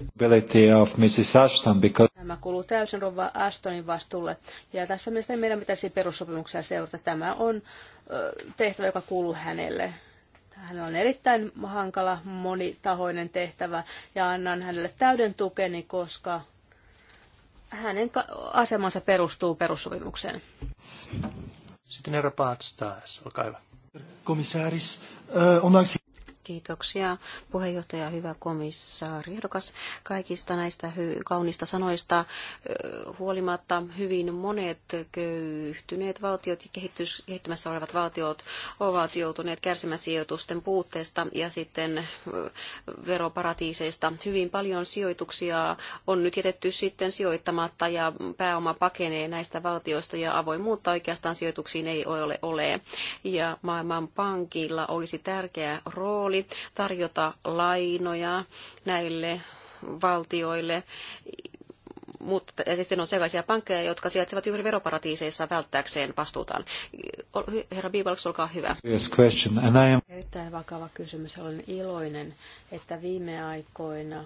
Of Mrs. Ashton, because... Tämä kuuluu täysin Rova Ashtonin vastuulle. Ja tässä mielestäni meidän pitäisi perussopimuksia seurata. Tämä on tehtävä, joka kuuluu hänelle. Hänellä on erittäin hankala, monitahoinen tehtävä ja annan hänelle täyden tukeni, koska hänen asemansa perustuu perussopimukseen. Sitten herra Paats taas, olkaa hyvä. Commissaris, ondanks... Kiitoksia puheenjohtaja, hyvä komissaari ehdokas kaikista näistä kaunista sanoista. Huolimatta hyvin monet köyhtyneet valtiot ja kehittymässä olevat valtiot ovat joutuneet kärsimään sijoitusten puutteesta ja sitten veroparatiiseista. Hyvin paljon sijoituksia on nyt jätetty sitten sijoittamatta ja pääoma pakenee näistä valtioista ja avoimuutta oikeastaan sijoituksiin ei ole. ole. Ja pankilla olisi tärkeä rooli oli tarjota lainoja näille valtioille mutta ja sitten on sellaisia pankkeja, jotka sijaitsevat juuri veroparatiiseissa välttääkseen vastuutaan. Herra Biivalks, olkaa hyvä. Yes, Erittäin vakava kysymys. Olen iloinen, että viime aikoina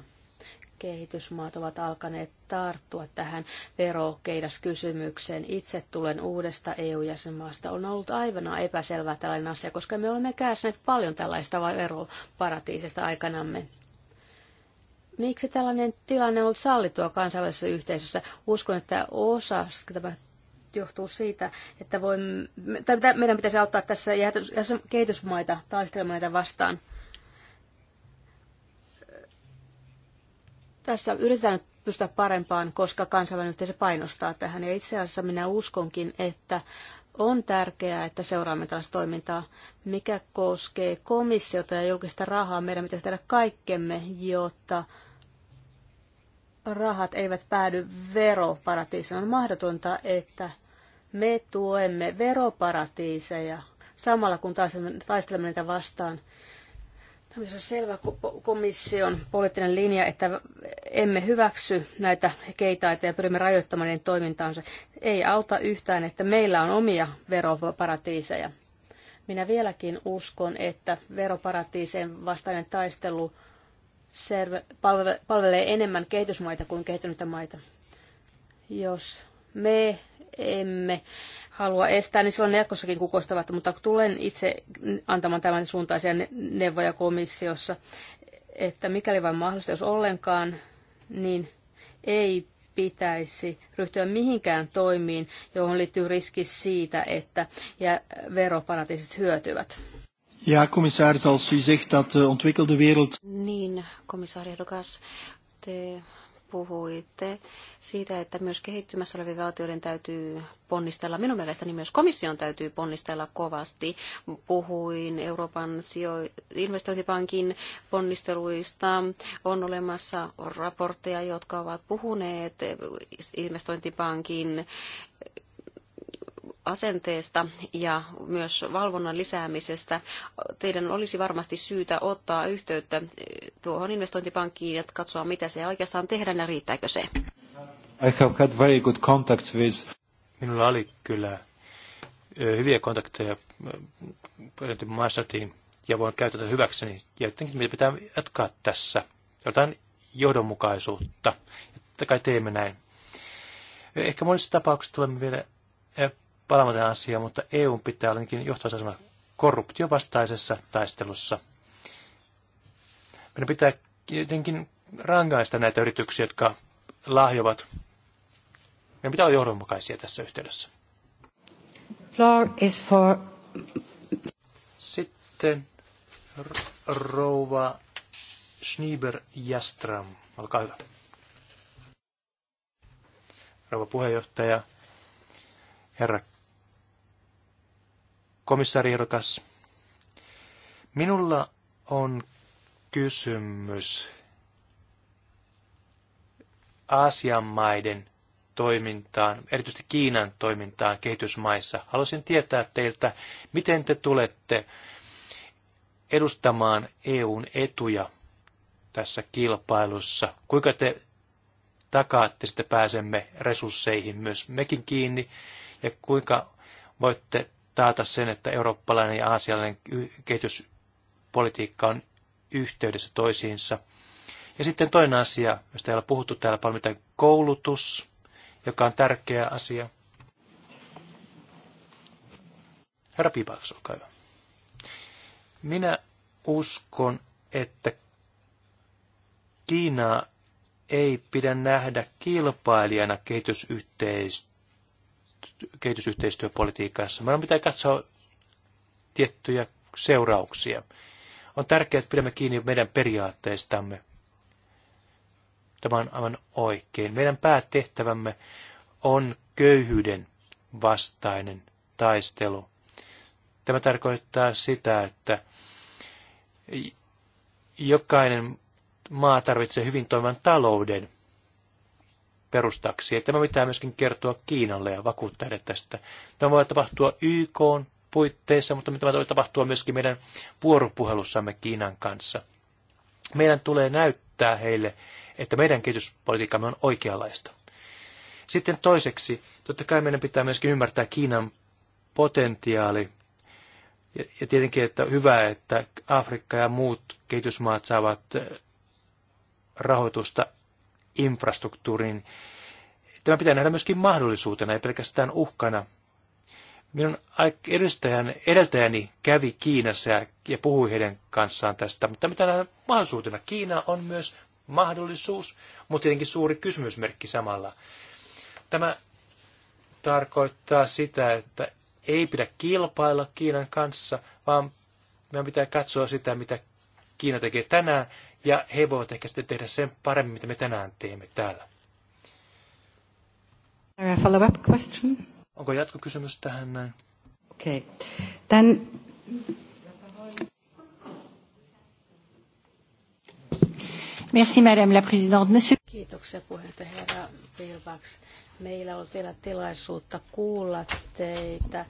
kehitysmaat ovat alkaneet tarttua tähän verokeidaskysymykseen. Itse tulen uudesta EU-jäsenmaasta. On ollut aivan epäselvää tällainen asia, koska me olemme kärsineet paljon tällaista veroparatiisista aikanamme. Miksi tällainen tilanne on ollut sallittua kansainvälisessä yhteisössä? Uskon, että osa tämä johtuu siitä, että voimme, meidän pitäisi auttaa tässä kehitysmaita taistelemaan näitä vastaan. Tässä yritetään nyt pystyä parempaan, koska kansainvälinen yhteisö painostaa tähän. Ja itse asiassa minä uskonkin, että on tärkeää, että seuraamme tällaista toimintaa, mikä koskee komissiota ja julkista rahaa. Meidän pitäisi tehdä kaikkemme, jotta rahat eivät päädy veroparatiiseen, On mahdotonta, että me tuemme veroparatiiseja samalla kun taistelemme niitä vastaan. Tämä on selvä komission poliittinen linja, että emme hyväksy näitä keitaita ja pyrimme rajoittamaan niiden toimintaansa. Ei auta yhtään, että meillä on omia veroparatiiseja. Minä vieläkin uskon, että veroparatiiseen vastainen taistelu palvelee enemmän kehitysmaita kuin kehittynyttä maita. Jos me emme halua estää, niin silloin ne jatkossakin kukoistavat, mutta tulen itse antamaan tämän suuntaisia neuvoja komissiossa, että mikäli vain mahdollista, jos ollenkaan, niin ei pitäisi ryhtyä mihinkään toimiin, johon liittyy riski siitä, että ja veroparatiisit hyötyvät. Ja komissaari, als u zegt dat de eh, ontwikkelde wereld... Niin, komissaari Rokas, te puhuitte siitä, että myös kehittymässä olevien valtioiden täytyy ponnistella. Minun mielestäni myös komission täytyy ponnistella kovasti. Puhuin Euroopan investointipankin ponnisteluista. On olemassa raportteja, jotka ovat puhuneet investointipankin asenteesta ja myös valvonnan lisäämisestä. Teidän olisi varmasti syytä ottaa yhteyttä eh, tuohon investointipankkiin ja katsoa, mitä se oikeastaan tehdään ja riittääkö se. I have had very good contacts with... Minulla oli kyllä eh, hyviä kontakteja eh, Maastatiin ja voin käyttää tätä hyväkseni. Ja jotenkin meidän pitää jatkaa tässä. Jotain johdonmukaisuutta. Että kai teemme näin. Ehkä monissa tapauksissa tulemme vielä palaamaan tähän asiaan, mutta EU pitää olla johtoasemassa korruption vastaisessa taistelussa. Meidän pitää jotenkin rangaista näitä yrityksiä, jotka lahjovat. Meidän pitää olla johdonmukaisia tässä yhteydessä. Floor is for... Sitten rouva Schnieber Jastram, olkaa hyvä. Rouva puheenjohtaja, herra komissaariehdokas. Minulla on kysymys Aasian maiden toimintaan, erityisesti Kiinan toimintaan kehitysmaissa. Haluaisin tietää teiltä, miten te tulette edustamaan EUn etuja tässä kilpailussa. Kuinka te takaatte, että pääsemme resursseihin myös mekin kiinni ja kuinka voitte taata sen, että eurooppalainen ja aasialainen kehityspolitiikka on yhteydessä toisiinsa. Ja sitten toinen asia, josta ei ole puhuttu täällä paljon, mitä koulutus, joka on tärkeä asia. Herra Pipaks, olkaa hyvä. Minä uskon, että Kiinaa ei pidä nähdä kilpailijana kehitysyhteistyössä kehitysyhteistyöpolitiikassa. Meidän pitää katsoa tiettyjä seurauksia. On tärkeää, että pidämme kiinni meidän periaatteistamme. Tämä on aivan oikein. Meidän päätehtävämme on köyhyyden vastainen taistelu. Tämä tarkoittaa sitä, että jokainen maa tarvitsee hyvin toimivan talouden – perustaksi. tämä pitää myöskin kertoa Kiinalle ja vakuuttaa tästä. Tämä voi tapahtua YK puitteissa, mutta tämä voi tapahtua myöskin meidän vuoropuhelussamme Kiinan kanssa. Meidän tulee näyttää heille, että meidän kehityspolitiikkamme on oikeanlaista. Sitten toiseksi, totta kai meidän pitää myöskin ymmärtää Kiinan potentiaali. Ja, ja tietenkin, että hyvä, että Afrikka ja muut kehitysmaat saavat eh, rahoitusta infrastruktuuriin. Tämä pitää nähdä myöskin mahdollisuutena, ei pelkästään uhkana. Minun edeltäjäni, edeltäjäni kävi Kiinassa ja, ja puhui heidän kanssaan tästä, mutta mitä nähdä mahdollisuutena? Kiina on myös mahdollisuus, mutta tietenkin suuri kysymysmerkki samalla. Tämä tarkoittaa sitä, että ei pidä kilpailla Kiinan kanssa, vaan meidän pitää katsoa sitä, mitä Kiina tekee tänään ja he voivat ehkä sitten tehdä sen paremmin, mitä me tänään teemme täällä. Follow-up question? Onko jatkokysymys tähän näin? Okei. Okay. Then... Merci, Madame la Présidente. Monsieur... Kiitoksia puheenjohtaja herra Vilvaks. Meillä on vielä tilaisuutta kuulla teitä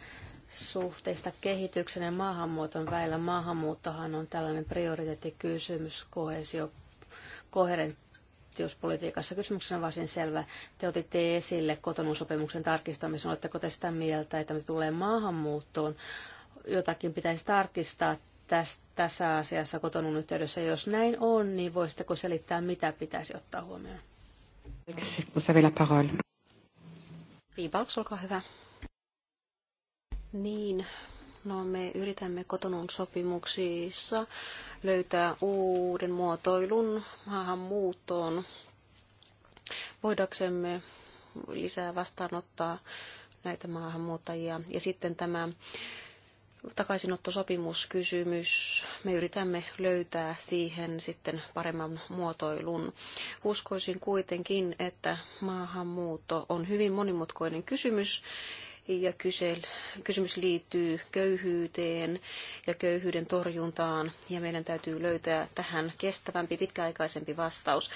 suhteista kehityksen ja maahanmuuton väillä. Maahanmuuttohan on tällainen prioriteettikysymys kohesio, koherenttiuspolitiikassa. Kysymyksenä on varsin selvä. Te otitte esille kotonuusopimuksen tarkistamisen. Oletteko te sitä mieltä, että me tulee maahanmuuttoon? Jotakin pitäisi tarkistaa tässä asiassa kotonun yhteydessä. Jos näin on, niin voisitteko selittää, mitä pitäisi ottaa huomioon? Viipaus, olkaa hyvä. Niin, no me yritämme kotonun sopimuksissa löytää uuden muotoilun maahanmuuttoon. Voidaksemme lisää vastaanottaa näitä maahanmuuttajia. Ja sitten tämä takaisinottosopimuskysymys, me yritämme löytää siihen sitten paremman muotoilun. Uskoisin kuitenkin, että maahanmuutto on hyvin monimutkoinen kysymys ja kysymys liittyy köyhyyteen ja köyhyyden torjuntaan ja meidän täytyy löytää tähän kestävämpi, pitkäaikaisempi vastaus.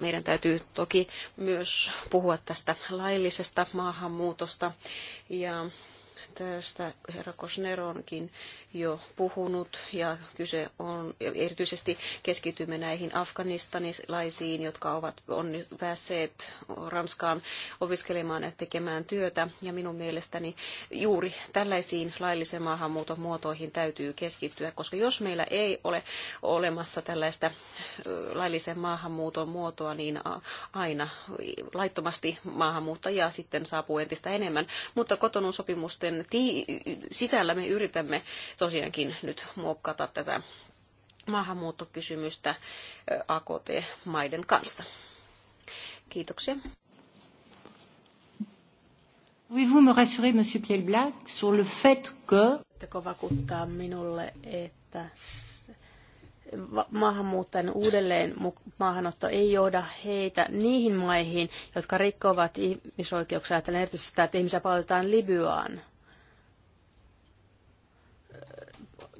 Meidän täytyy toki myös puhua tästä laillisesta maahanmuutosta ja Tästä herra onkin jo puhunut ja kyse on, erityisesti keskitymme näihin afganistanilaisiin, jotka ovat onnist- päässeet Ranskaan opiskelemaan ja tekemään työtä. Ja minun mielestäni juuri tällaisiin laillisen maahanmuuton muotoihin täytyy keskittyä, koska jos meillä ei ole olemassa tällaista laillisen maahanmuuton muotoa, niin aina laittomasti maahanmuuttajia sitten saapuu entistä enemmän. Mutta kotonun sopimusten sisällä me yritämme tosiaankin nyt muokkata tätä maahanmuuttokysymystä AKT-maiden kanssa. Kiitoksia. Pouvez-vous me rassurer, Monsieur Pielblac, sur le fait que... Voitteko vakuuttaa minulle, että maahanmuuttajien uudelleen maahanotto ei johda heitä niihin maihin, jotka rikkovat ihmisoikeuksia, ajatellen erityisesti sitä, että ihmisiä palautetaan Libyaan.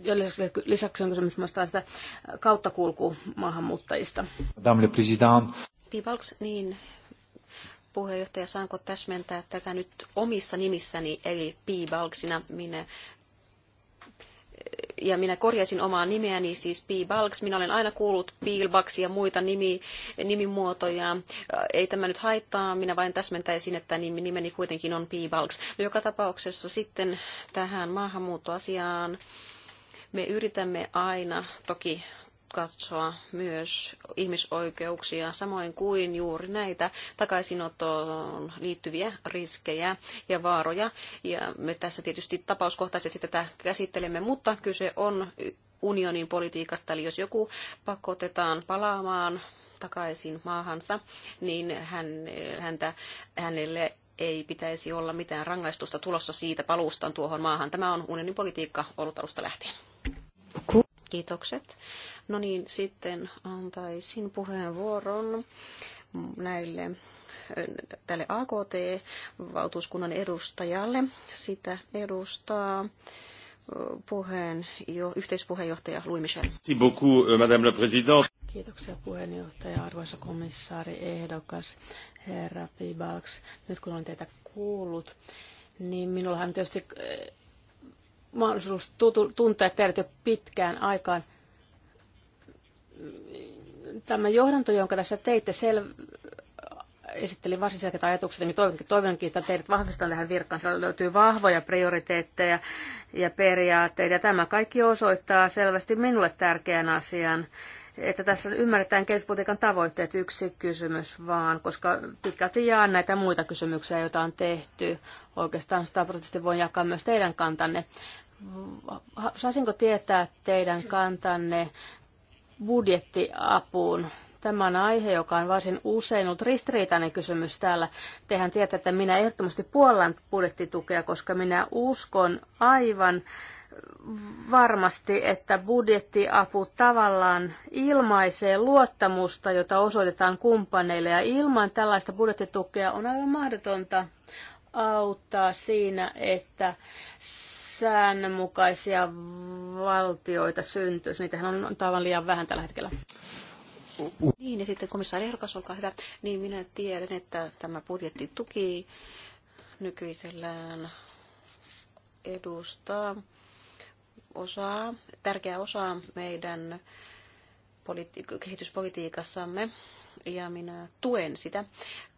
ja lisäksi on kysymys myös tästä kauttakulku maahanmuuttajista. Madame Pivalks, niin puheenjohtaja, saanko täsmentää tätä nyt omissa nimissäni, eli Pivalksina minä ja minä korjaisin omaa nimeäni, siis P-Balks. Minä olen aina kuullut Pilbaks ja muita nimi, nimimuotoja. Ei tämä nyt haittaa, minä vain täsmentäisin, että nimeni kuitenkin on P-Balks. No, joka tapauksessa sitten tähän maahanmuuttoasiaan me yritämme aina toki katsoa myös ihmisoikeuksia, samoin kuin juuri näitä takaisinottoon liittyviä riskejä ja vaaroja. Ja me tässä tietysti tapauskohtaisesti tätä käsittelemme, mutta kyse on unionin politiikasta, eli jos joku pakotetaan palaamaan takaisin maahansa, niin hän, häntä, hänelle ei pitäisi olla mitään rangaistusta tulossa siitä paluustaan tuohon maahan. Tämä on unionin politiikka ollut alusta lähtien. Kiitokset. No niin, sitten antaisin puheenvuoron näille äh, tälle AKT-valtuuskunnan edustajalle. Sitä edustaa äh, puheen, jo, yhteispuheenjohtaja Louis Michel. Euh, Kiitoksia puheenjohtaja, arvoisa komissaari, ehdokas, herra Pibalks. Nyt kun olen teitä kuullut, niin minullahan tietysti mahdollisuus tuntea teidät jo pitkään aikaan. Tämä johdanto, jonka tässä teitte, sel- esittelin varsin selkeitä ajatuksia, niin toivonkin, että teidät vahvistetaan tähän virkaan. Siellä löytyy vahvoja prioriteetteja ja periaatteita. Ja tämä kaikki osoittaa selvästi minulle tärkeän asian, että tässä ymmärretään kehityspolitiikan tavoitteet yksi kysymys vaan, koska pitkälti jaan näitä muita kysymyksiä, joita on tehty. Oikeastaan sataprosenttisesti voin jakaa myös teidän kantanne. Saisinko tietää teidän kantanne budjettiapuun? Tämä on aihe, joka on varsin usein ollut ristiriitainen kysymys täällä. Tehän tietää, että minä ehdottomasti puollan budjettitukea, koska minä uskon aivan varmasti, että budjettiapu tavallaan ilmaisee luottamusta, jota osoitetaan kumppaneille. Ja ilman tällaista budjettitukea on aivan mahdotonta auttaa siinä, että säännönmukaisia valtioita syntyisi. Niitähän on tavallaan liian vähän tällä hetkellä. Niin, ja sitten komissaari ehdokas, olkaa hyvä. Niin, minä tiedän, että tämä budjetti tuki nykyisellään edustaa osaa, tärkeää osaa meidän politi- kehityspolitiikassamme ja minä tuen sitä,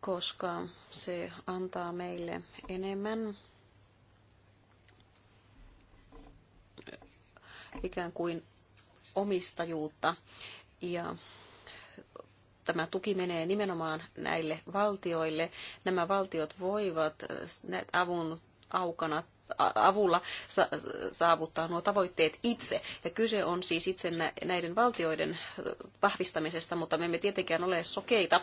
koska se antaa meille enemmän ikään kuin omistajuutta ja tämä tuki menee nimenomaan näille valtioille. Nämä valtiot voivat avun aukana avulla saavuttaa nuo tavoitteet itse. Ja kyse on siis itse näiden valtioiden vahvistamisesta, mutta me emme tietenkään ole sokeita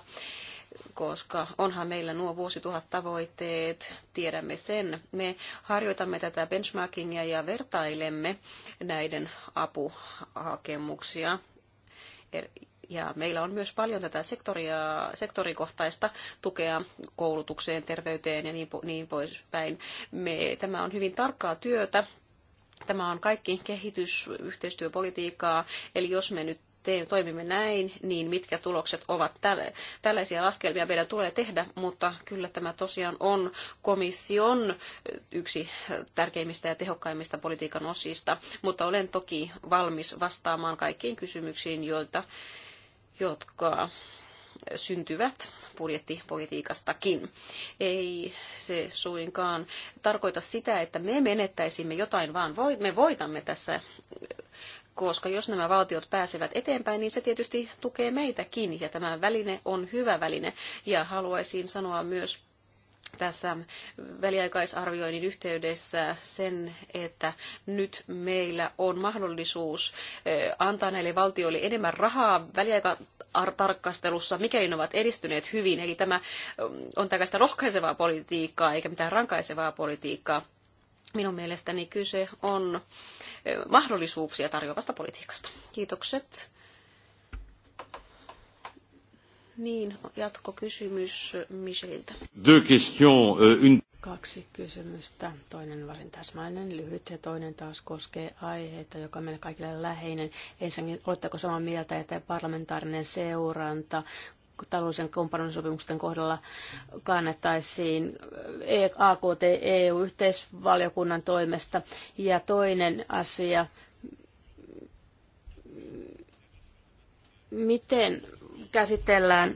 koska onhan meillä nuo vuosituhat tavoitteet, tiedämme sen. Me harjoitamme tätä benchmarkingia ja vertailemme näiden apuhakemuksia er, ja meillä on myös paljon tätä sektoria, sektorikohtaista tukea koulutukseen, terveyteen ja niin, niin poispäin. Me, tämä on hyvin tarkkaa työtä. Tämä on kaikki kehitysyhteistyöpolitiikkaa. Eli jos me nyt toimimme näin, niin mitkä tulokset ovat tälle. Tällaisia laskelmia meidän tulee tehdä, mutta kyllä tämä tosiaan on komission yksi tärkeimmistä ja tehokkaimmista politiikan osista, mutta olen toki valmis vastaamaan kaikkiin kysymyksiin, joita jotka syntyvät budjettipolitiikastakin. Ei se suinkaan tarkoita sitä, että me menettäisimme jotain, vaan me voitamme tässä koska jos nämä valtiot pääsevät eteenpäin, niin se tietysti tukee meitäkin, ja tämä väline on hyvä väline. Ja haluaisin sanoa myös tässä väliaikaisarvioinnin yhteydessä sen, että nyt meillä on mahdollisuus antaa näille valtioille enemmän rahaa väliaikatarkastelussa, mikäli ne ovat edistyneet hyvin. Eli tämä on tällaista rohkaisevaa politiikkaa eikä mitään rankaisevaa politiikkaa. Minun mielestäni kyse on mahdollisuuksia tarjoavasta politiikasta. Kiitokset. Niin, jatkokysymys Micheliltä. Euh, Kaksi kysymystä. Toinen varsin täsmäinen, lyhyt ja toinen taas koskee aiheita, joka on meille kaikille läheinen. Ensinnäkin, oletteko samaa mieltä, että parlamentaarinen seuranta taloudellisen kumppanuussopimusten kohdalla kannettaisiin äh, AKT-EU-yhteisvaliokunnan toimesta. Ja toinen asia, miten käsitellään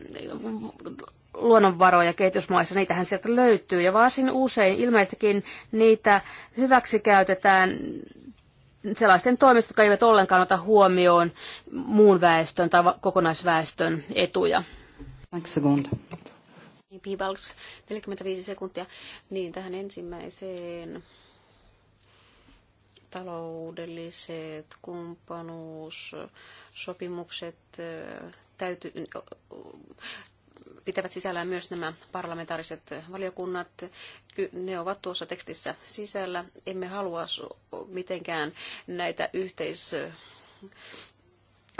luonnonvaroja kehitysmaissa, niitähän sieltä löytyy. Ja varsin usein ilmeisestikin niitä hyväksi käytetään sellaisten toimesta, jotka eivät ollenkaan ota huomioon muun väestön tai kokonaisväestön etuja. Piibalks, niin, 45 sekuntia. Niin, tähän ensimmäiseen taloudelliset kumppanuussopimukset täytyy, pitävät sisällään myös nämä parlamentaariset valiokunnat. Ne ovat tuossa tekstissä sisällä. Emme halua mitenkään näitä yhteis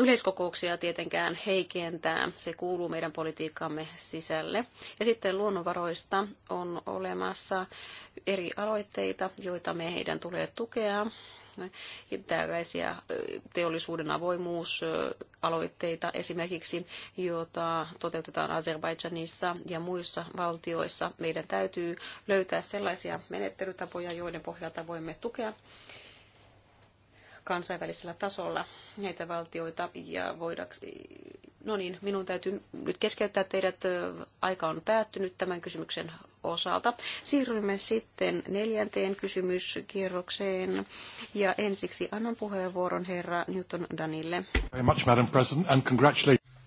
yleiskokouksia tietenkään heikentää. Se kuuluu meidän politiikkamme sisälle. Ja sitten luonnonvaroista on olemassa eri aloitteita, joita meidän tulee tukea tällaisia teollisuuden avoimuusaloitteita esimerkiksi, joita toteutetaan Azerbaidžanissa ja muissa valtioissa. Meidän täytyy löytää sellaisia menettelytapoja, joiden pohjalta voimme tukea kansainvälisellä tasolla näitä valtioita ja voidaksi. No niin, minun täytyy nyt keskeyttää teidät. Aika on päättynyt tämän kysymyksen osalta. Siirrymme sitten neljänteen kysymyskierrokseen ja ensiksi annan puheenvuoron herra Newton Danille. Madam President, and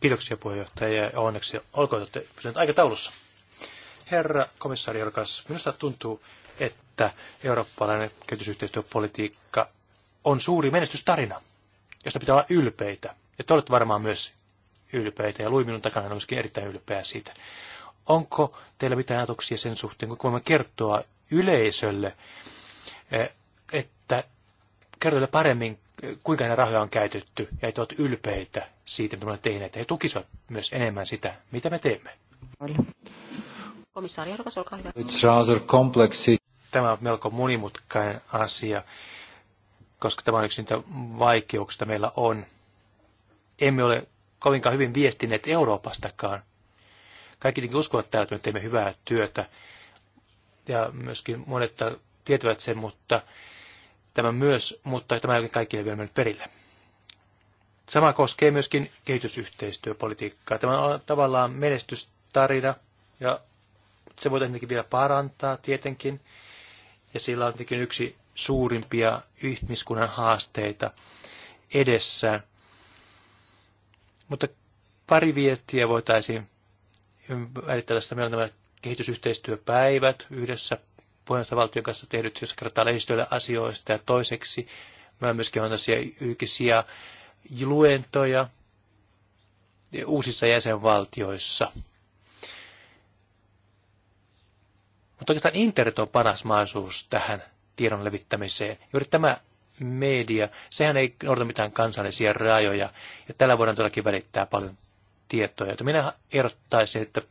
Kiitoksia puheenjohtaja ja onneksi olkoon, että pysynyt aikataulussa. Herra komissaari Jorkas, minusta tuntuu, että eurooppalainen kehitysyhteistyöpolitiikka on suuri menestystarina, josta pitää olla ylpeitä. Ja te olette varmaan myös ylpeitä, ja luin minun takana on myöskin erittäin ylpeä siitä. Onko teillä mitään ajatuksia sen suhteen, kun voimme kertoa yleisölle, eh, että kertoille paremmin, eh, kuinka näitä rahoja on käytetty, ja että olet ylpeitä siitä, mitä olemme tehneet, että he tukisivat myös enemmän sitä, mitä me teemme. Komissaari olkaa hyvä. It's rather complex. Tämä on melko monimutkainen asia koska tämä on yksi niitä vaikeuksia, meillä on. Emme ole kovinkaan hyvin viestineet Euroopastakaan. Kaikki tietenkin uskovat täällä, että me teemme hyvää työtä. Ja myöskin monet tietävät sen, mutta tämä myös, mutta tämä ei kaikille vielä mennyt perille. Sama koskee myöskin kehitysyhteistyöpolitiikkaa. Tämä on tavallaan menestystarina ja se voitaisiin vielä parantaa tietenkin. Ja sillä on tietenkin yksi suurimpia ihmiskunnan haasteita edessään. Mutta pari viestiä voitaisiin välittää tästä. Meillä on nämä kehitysyhteistyöpäivät yhdessä puheenjohtajavaltion kanssa tehdyt, jos kerrotaan lehdistöille asioista. Ja toiseksi meillä myöskin on tällaisia julkisia luentoja uusissa jäsenvaltioissa. Mutta oikeastaan internet on paras mahdollisuus tähän tiedon levittämiseen. Juuri tämä media, sehän ei noudata mitään kansallisia rajoja, ja tällä voidaan todellakin välittää paljon tietoja. Että minä erottaisin, että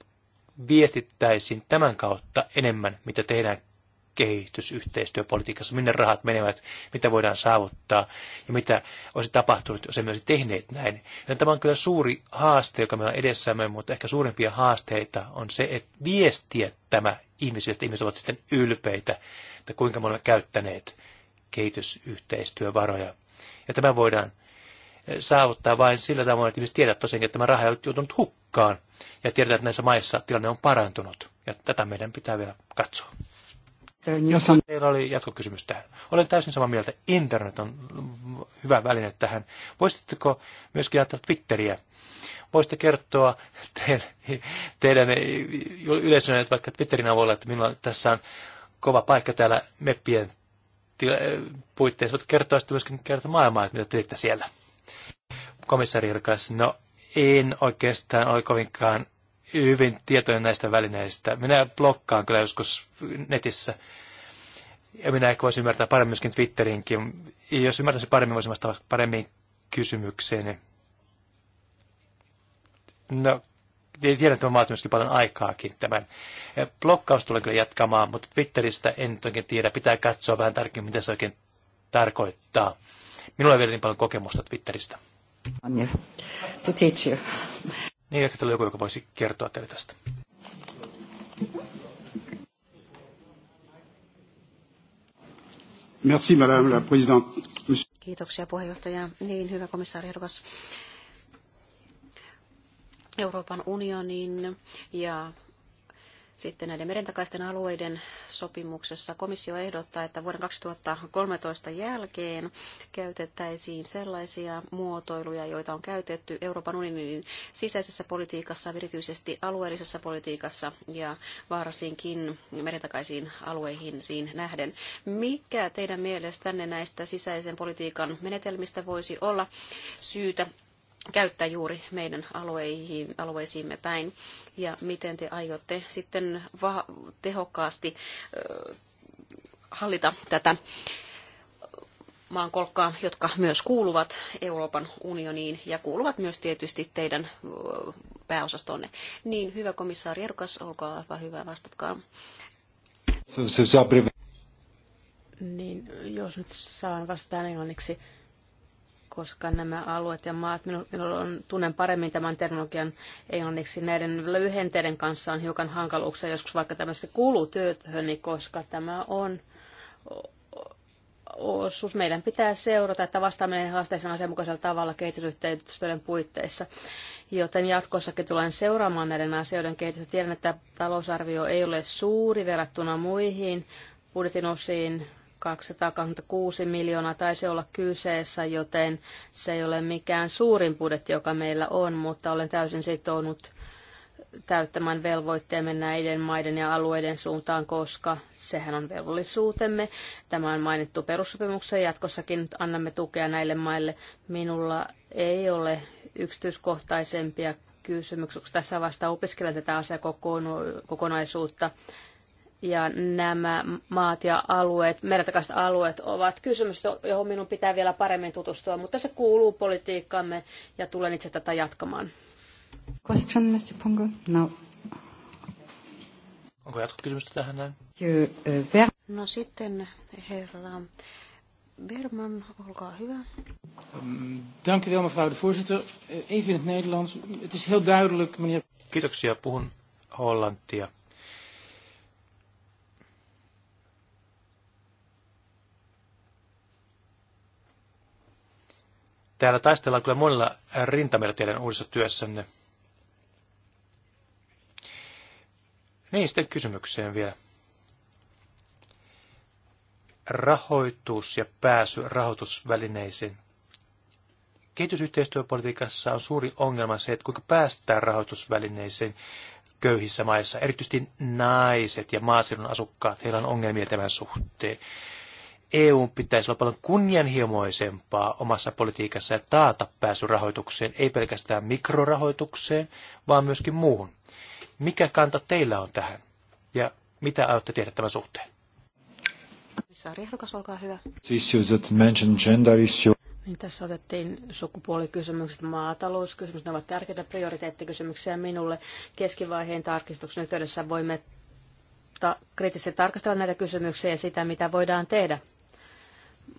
viestittäisin tämän kautta enemmän, mitä tehdään kehitysyhteistyöpolitiikassa, minne rahat menevät, mitä voidaan saavuttaa ja mitä olisi tapahtunut, jos emme olisi tehneet näin. Ja tämä on kyllä suuri haaste, joka meillä on edessämme, mutta ehkä suurimpia haasteita on se, että viestiä tämä ihmisille, että ihmiset ovat sitten ylpeitä, että kuinka me olemme käyttäneet kehitysyhteistyövaroja. Ja tämä voidaan eh, saavuttaa vain sillä tavoin, että ihmiset tiedät tosiaankin, että tämä raha ei ole joutunut hukkaan ja tiedetään, että näissä maissa tilanne on parantunut. Ja tätä meidän pitää vielä katsoa. Jos on... Teillä oli jatkokysymys tähän. Olen täysin samaa mieltä. Internet on hyvä väline tähän. Voisitteko myöskin ajatella Twitteriä? Voisitte kertoa teidän, teidän että vaikka Twitterin avulla, että minulla tässä on kova paikka täällä meppien puitteissa. Voit kertoa sitten myöskin kertoa maailmaa, että mitä teitte siellä. Komissaari Irkais, no en oikeastaan ole kovinkaan hyvin tietoinen näistä välineistä. Minä blokkaan kyllä joskus netissä. Ja minä ehkä voisin ymmärtää paremmin myöskin Twitterinkin. Ja jos ymmärtäisin paremmin, voisin vastata paremmin kysymykseen. No, tiedän, että mä oon myöskin paljon aikaakin tämän. Blokkaus tulee kyllä jatkamaan, mutta Twitteristä en oikein tiedä. Pitää katsoa vähän tarkemmin, mitä se oikein tarkoittaa. Minulla ei vielä niin paljon kokemusta Twitteristä. Anja, To teach you. Niin ehkä täällä joku, joka voisi kertoa teille tästä. Merci, madame la présidente. Kiitoksia puheenjohtaja. Niin, hyvä komissaari Hervas. Euroopan unionin ja sitten näiden merentakaisten alueiden sopimuksessa komissio ehdottaa, että vuoden 2013 jälkeen käytettäisiin sellaisia muotoiluja, joita on käytetty Euroopan unionin sisäisessä politiikassa, erityisesti alueellisessa politiikassa ja varsinkin merentakaisiin alueihin siinä nähden. Mikä teidän mielestänne näistä sisäisen politiikan menetelmistä voisi olla syytä käyttää juuri meidän alueihin, alueisiimme päin ja miten te aiotte sitten va- tehokkaasti ö, hallita tätä maankolkkaa, jotka myös kuuluvat Euroopan unioniin ja kuuluvat myös tietysti teidän pääosastonne. Niin, hyvä komissaari Erkas, olkaa hyvä, vastatkaa. Niin, jos nyt saan vastata englanniksi koska nämä alueet ja maat, minulla on, tunnen paremmin tämän terminologian englanniksi, näiden lyhenteiden kanssa on hiukan hankaluuksia joskus, vaikka tämmöistä kuuluu työhöni, niin koska tämä on osuus. Meidän pitää seurata, että vastaamme haasteeseen asianmukaisella tavalla kehitysyhteistyöiden puitteissa. Joten jatkossakin tulen seuraamaan näiden asioiden kehitystä. Tiedän, että talousarvio ei ole suuri verrattuna muihin budjetin osiin, 226 miljoonaa taisi olla kyseessä, joten se ei ole mikään suurin budjetti, joka meillä on, mutta olen täysin sitoutunut täyttämään velvoitteemme näiden maiden ja alueiden suuntaan, koska sehän on velvollisuutemme. Tämä on mainittu perussopimuksen jatkossakin annamme tukea näille maille. Minulla ei ole yksityiskohtaisempia kysymyksiä, tässä vasta opiskelen tätä asiakokonaisuutta ja nämä maat ja alueet, merentakaiset alueet ovat kysymys, johon minun pitää vielä paremmin tutustua, mutta se kuuluu politiikkaamme ja tulen itse tätä jatkamaan. Question, Mr. Pongo? No. Onko jatkokysymystä tähän näin? Uh, no sitten herra Berman, olkaa hyvä. Um, dank u wel, mevrouw de voorzitter. Eh, even in het Nederlands. Het is heel duidelijk, meneer... Kiitoksia, puhun hollantia Täällä taistellaan kyllä monilla rintamilla teidän uudessa työssänne. Niin, sitten kysymykseen vielä. Rahoitus ja pääsy rahoitusvälineisiin. Kehitysyhteistyöpolitiikassa on suuri ongelma se, että kuinka päästään rahoitusvälineisiin köyhissä maissa. Erityisesti naiset ja maaseudun asukkaat, heillä on ongelmia tämän suhteen. EU pitäisi olla paljon kunnianhimoisempaa omassa politiikassa ja taata pääsy rahoitukseen, ei pelkästään mikrorahoitukseen, vaan myöskin muuhun. Mikä kanta teillä on tähän ja mitä aiotte tehdä tämän suhteen? hyvä. Niin tässä otettiin sukupuolikysymykset, maatalouskysymykset, ne ovat tärkeitä prioriteettikysymyksiä minulle. Keskivaiheen tarkistuksen yhteydessä voimme kriittisesti tarkastella näitä kysymyksiä ja sitä, mitä voidaan tehdä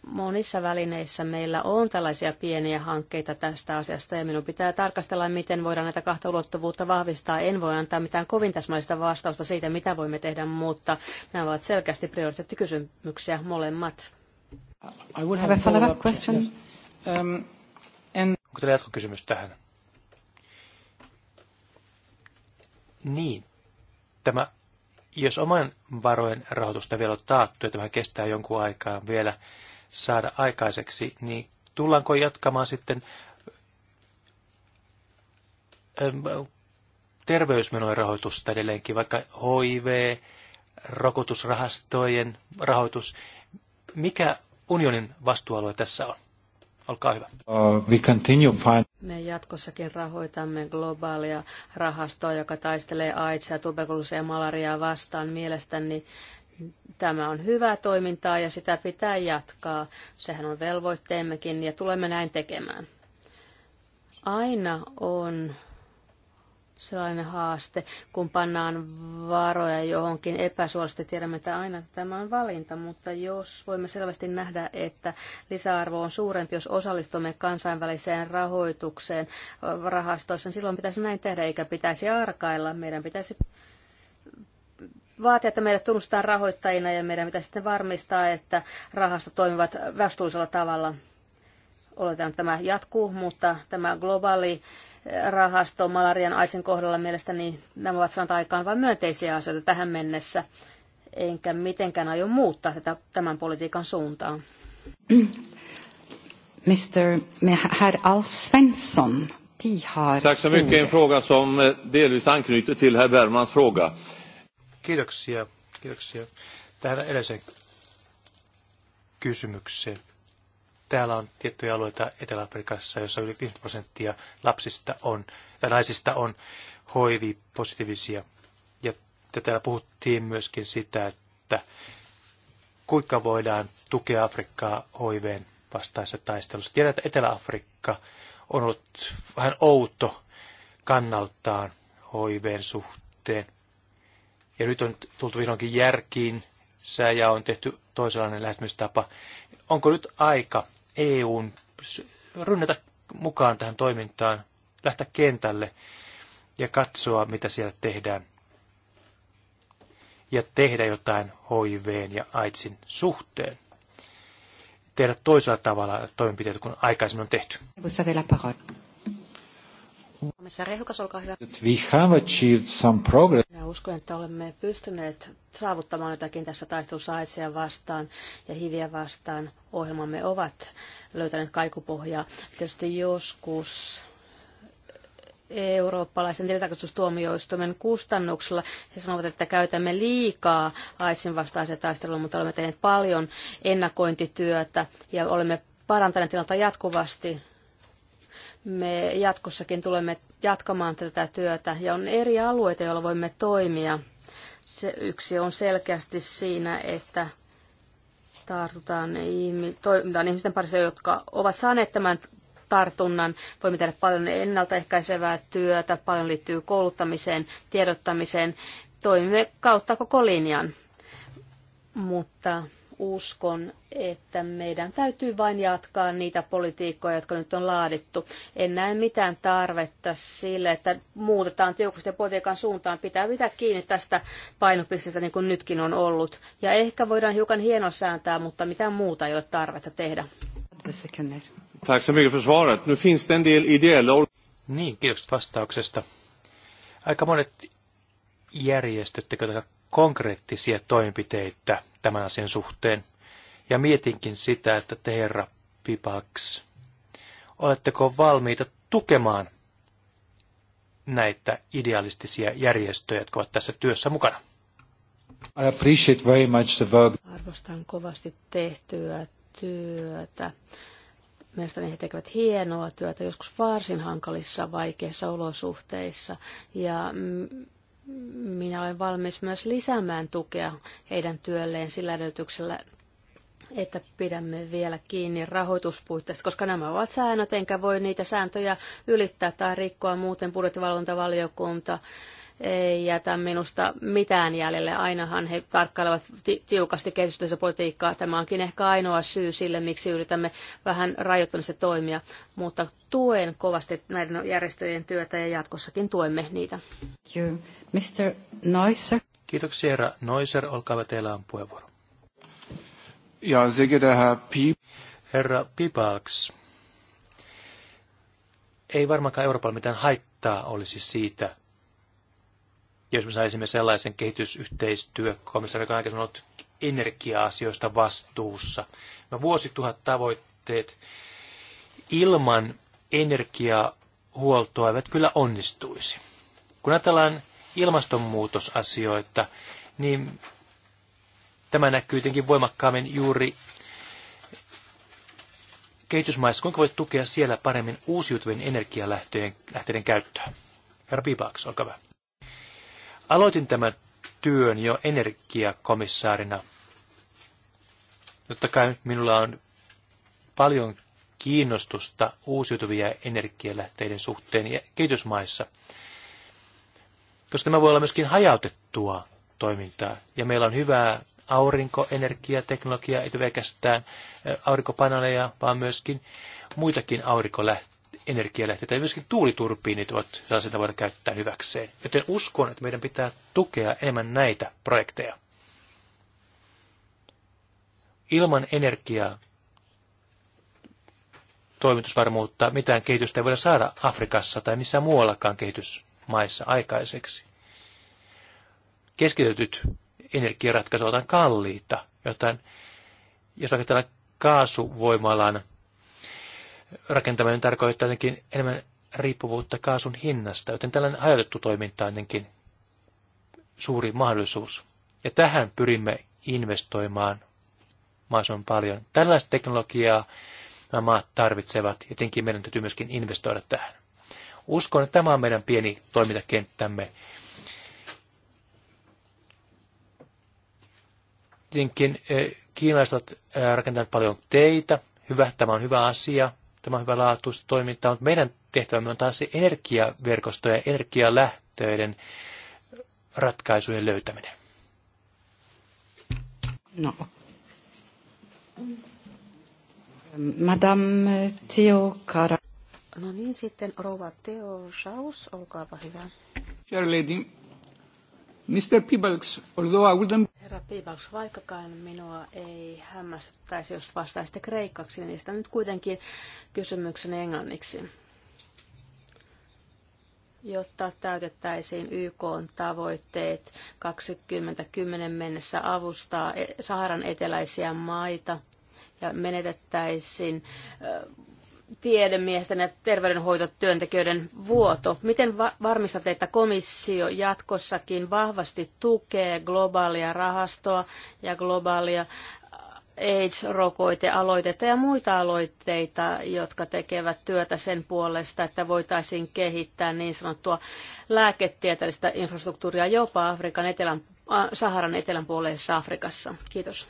monissa välineissä meillä on tällaisia pieniä hankkeita tästä asiasta ja minun pitää tarkastella, miten voidaan näitä kahta ulottuvuutta vahvistaa. En voi antaa mitään kovin täsmällistä vastausta siitä, mitä voimme tehdä, mutta nämä ovat selkeästi prioriteettikysymyksiä molemmat. I would have a follow-up question. Yes. Um, and... Onko teillä jatkokysymys tähän? Niin, tämä jos oman varojen rahoitusta vielä on taattu ja tämä kestää jonkun aikaa vielä, saada aikaiseksi, niin tullaanko jatkamaan sitten terveysmenojen rahoitusta edelleenkin, vaikka HIV, rokotusrahastojen rahoitus. Mikä unionin vastuualue tässä on? Olkaa hyvä. Uh, we continue Me jatkossakin rahoitamme globaalia rahastoa, joka taistelee AIDS ja tuberkuloosia ja malariaa vastaan. Mielestäni Tämä on hyvää toimintaa ja sitä pitää jatkaa. Sehän on velvoitteemmekin ja tulemme näin tekemään. Aina on sellainen haaste, kun pannaan varoja johonkin epäsuosti. Tiedämme, että aina tämä on valinta, mutta jos voimme selvästi nähdä, että lisäarvo on suurempi, jos osallistumme kansainväliseen rahoitukseen rahastoissa, niin silloin pitäisi näin tehdä, eikä pitäisi arkailla. Meidän pitäisi vaatia, että meidät tunnustetaan rahoittajina ja meidän pitäisi sitten varmistaa, että rahasto toimivat vastuullisella tavalla. Oletan, että tämä jatkuu, mutta tämä globaali eh, rahasto malarian aisen kohdalla mielestäni nämä ovat saaneet aikaan vain myönteisiä asioita tähän mennessä, enkä mitenkään aio muuttaa tätä, tämän politiikan suuntaan. Mr. Herr Alf Svensson, Tack så mycket. En fråga som eh, delvis anknyter till herr Bergmans fråga. Kiitoksia. Kiitoksia. Tähän edelliseen kysymykseen. Täällä on tiettyjä alueita Etelä-Afrikassa, jossa yli 50 prosenttia lapsista on, tai naisista on HIV-positiivisia. Ja täällä puhuttiin myöskin sitä, että kuinka voidaan tukea Afrikkaa HIVn vastaisessa taistelussa. Tiedän, että Etelä-Afrikka on ollut vähän outo kannaltaan HIVn suhteen. Ja nyt on tultu vihdoinkin järkiin sää ja on tehty toisenlainen lähestymistapa. Onko nyt aika EUn rynnätä mukaan tähän toimintaan, lähteä kentälle ja katsoa, mitä siellä tehdään? Ja tehdä jotain HIV ja AIDSin suhteen. Tehdä toisella tavalla toimenpiteitä kuin aikaisemmin on tehty. Vous la parole that We have achieved some progress. Minä uskon, että olemme pystyneet saavuttamaan jotakin tässä taistelussa aisia vastaan ja hiviä vastaan. Ohjelmamme ovat löytäneet kaikupohjaa. Tietysti joskus eurooppalaisen tilintarkastustuomioistuimen kustannuksella. He sanovat, että käytämme liikaa AISin vastaiseen taisteluun, mutta olemme tehneet paljon ennakointityötä ja olemme parantaneet tilannetta jatkuvasti me jatkossakin tulemme jatkamaan tätä työtä ja on eri alueita, joilla voimme toimia. Se yksi on selkeästi siinä, että tartutaan ihmi- toimitaan ihmisten parissa, jotka ovat saaneet tämän tartunnan. Voimme tehdä paljon ennaltaehkäisevää työtä, paljon liittyy kouluttamiseen, tiedottamiseen. Toimimme kautta koko linjan. Mutta uskon, että meidän täytyy vain jatkaa niitä politiikkoja, jotka nyt on laadittu. En näe mitään tarvetta sille, että muutetaan tiukasti politiikan suuntaan. Pitää pitää kiinni tästä painopisteestä, niin kuin nytkin on ollut. Ja ehkä voidaan hiukan sääntää, mutta mitään muuta ei ole tarvetta tehdä. Tack så mycket för svaret. Nu finns det en del ideella... Niin, kiitokset vastauksesta. Aika monet järjestöt jotka konkreettisia toimenpiteitä tämän asian suhteen. Ja mietinkin sitä, että te herra Pipaks, oletteko valmiita tukemaan näitä idealistisia järjestöjä, jotka ovat tässä työssä mukana? I appreciate very much the work. Arvostan kovasti tehtyä työtä. Mielestäni he tekevät hienoa työtä, joskus varsin hankalissa, vaikeissa olosuhteissa. Ja mm, minä olen valmis myös lisäämään tukea heidän työlleen sillä edellytyksellä, että pidämme vielä kiinni rahoituspuitteista, koska nämä ovat säännöt, enkä voi niitä sääntöjä ylittää tai rikkoa muuten budjettivalvontavaliokunta. valiokunta ei jätä minusta mitään jäljelle. Ainahan he tarkkailevat tiukasti kehitystä politiikkaa. Tämä onkin ehkä ainoa syy sille, miksi yritämme vähän rajoittamista toimia, mutta tuen kovasti näiden järjestöjen työtä ja jatkossakin tuemme niitä. Mr. Neusser. Kiitoksia, herra Noiser. Olkaa teillä on puheenvuoro. Ja sehr Herra Pipaks, ei varmaankaan Euroopalla mitään haittaa olisi siitä, jos me saisimme sellaisen kehitysyhteistyökomissarin, joka on aikaisemmin ollut energia-asioista vastuussa. Mä no, vuosituhat tavoitteet ilman energiahuoltoa eivät kyllä onnistuisi. Kun ajatellaan ilmastonmuutosasioita, niin tämä näkyy jotenkin voimakkaammin juuri kehitysmaissa. Kuinka voit tukea siellä paremmin uusiutuvien energialähteiden käyttöä? Herra Piipaks, olkaa hyvä. Aloitin tämän työn jo energiakomissaarina. Totta kai minulla on paljon kiinnostusta uusiutuvia energialähteiden suhteen kehitysmaissa, koska tämä voi olla myöskin hajautettua toimintaa. Ja meillä on hyvää aurinkoenergiateknologiaa, ei pelkästään aurinkopaneeleja, vaan myöskin muitakin aurinkolähteitä energialähteitä ja myöskin tuuliturbiinit ovat sellaisia voidaan käyttää hyväkseen. Joten uskon, että meidän pitää tukea enemmän näitä projekteja. Ilman energiaa toimitusvarmuutta mitään kehitystä ei voida saada Afrikassa tai missään muuallakaan kehitysmaissa aikaiseksi. Keskitetyt energiaratkaisut ovat kalliita, joten jos ajatellaan kaasuvoimalan rakentaminen tarkoittaa jotenkin enemmän riippuvuutta kaasun hinnasta, joten tällainen hajautettu toiminta on jotenkin suuri mahdollisuus. Ja tähän pyrimme investoimaan mahdollisimman paljon. Tällaista teknologiaa nämä maat tarvitsevat, ja jotenkin meidän täytyy myöskin investoida tähän. Uskon, että tämä on meidän pieni toimintakenttämme. Tietenkin eh, kiinalaiset ovat eh, rakentaneet paljon teitä. Hyvä, tämä on hyvä asia. Tämä on hyvä laatuista toimintaa, mutta meidän tehtävämme on taas se energiaverkosto ja energialähtöiden ratkaisujen löytäminen. No. Madame Theo Kara. No niin, sitten rouva Theo Charles, olkaapa hyvä. Chair lady, Mr. Peebles, although I wouldn't... Herra Peebles, vaikkakaan minua ei hämmästyttäisi, jos vastaisitte kreikaksi, niin niistä nyt kuitenkin kysymyksen englanniksi. Jotta täytettäisiin YK on tavoitteet 2010 mennessä avustaa e- Saharan eteläisiä maita ja menetettäisiin tiedemiesten ja terveydenhoitotyöntekijöiden vuoto. Miten va- varmistatte, että komissio jatkossakin vahvasti tukee globaalia rahastoa ja globaalia äh, AIDS-rokoitealoitetta ja muita aloitteita, jotka tekevät työtä sen puolesta, että voitaisiin kehittää niin sanottua lääketieteellistä infrastruktuuria jopa Afrikan etelän, äh, Saharan puolessa Afrikassa. Kiitos.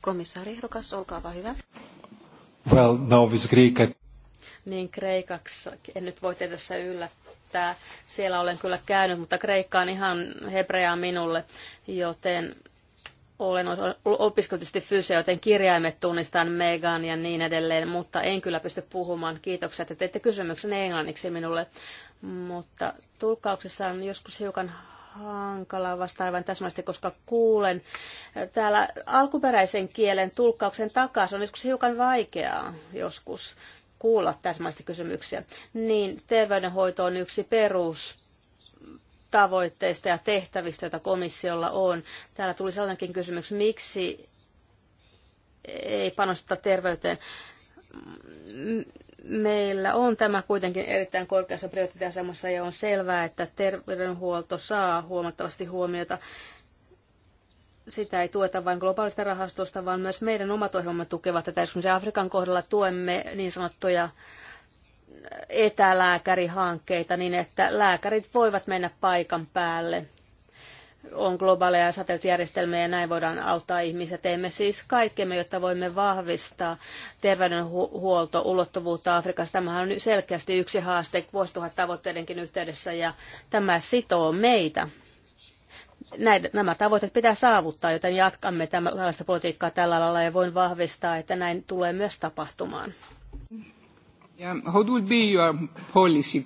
Komissaari ehdokas, olkaa hyvä. Well, novis Greek. Niin kreikaksi, en nyt voi teitä tässä yllättää. Siellä olen kyllä käynyt, mutta kreikka on ihan hebreaa minulle, joten olen opiskellut tietysti fyysiä, joten kirjaimet tunnistan Megan ja niin edelleen, mutta en kyllä pysty puhumaan. Kiitoksia, että teitte kysymyksen englanniksi minulle, mutta tulkauksessa on joskus hiukan hankalaa vasta aivan täsmällisesti, koska kuulen täällä alkuperäisen kielen tulkkauksen takaa. Se on joskus hiukan vaikeaa joskus kuulla täsmällisesti kysymyksiä. Niin terveydenhoito on yksi perus tavoitteista ja tehtävistä, joita komissiolla on. Täällä tuli sellainenkin kysymys, miksi ei panosteta terveyteen meillä on tämä kuitenkin erittäin korkeassa prioriteettiasemassa ja on selvää, että terveydenhuolto saa huomattavasti huomiota. Sitä ei tueta vain globaalista rahastosta, vaan myös meidän omat ohjelmamme tukevat tätä. Esimerkiksi Afrikan kohdalla tuemme niin sanottuja etälääkärihankkeita niin, että lääkärit voivat mennä paikan päälle on globaaleja satelliittijärjestelmiä ja näin voidaan auttaa ihmisiä. Teemme siis kaikkemme, jotta voimme vahvistaa terveydenhuoltoulottuvuutta Afrikassa. Tämähän on selkeästi yksi haaste vuosituhat tavoitteidenkin yhteydessä ja tämä sitoo meitä. Näin, nämä tavoitteet pitää saavuttaa, joten jatkamme tällaista politiikkaa tällä alalla ja voin vahvistaa, että näin tulee myös tapahtumaan. Yeah, how would be your policy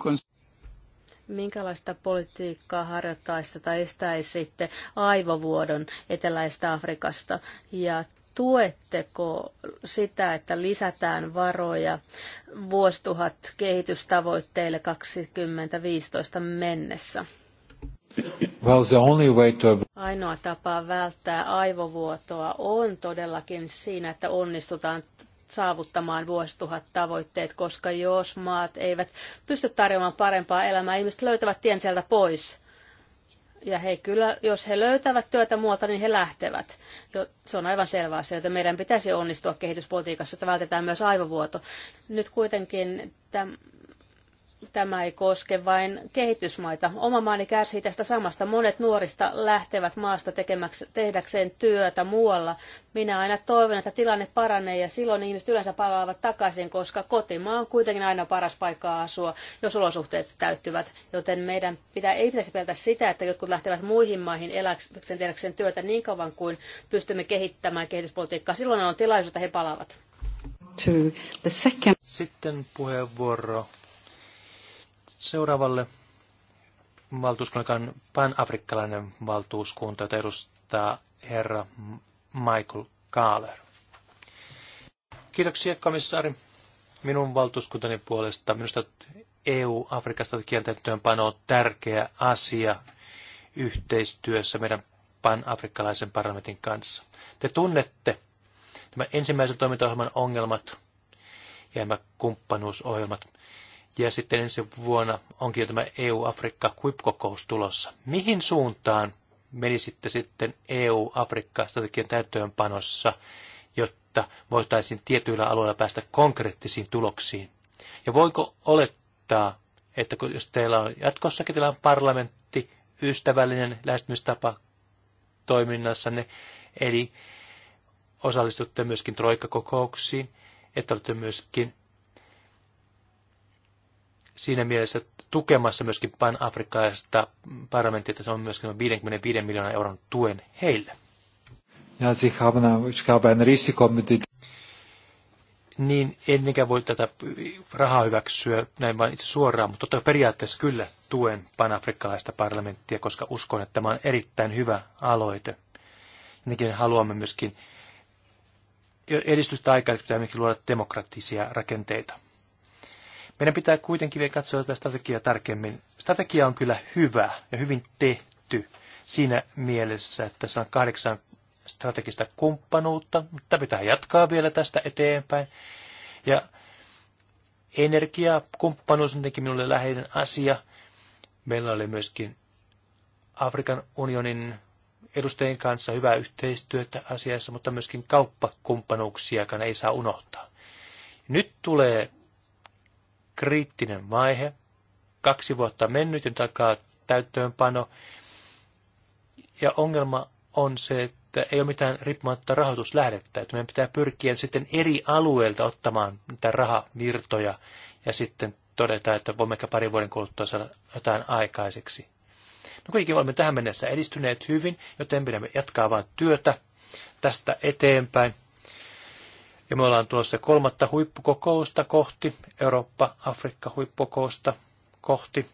Minkälaista politiikkaa harjoittaisitte tai estäisitte aivovuodon eteläistä Afrikasta ja tuetteko sitä, että lisätään varoja vuosituhat kehitystavoitteille 2015 mennessä? Well, the only way to... Ainoa tapa välttää aivovuotoa on todellakin siinä, että onnistutaan saavuttamaan vuosituhat tavoitteet, koska jos maat eivät pysty tarjoamaan parempaa elämää, ihmiset löytävät tien sieltä pois. Ja he kyllä, jos he löytävät työtä muualta, niin he lähtevät. Se on aivan selvä asia, että meidän pitäisi onnistua kehityspolitiikassa, että vältetään myös aivovuoto. Nyt kuitenkin tämä tämä ei koske vain kehitysmaita. Oma maani kärsii tästä samasta. Monet nuorista lähtevät maasta tehdäkseen työtä muualla. Minä aina toivon, että tilanne paranee ja silloin ihmiset yleensä palaavat takaisin, koska kotimaa on kuitenkin aina paras paikka asua, jos olosuhteet täyttyvät. Joten meidän pitää, ei pitäisi pelätä sitä, että jotkut lähtevät muihin maihin eläkseen tehdäkseen työtä niin kauan kuin pystymme kehittämään kehityspolitiikkaa. Silloin on tilaisuus, että he palaavat. Sitten puheenvuoro seuraavalle valtuuskunnan pan-afrikkalainen valtuuskunta, jota edustaa herra Michael Kaaler. Kiitoksia komissaari minun valtuuskuntani puolesta. Minusta EU-Afrikasta kieltäytyönpano on tärkeä asia yhteistyössä meidän pan-afrikkalaisen parlamentin kanssa. Te tunnette tämän ensimmäisen toimintaohjelman ongelmat ja nämä kumppanuusohjelmat. Ja sitten ensi vuonna onkin jo tämä EU-Afrikka-huippukokous tulossa. Mihin suuntaan menisitte sitten EU-Afrikka-strategian täyttöönpanossa, jotta voitaisiin tietyillä alueilla päästä konkreettisiin tuloksiin? Ja voiko olettaa, että kun, jos teillä on jatkossakin teillä on parlamentti, ystävällinen lähestymistapa toiminnassanne, eli osallistutte myöskin troikkakokouksiin, että olette myöskin siinä mielessä tukemassa myöskin pan afrikkalaisesta parlamenttia, että se on myöskin 55 miljoonan euron tuen heille. Ja sie siis haben, ich glaube, ein Risiko mit niin ennenkään voi tätä rahaa hyväksyä näin vaan itse suoraan, mutta totta periaatteessa kyllä tuen panafrikkalaista parlamenttia, koska uskon, että tämä on erittäin hyvä aloite. Jotenkin haluamme myöskin edistystä aikaa, että pitää luoda demokraattisia rakenteita. Meidän pitää kuitenkin vielä katsoa tätä strategiaa tarkemmin. Strategia on kyllä hyvä ja hyvin tehty siinä mielessä, että se on kahdeksan strategista kumppanuutta, mutta pitää jatkaa vielä tästä eteenpäin. Ja energiakumppanuus on tietenkin minulle läheinen asia. Meillä oli myöskin Afrikan unionin edustajien kanssa hyvää yhteistyötä asiassa, mutta myöskin kauppakumppanuuksia, ei saa unohtaa. Nyt tulee kriittinen vaihe. Kaksi vuotta mennyt ja takaa täyttöönpano. Ja ongelma on se, että ei ole mitään riippumatta rahoituslähdettä. Että meidän pitää pyrkiä sitten eri alueilta ottamaan niitä rahavirtoja ja sitten todeta, että voimme ehkä parin vuoden kuluttua saada jotain aikaiseksi. No kuitenkin olemme tähän mennessä edistyneet hyvin, joten pidämme jatkaa vain työtä tästä eteenpäin. Ja me ollaan tulossa kolmatta huippukokousta kohti, Eurooppa-Afrikka-huippukokousta kohti.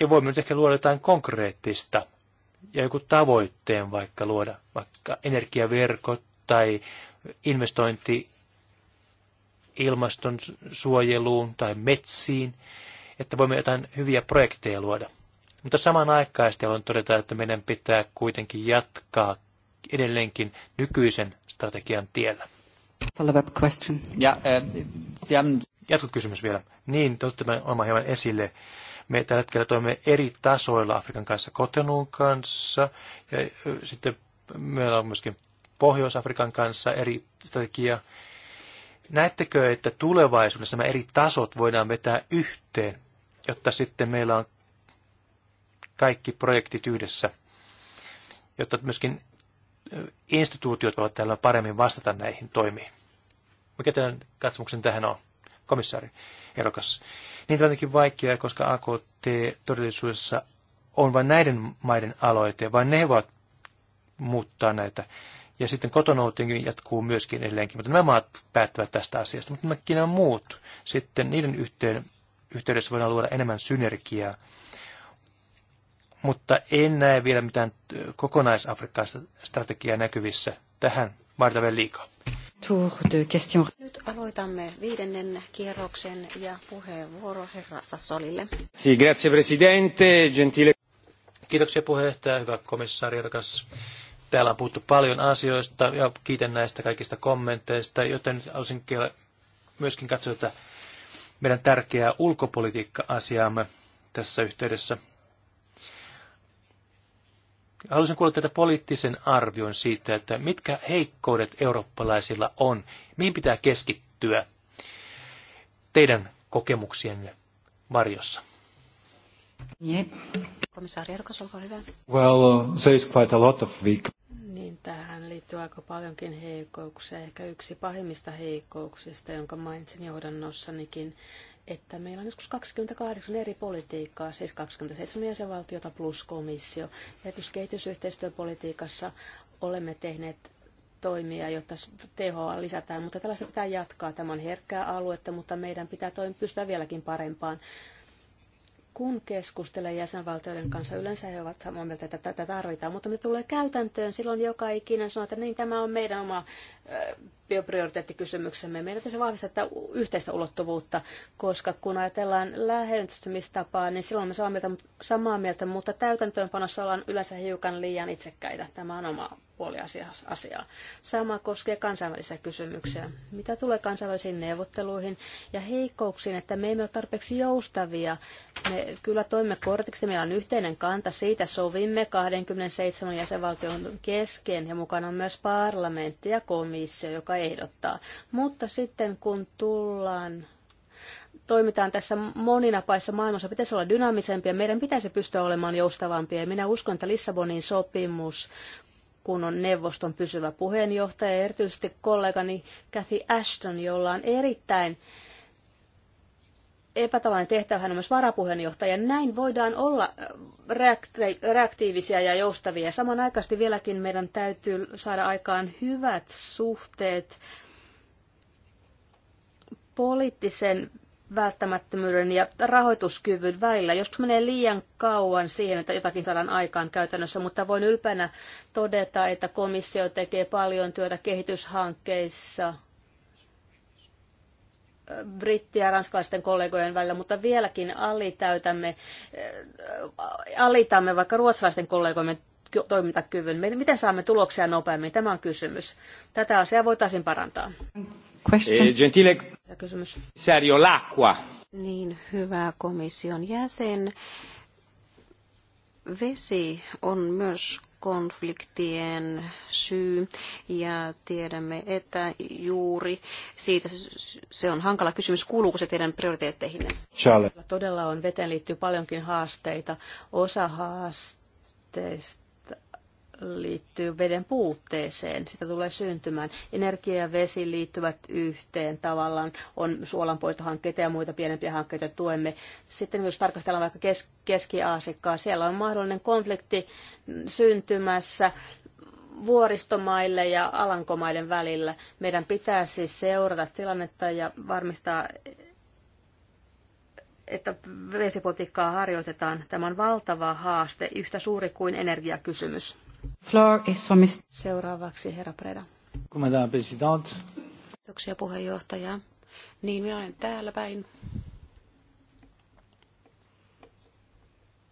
Ja voimme nyt ehkä luoda jotain konkreettista ja joku tavoitteen vaikka luoda, vaikka energiaverkot tai investointi ilmaston suojeluun tai metsiin, että voimme jotain hyviä projekteja luoda. Mutta samanaikaisesti haluan todeta, että meidän pitää kuitenkin jatkaa edelleenkin nykyisen strategian tiellä. Follow-up question. Ja, äh, eh, Jatkokysymys vielä. Niin, te otitte oman hieman esille. Me tällä hetkellä toimimme eri tasoilla Afrikan kanssa, Kotenuun kanssa ja eh, sitten meillä on myöskin Pohjois-Afrikan kanssa eri strategia. Näettekö, että tulevaisuudessa nämä eri tasot voidaan vetää yhteen, jotta sitten meillä on kaikki projektit yhdessä, jotta myöskin instituutiot voivat täällä paremmin vastata näihin toimiin. Mikä teidän katsomuksen tähän on, komissaari erokas? Niin on jotenkin vaikeaa, koska AKT todellisuudessa on vain näiden maiden aloite, vaan ne voivat muuttaa näitä. Ja sitten kotonoutinkin jatkuu myöskin edelleenkin, mutta nämä maat päättävät tästä asiasta. Mutta nämäkin nämä muut, sitten niiden yhteen, yhteydessä voidaan luoda enemmän synergiaa mutta en näe vielä mitään kokonaisafrikkaista strategiaa näkyvissä. Tähän vaaditaan liikaa. Nyt aloitamme viidennen kierroksen ja puheenvuoro herra Sassolille. Si, grazie presidente, gentile. Kiitoksia puheenjohtaja, hyvä komissaari rakas. Täällä on puhuttu paljon asioista ja kiitän näistä kaikista kommenteista, joten haluaisin myöskin katsoa tätä meidän tärkeää ulkopolitiikka-asiaamme tässä yhteydessä – Haluaisin kuulla tätä poliittisen arvion siitä, että mitkä heikkoudet eurooppalaisilla on, mihin pitää keskittyä teidän kokemuksienne varjossa. Komissaari Erkos, olkaa hyvä. Well, there uh, is quite a lot of weak. Niin, tähän liittyy aika paljonkin heikkouksia. Ehkä yksi pahimmista heikkouksista, jonka mainitsin johdannossanikin, että meillä on joskus 28 eri politiikkaa, siis 27 jäsenvaltiota plus komissio. Ja jos kehitysyhteistyöpolitiikassa olemme tehneet toimia, jotta tehoa lisätään, mutta tällaista pitää jatkaa. Tämä on herkkää aluetta, mutta meidän pitää toimia, pystyä vieläkin parempaan. Kun keskustelee jäsenvaltioiden kanssa, yleensä he ovat samaa mieltä, että tätä tarvitaan, mutta me tulee käytäntöön, silloin joka ikinen sanoo, että niin tämä on meidän oma bioprioriteettikysymyksemme. Meidän pitäisi vahvistaa tätä yhteistä ulottuvuutta, koska kun ajatellaan lähentymistapaa, niin silloin me saamme samaa mieltä, mutta täytäntöönpanossa ollaan yleensä hiukan liian itsekkäitä. Tämä on oma puoli asiaa. Sama koskee kansainvälisiä kysymyksiä. Mitä tulee kansainvälisiin neuvotteluihin ja heikkouksiin, että me emme ole tarpeeksi joustavia. Me kyllä toimme kortiksi, meillä on yhteinen kanta, siitä sovimme 27 jäsenvaltion kesken ja mukana on myös parlamentti ja komissio komissio, joka ehdottaa. Mutta sitten kun tullaan toimitaan tässä moninapaissa maailmassa, pitäisi olla ja meidän pitäisi pystyä olemaan joustavampia. Ja minä uskon, että Lissabonin sopimus, kun on neuvoston pysyvä puheenjohtaja, erityisesti kollegani Kathy Ashton, jolla on erittäin äh, epätavallinen tehtävä, hän on myös varapuheenjohtaja. Näin voidaan olla äh, reaktiivisia ja joustavia. Samanaikaisesti vieläkin meidän täytyy saada aikaan hyvät suhteet poliittisen välttämättömyyden ja rahoituskyvyn välillä. Joskus menee liian kauan siihen, että jotakin saadaan aikaan käytännössä, mutta voin ylpeänä todeta, että komissio tekee paljon työtä kehityshankkeissa – britti- ja ranskalaisten kollegojen välillä, mutta vieläkin alitäytämme, äh, alitamme vaikka ruotsalaisten kollegojen toimintakyvyn. Miten saamme tuloksia nopeammin? Tämä on kysymys. Tätä asiaa voitaisiin parantaa. Question. Eh, gentile kysymys. Serio l'acqua. Niin, hyvä komission jäsen. Vesi on myös konfliktien syy ja tiedämme, että juuri siitä se on hankala kysymys, kuuluuko se teidän prioriteetteihin? Todella on, veteen liittyy paljonkin haasteita. Osa haasteista liittyy veden puutteeseen. Sitä tulee syntymään. Energia ja vesi liittyvät yhteen tavallaan. On suolanpoistohankkeita ja muita pienempiä hankkeita tuemme. Sitten jos tarkastellaan vaikka kes- Keski-Aasikkaa, siellä on mahdollinen konflikti syntymässä vuoristomaille ja alankomaiden välillä. Meidän pitää siis seurata tilannetta ja varmistaa, että vesipotikkaa harjoitetaan. Tämä on valtava haaste, yhtä suuri kuin energiakysymys. Floor is for Mr. Seuraavaksi herra Preda. Madame e, President. Kiitoksia puheenjohtaja. Niin, minä olen täällä päin.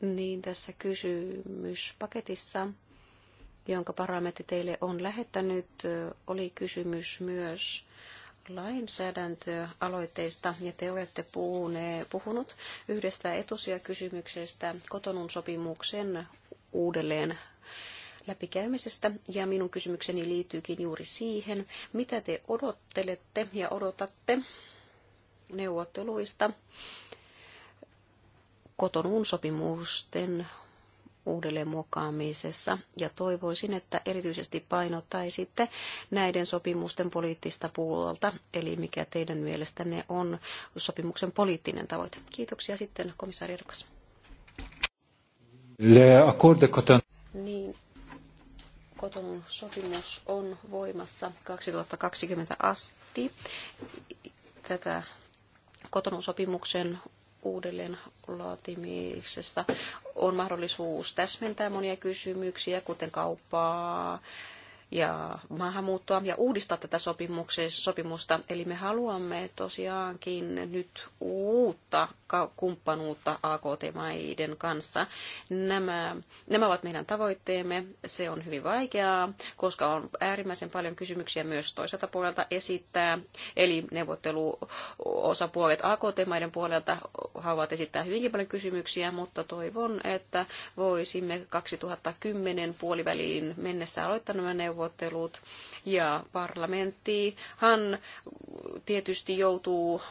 Niin, tässä kysymyspaketissa, jonka parametti teille on lähettänyt, oli kysymys myös lainsäädäntöaloitteista ja te olette puhune, puhunut yhdestä etusijakysymyksestä kotonun sopimuksen uudelleen läpikäymisestä ja minun kysymykseni liittyykin juuri siihen, mitä te odottelette ja odotatte neuvotteluista kotonuun sopimusten uudelleen muokkaamisessa ja toivoisin, että erityisesti painottaisitte näiden sopimusten poliittista puolta, eli mikä teidän mielestänne on sopimuksen poliittinen tavoite. Kiitoksia sitten komissaari Edukas. Niin, kotonun sopimus on voimassa 2020 asti. Tätä kotonun sopimuksen uudelleen laatimisesta on mahdollisuus täsmentää monia kysymyksiä, kuten kauppaa, ja maahanmuuttoa ja uudistaa tätä sopimusta. Eli me haluamme tosiaankin nyt uutta kumppanuutta AKT-maiden kanssa. Nämä, nämä ovat meidän tavoitteemme. Se on hyvin vaikeaa, koska on äärimmäisen paljon kysymyksiä myös toiselta puolelta esittää. Eli neuvotteluosapuolet AKT-maiden puolelta haluavat esittää hyvinkin paljon kysymyksiä, mutta toivon, että voisimme 2010 puoliväliin mennessä aloittaa nämä neuvottelut neuvottelut. Ja Hän tietysti joutuu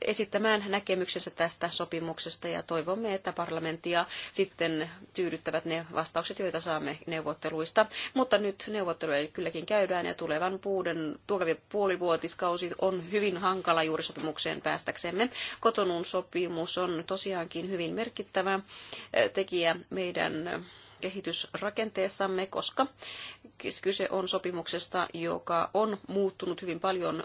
esittämään näkemyksensä tästä sopimuksesta ja toivomme, että parlamenttia sitten tyydyttävät ne vastaukset, joita saamme neuvotteluista. Mutta nyt neuvotteluja kylläkin käydään ja tulevan puuden, puolivuotiskausi on hyvin hankala juuri sopimukseen päästäksemme. Kotonun sopimus on tosiaankin hyvin merkittävä eh, tekijä meidän kehitysrakenteessamme, koska kyse on sopimuksesta, joka on muuttunut hyvin paljon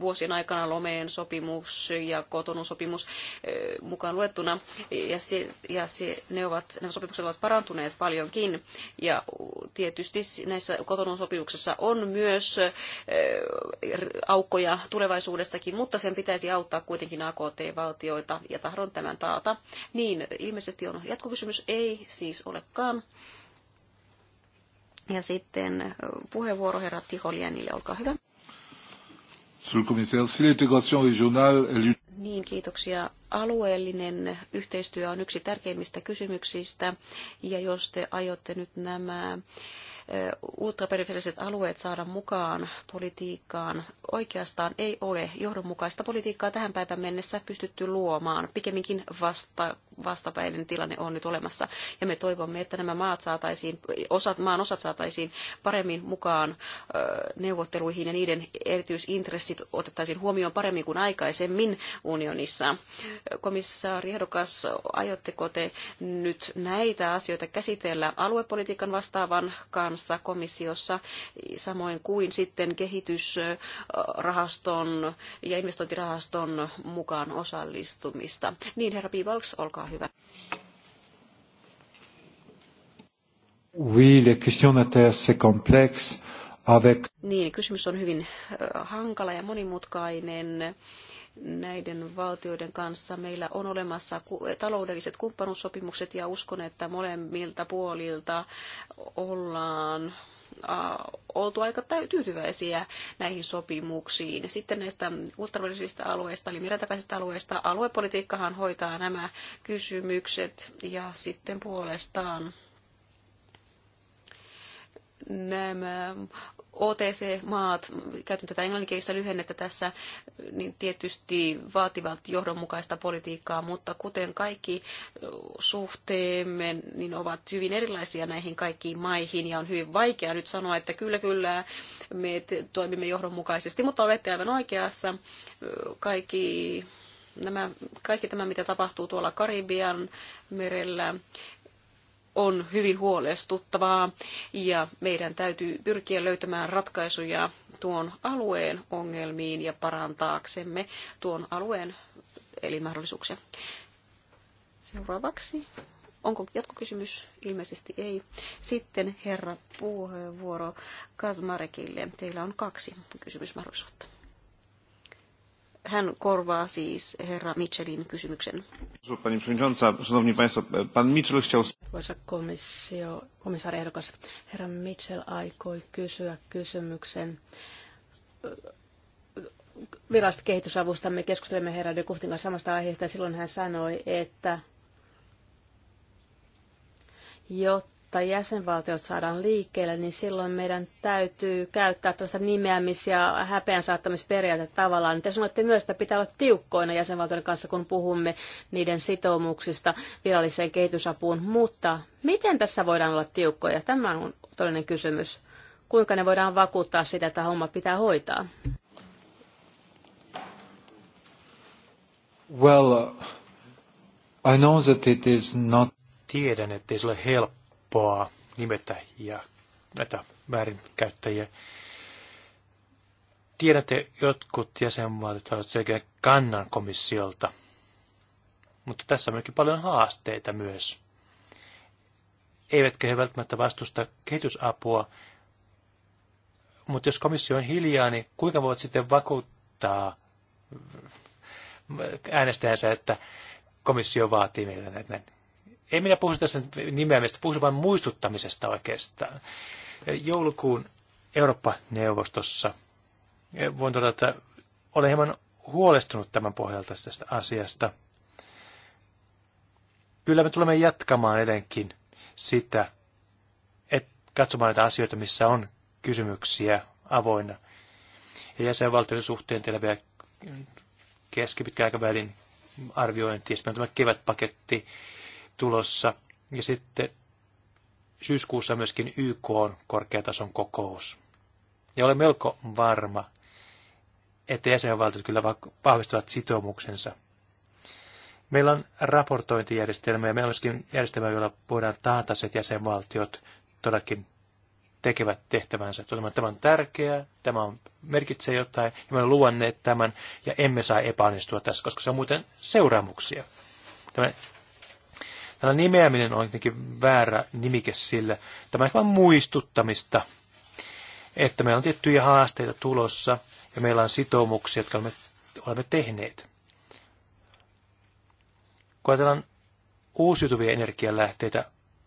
vuosien aikana Lomeen sopimus ja Kotonun sopimus eh, mukaan luettuna. Ja, se, ja se, ne ovat, ne sopimukset ovat parantuneet paljonkin. Ja tietysti näissä Kotonun sopimuksessa on myös eh, aukkoja tulevaisuudessakin, mutta sen pitäisi auttaa kuitenkin AKT-valtioita ja tahdon tämän taata. Niin, ilmeisesti on jatkokysymys. Ei siis olekaan. Ja sitten puheenvuoro herra Tiholienille, olkaa hyvä. Niin, kiitoksia. Alueellinen yhteistyö on yksi tärkeimmistä kysymyksistä, ja jos te aiotte nyt nämä ultraperiferiset alueet saada mukaan politiikkaan. Oikeastaan ei ole johdonmukaista politiikkaa tähän päivän mennessä pystytty luomaan, pikemminkin vasta vastapäinen tilanne on nyt olemassa. Ja me toivomme, että nämä maat saataisiin, osat, maan osat saataisiin paremmin mukaan neuvotteluihin ja niiden erityisintressit otettaisiin huomioon paremmin kuin aikaisemmin unionissa. Komissaari ehdokas, aiotteko te nyt näitä asioita käsitellä aluepolitiikan vastaavan kanssa komissiossa, samoin kuin sitten kehitysrahaston ja investointirahaston mukaan osallistumista? Niin, herra Piivalks, olkaa hyvä. Oui, les questions c'est complexe avec... Niin, kysymys on hyvin äh, hankala ja monimutkainen näiden valtioiden kanssa. Meillä on olemassa taloudelliset kumppanuussopimukset ja uskon, että molemmilta puolilta ollaan oltu aika tyytyväisiä näihin sopimuksiin. Sitten näistä ultravälisistä alueista, eli merentakaisista alueista, aluepolitiikkahan hoitaa nämä kysymykset ja sitten puolestaan nämä OTC-maat, käytän tätä englanninkielistä lyhennettä tässä, niin tietysti vaativat johdonmukaista politiikkaa, mutta kuten kaikki suhteemme, niin ovat hyvin erilaisia näihin kaikkiin maihin ja on hyvin vaikea nyt sanoa, että kyllä kyllä me toimimme johdonmukaisesti, mutta olette aivan oikeassa. Kaikki nämä, kaikki tämä, mitä tapahtuu tuolla Karibian merellä, on hyvin huolestuttavaa ja meidän täytyy pyrkiä löytämään ratkaisuja tuon alueen ongelmiin ja parantaaksemme tuon alueen elinmahdollisuuksia. Seuraavaksi. Onko jatkokysymys? Ilmeisesti ei. Sitten herra puheenvuoro Kazmarekille. Teillä on kaksi kysymysmahdollisuutta hän korvaa siis herra Mitchellin kysymyksen. Pani przewodnicząca, szanowni państwo, pan Mitchell chciał... Arvoisa komissio, komissaari ehdokas, herra Mitchell aikoi kysyä kysymyksen äh, virallista kehitysavusta. Me keskustelimme herra de Kuhtin kanssa samasta aiheesta ja silloin hän sanoi, että jotta tai jäsenvaltiot saadaan liikkeelle, niin silloin meidän täytyy käyttää tällaista nimeämis- ja häpeän saattamisperiaatetta tavallaan. Te sanoitte myös, että pitää olla tiukkoina jäsenvaltioiden kanssa, kun puhumme niiden sitoumuksista viralliseen kehitysapuun. Mutta miten tässä voidaan olla tiukkoja? Tämä on todellinen kysymys. Kuinka ne voidaan vakuuttaa sitä, että homma pitää hoitaa? Well, uh, I know that it is not... Tiedän, ettei se ole helppo helppoa nimetä ja näitä väärinkäyttäjiä. Tiedätte jotkut jäsenmaat ovat selkeän kannan komissiolta, mutta tässä on myöskin paljon haasteita myös. Eivätkä he välttämättä vastusta kehitysapua, mutta jos komissio on hiljaa, niin kuinka voit sitten vakuuttaa äänestäjänsä, että komissio vaatii meiltä näitä ei minä puhu tässä nimeämistä, puhun vain muistuttamisesta oikeastaan. Joulukuun Eurooppa-neuvostossa eh, voin todeta, että olen hieman huolestunut tämän pohjalta tästä asiasta. Kyllä me tulemme jatkamaan edenkin sitä, että katsomaan näitä asioita, missä on kysymyksiä avoinna. Ja jäsenvaltioiden suhteen teillä vielä keskipitkän aikavälin arviointi, ja sitten on tämä kevätpaketti, tulossa. Ja sitten syyskuussa myöskin YK on korkeatason kokous. Ja olen melko varma, että jäsenvaltiot kyllä vahvistavat sitoumuksensa. Meillä on raportointijärjestelmä ja meillä on myöskin järjestelmä, jolla voidaan taata se, että jäsenvaltiot todellakin tekevät tehtävänsä. tämä on tärkeää, tämä on, merkitsee jotain ja me luvanneet tämän ja emme saa epäonnistua tässä, koska se on muuten seuraamuksia. Tämä Tämä nimeäminen on jotenkin väärä nimike sille. Tämä on vain muistuttamista, että meillä on tiettyjä haasteita tulossa ja meillä on sitoumuksia, jotka olemme, olemme tehneet. Kun ajatellaan uusiutuvia energialähteitä,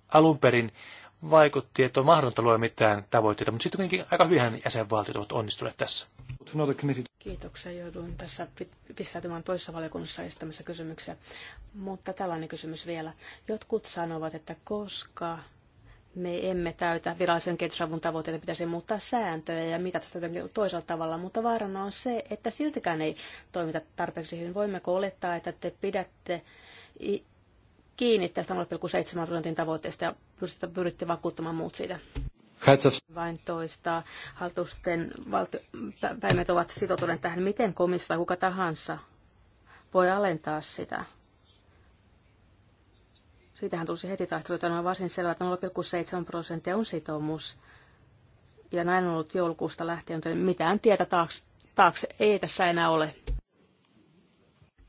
alun perin vaikutti, että on mahdotonta luoda mitään tavoitteita, mutta sitten kuitenkin aika hyvin jäsenvaltiot ovat onnistuneet tässä. Kiitoksia. Jouduin tässä pistäytymään toisessa valiokunnassa esittämässä kysymyksiä. Mutta tällainen kysymys vielä. Jotkut sanovat, että koska me emme täytä virallisen kehitysavun tavoitteita, pitäisi muuttaa sääntöjä ja mitä tästä toisella tavalla, mutta vaarana on se, että siltikään ei toimita tarpeeksi hyvin. Voimmeko olettaa, että te pidätte kiinni tästä 0,7 prosentin tavoitteesta ja pyritte vakuuttamaan muut siitä? Vain toistaa. Hallitusten valtio- päimet ovat sitoutuneet tähän, miten komissio tai kuka tahansa voi alentaa sitä. Siitähän tulisi heti taistelu, että on varsin selvä, että 0,7 prosenttia on sitoumus. Ja näin on ollut joulukuusta lähtien, joten mitään tietä taakse, taakse ei tässä enää ole.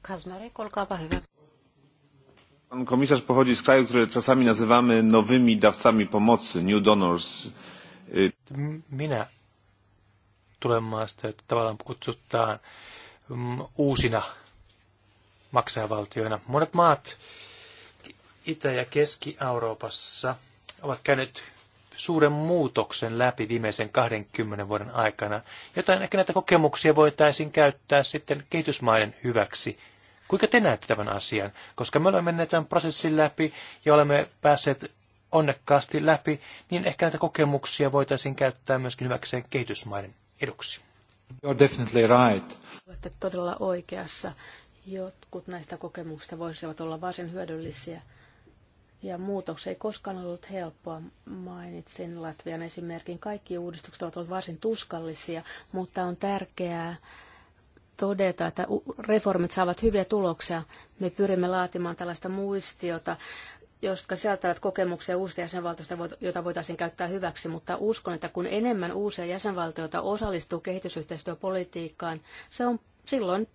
Kasmari, olkaapa hyvä. Pan komisarz pochodzi z kraju, które czasami nazywamy nowymi dawcami pomocy, new donors. Minä tulen maasta, että tavallaan kutsutaan mm, uusina maksajavaltioina. Monet maat Itä- ja Keski-Euroopassa ovat käyneet suuren muutoksen läpi viimeisen 20 vuoden aikana, jotain ehkä näitä kokemuksia voitaisiin käyttää sitten kehitysmaiden hyväksi Kuinka te näette tämän asian? Koska me olemme menneet tämän prosessin läpi ja olemme päässeet onnekkaasti läpi, niin ehkä näitä kokemuksia voitaisiin käyttää myöskin hyväkseen kehitysmaiden eduksi. You're definitely right. Olette todella oikeassa. Jotkut näistä kokemuksista voisivat olla varsin hyödyllisiä. Ja muutoksia ei koskaan ollut helppoa. Mainitsin Latvian esimerkin. Kaikki uudistukset ovat olleet varsin tuskallisia, mutta on tärkeää, todeta, että reformit saavat hyviä tuloksia. Me pyrimme laatimaan tällaista muistiota, jotka sisältävät kokemuksia uusista jäsenvaltioista, joita voitaisiin käyttää hyväksi, mutta uskon, että kun enemmän uusia jäsenvaltioita osallistuu kehitysyhteistyöpolitiikkaan, se on silloin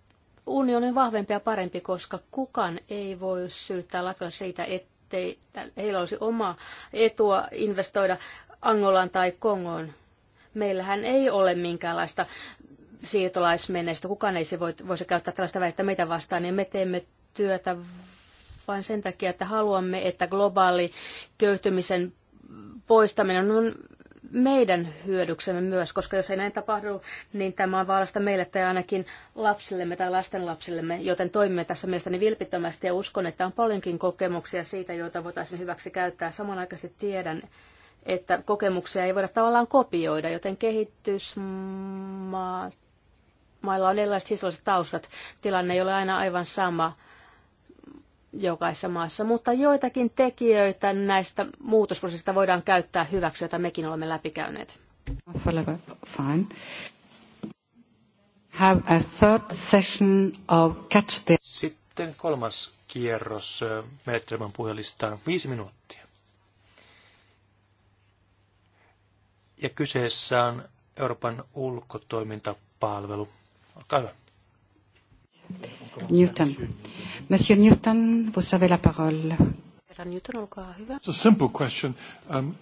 unionin vahvempi ja parempi, koska kukaan ei voi syyttää Latvian siitä, ettei heillä olisi oma etua investoida Angolan tai Kongoon. Meillähän ei ole minkäänlaista siirtolaismenneistä. Kukaan ei se voi, voisi käyttää tällaista väitettä meitä vastaan, niin me teemme työtä vain sen takia, että haluamme, että globaali köyhtymisen poistaminen on meidän hyödyksemme myös, koska jos ei näin tapahdu, niin tämä on vaarasta meille tai ainakin lapsillemme tai lastenlapsillemme, joten toimimme tässä mielestäni vilpittömästi ja uskon, että on paljonkin kokemuksia siitä, joita voitaisiin hyväksi käyttää. Samanaikaisesti tiedän, että kokemuksia ei voida tavallaan kopioida, joten kehitysmaat mailla on erilaiset historialliset taustat. Tilanne ei ole aina aivan sama jokaisessa maassa, mutta joitakin tekijöitä näistä muutosprosessista voidaan käyttää hyväksi, joita mekin olemme läpikäyneet. Fine. Have a third session of catch the... Sitten kolmas kierros äh, menettelemän puhelistaan viisi minuuttia. Ja kyseessä on Euroopan ulkotoimintapalvelu. Newton. Monsieur Newton, vous avez la parole. Herra Newton, olkaa hyvä. It's a simple question. Um...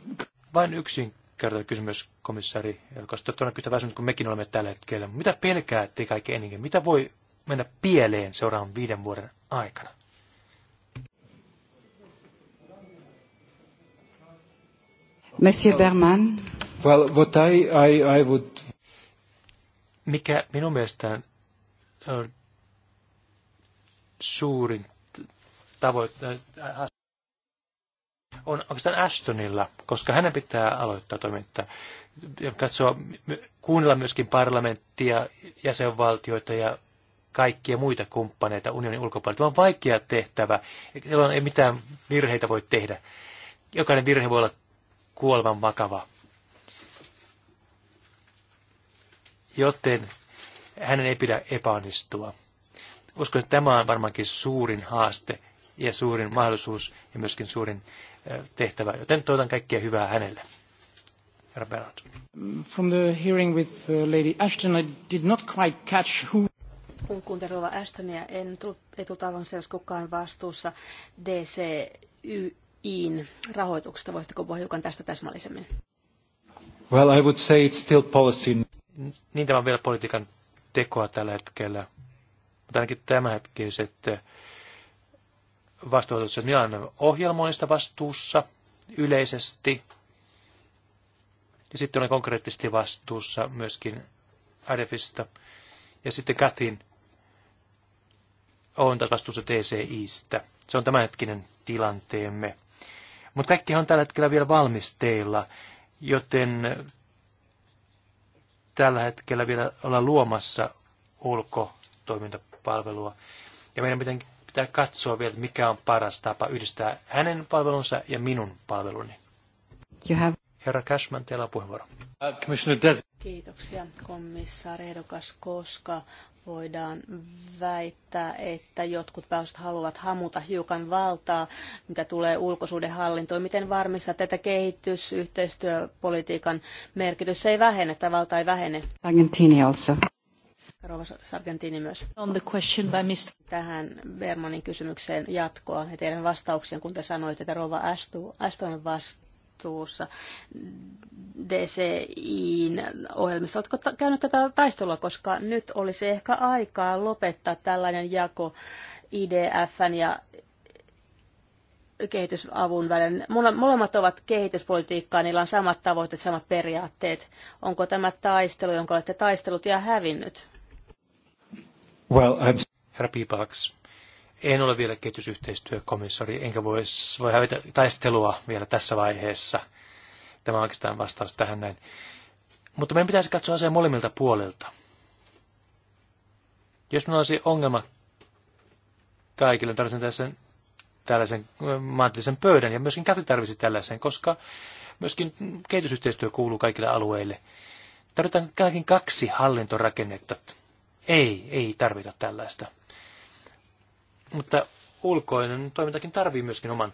Vain yksinkertainen kysymys, komissaari Elkas. Te olette yhtä väsynyt kun mekin olemme tällä hetkellä. Mitä pelkäätte kaikkein eniten? Mitä voi mennä pieleen seuraavan viiden vuoden aikana? Monsieur Berman. Well, what I, I, I would mikä minun mielestäni on suurin tavoite äh, on oikeastaan Ashtonilla, koska hänen pitää aloittaa toimintaa ja katsoa, kuunnella myöskin parlamenttia, jäsenvaltioita ja kaikkia muita kumppaneita unionin ulkopuolella. Tämä on vaikea tehtävä, jolloin ei mitään virheitä voi tehdä. Jokainen virhe voi olla kuoleman vakava. joten hänen ei pidä epäonnistua. Uskon, että tämä on varmaankin suurin haaste ja suurin mahdollisuus ja myöskin suurin tehtävä, joten toivotan kaikkea hyvää hänelle. From the hearing with uh, Lady Ashton, I did not quite catch who kun kuuntelin Ashtonia, en tullut, ei tullut aivan selväksi kukaan vastuussa DCYIn rahoituksesta. Voisitteko puhua hiukan tästä täsmällisemmin? Well, I would say it's still policy niin tämä on vielä politiikan tekoa tällä hetkellä. Mutta ainakin tämänhetkiset vastuutukset. Minä olen ohjelmoinnista vastuussa yleisesti. Ja sitten olen konkreettisesti vastuussa myöskin RFistä. Ja sitten Kathin on taas vastuussa TCIstä. Se on tämänhetkinen tilanteemme. Mutta kaikki on tällä hetkellä vielä valmisteilla, joten tällä hetkellä vielä olla luomassa ulkotoimintapalvelua. Ja meidän pitää, pitää katsoa vielä, mikä on paras tapa yhdistää hänen palvelunsa ja minun palveluni. have... Herra Cashman, teillä on puheenvuoro. Uh, Kiitoksia komissaari ehdokas, koska voidaan väittää, että jotkut pääosat haluavat hamuta hiukan valtaa, mitä tulee hallintoon. Miten varmistaa tätä kehitysyhteistyöpolitiikan merkitys ei vähene, tai valta ei vähene? Argentini also. Rova Sargentini myös. On the question by Mr. Tähän Bermanin kysymykseen jatkoa ja teidän vastauksien, kun te sanoitte, että Rova Aston vastaa. Tuossa DCIin ohjelmista. Oletko käynyt tätä taistelua, koska nyt olisi ehkä aikaa lopettaa tällainen jako IDFn ja kehitysavun välillä. Molemmat ovat kehityspolitiikkaa, niillä on samat tavoitteet, samat periaatteet. Onko tämä taistelu, jonka olette taistelut ja hävinnyt? Well, I'm... Herra Piipalaks, en ole vielä kehitysyhteistyökomissori, enkä voi, voi hävitä taistelua vielä tässä vaiheessa. Tämä on oikeastaan vastaus tähän näin. Mutta meidän pitäisi katsoa asiaa molemmilta puolilta. Jos minulla olisi ongelma kaikille, niin tarvitsen tällaisen, tällaisen äh, maantillisen pöydän ja myöskin käti tarvisi tällaisen, koska myöskin kehitysyhteistyö kuuluu kaikille alueille. Tarvitaan kaikin kaksi hallintorakennetta. Ei, ei tarvita tällaista. Mutta ulkoinen toimintakin tarvii myöskin oman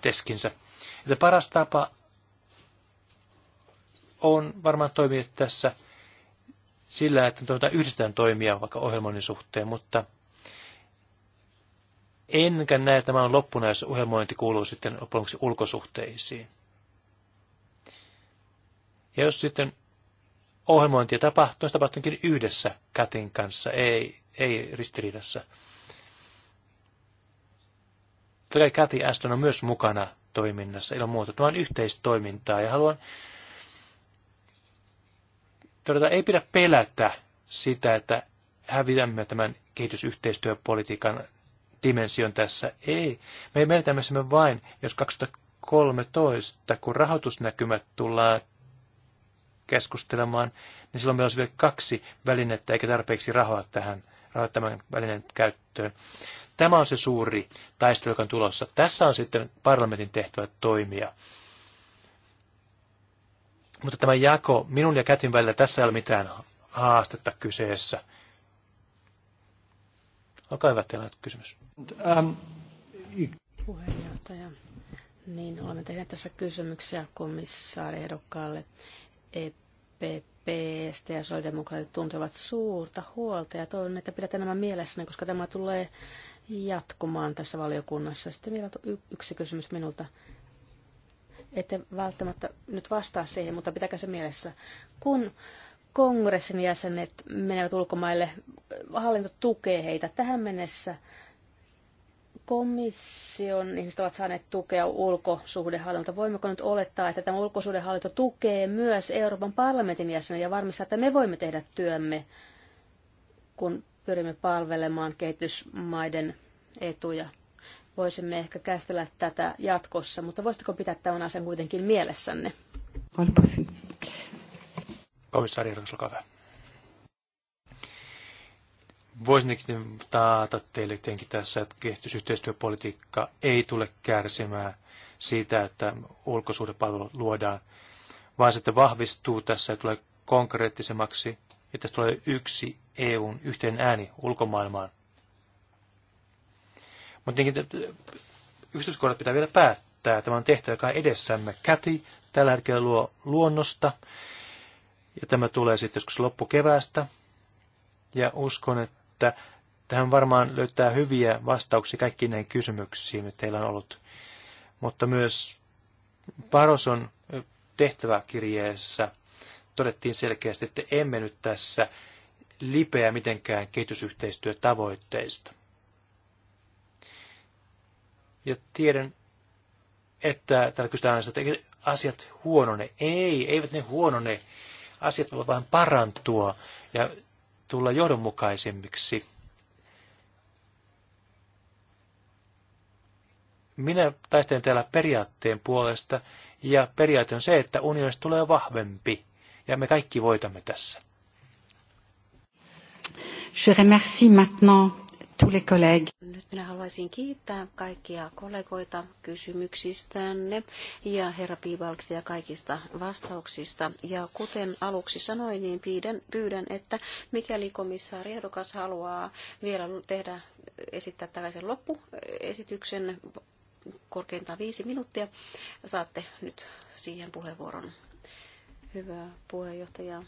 teskinsä. Että paras tapa on varmaan toimia tässä sillä, että toimitaan yhdistetään toimia vaikka ohjelmoinnin suhteen, mutta enkä näe, että tämä on loppuna, jos ohjelmointi kuuluu sitten lopuksi ulkosuhteisiin. Ja jos sitten ohjelmointia tapahtuu, se tapahtuukin yhdessä Katin kanssa, ei, ei ristiriidassa. Kathy Aston on myös mukana toiminnassa ilman muuta. Tämä on yhteistoimintaa ja haluan todeta, ei pidä pelätä sitä, että hävitämme tämän kehitysyhteistyöpolitiikan dimension tässä. Ei. Me menetämme me vain, jos 2013, kun rahoitusnäkymät tullaan keskustelemaan, niin silloin meillä olisi vielä kaksi välinettä eikä tarpeeksi rahaa tähän – Äh, tämän välineen käyttöön. Tämä on se suuri taistelu, joka on tulossa. Tässä on sitten parlamentin tehtävä toimia. Mutta tämä jako minun ja kätin välillä, tässä ei ole mitään haastetta kyseessä. Olkaa hyvä, teillä on kysymys. Ähm, Puheenjohtaja, niin olemme tehneet tässä kysymyksiä komissaariehdokkaalle, että EPPstä ja sosiaalidemokraatit tuntevat suurta huolta ja toivon, että pidätte nämä mielessäni, koska tämä tulee jatkumaan tässä valiokunnassa. Sitten vielä yksi kysymys minulta. Ette välttämättä nyt vastaa siihen, mutta pitäkää se mielessä. Kun kongressin jäsenet menevät ulkomaille, hallinto tukee heitä tähän mennessä komission ihmiset ovat saaneet tukea ulkosuhdehallinto. Voimmeko nyt olettaa, että tämä ulkosuhdehallinto tukee myös Euroopan parlamentin jäseniä ja varmistaa, että me voimme tehdä työmme, kun pyrimme palvelemaan kehitysmaiden etuja? Voisimme ehkä käsitellä tätä jatkossa, mutta voisitteko pitää tämän asian kuitenkin mielessänne? Komissaari hyvä. Voisinkin taata teille tietenkin tässä, että kehitysyhteistyöpolitiikka ei tule kärsimään siitä, että ulkosuhdepalvelu luodaan, vaan sitten vahvistuu tässä ja tulee konkreettisemmaksi, ja tässä tulee yksi EUn yhteen ääni ulkomaailmaan. Mutta yksityiskohdat pitää vielä päättää. Tämä on tehtävä, joka on edessämme. Käti tällä hetkellä luo luonnosta, ja tämä tulee sitten joskus loppukeväästä. Ja uskon, että että tähän varmaan löytää hyviä vastauksia kaikkiin näihin kysymyksiin, mitä teillä on ollut. Mutta myös Paroson tehtäväkirjeessä todettiin selkeästi, että emme nyt tässä lipeä mitenkään kehitysyhteistyötavoitteista. Ja tiedän, että täällä kysytään aina että asiat huonone. Ei, eivät ne huonone. Asiat voivat vain parantua. Ja tulla johdonmukaisemmiksi. Minä taistelen täällä periaatteen puolesta, ja periaate on se, että unionista tulee vahvempi, ja me kaikki voitamme tässä. Je remercie maintenant nyt minä haluaisin kiittää kaikkia kollegoita kysymyksistänne ja herra Piibalksia kaikista vastauksista. Ja kuten aluksi sanoin, niin pyydän, pyydän että mikäli komissaari ehdokas haluaa vielä tehdä, esittää tällaisen loppuesityksen korkeintaan viisi minuuttia, saatte nyt siihen puheenvuoron. Hyvä puheenjohtaja,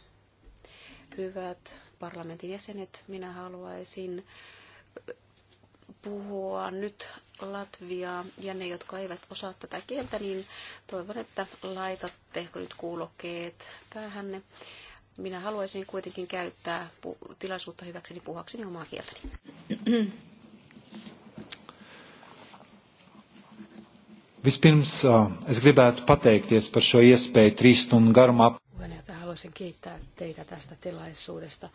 hyvät parlamentin jäsenet, minä haluaisin puhua nyt Latviaa ja ne, jotka eivät osaa tätä kieltä, niin toivon, että laitatte nyt kuulokkeet päähänne. Minä haluaisin kuitenkin käyttää tilaisuutta hyväkseni puhakseni omaa kieltäni. Vispirms äh, es gribētu pateikties par šo iespēju trīs stundu garumā. haluaisin kiittää teitä tästä tilaisuudesta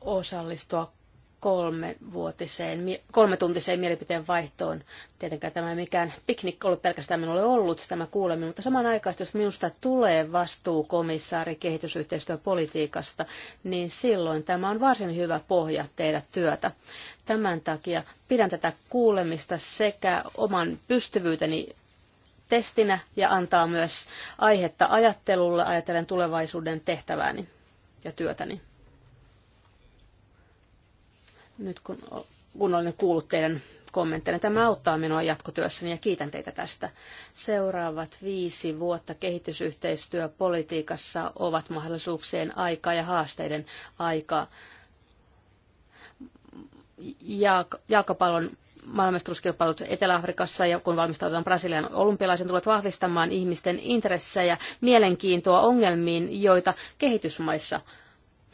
osallistua kolmevuotiseen, kolmetuntiseen mielipiteen vaihtoon. Tietenkään tämä ei mikään piknik ollut pelkästään minulle ollut tämä kuuleminen, mutta aikaan, jos minusta tulee vastuu komissaari kehitysyhteistyöpolitiikasta, niin silloin tämä on varsin hyvä pohja tehdä työtä. Tämän takia pidän tätä kuulemista sekä oman pystyvyyteni testinä ja antaa myös aihetta ajattelulle ajatellen tulevaisuuden tehtävääni ja työtäni nyt kun, kun olen kuullut teidän kommentteja. Tämä auttaa minua jatkotyössäni ja kiitän teitä tästä. Seuraavat viisi vuotta kehitysyhteistyöpolitiikassa ovat mahdollisuuksien aikaa ja haasteiden aikaa. Jalkapallon maailmastaruuskilpailut Etelä-Afrikassa ja kun valmistaudutaan Brasilian olympialaisen tulevat vahvistamaan ihmisten intressejä, mielenkiintoa ongelmiin, joita kehitysmaissa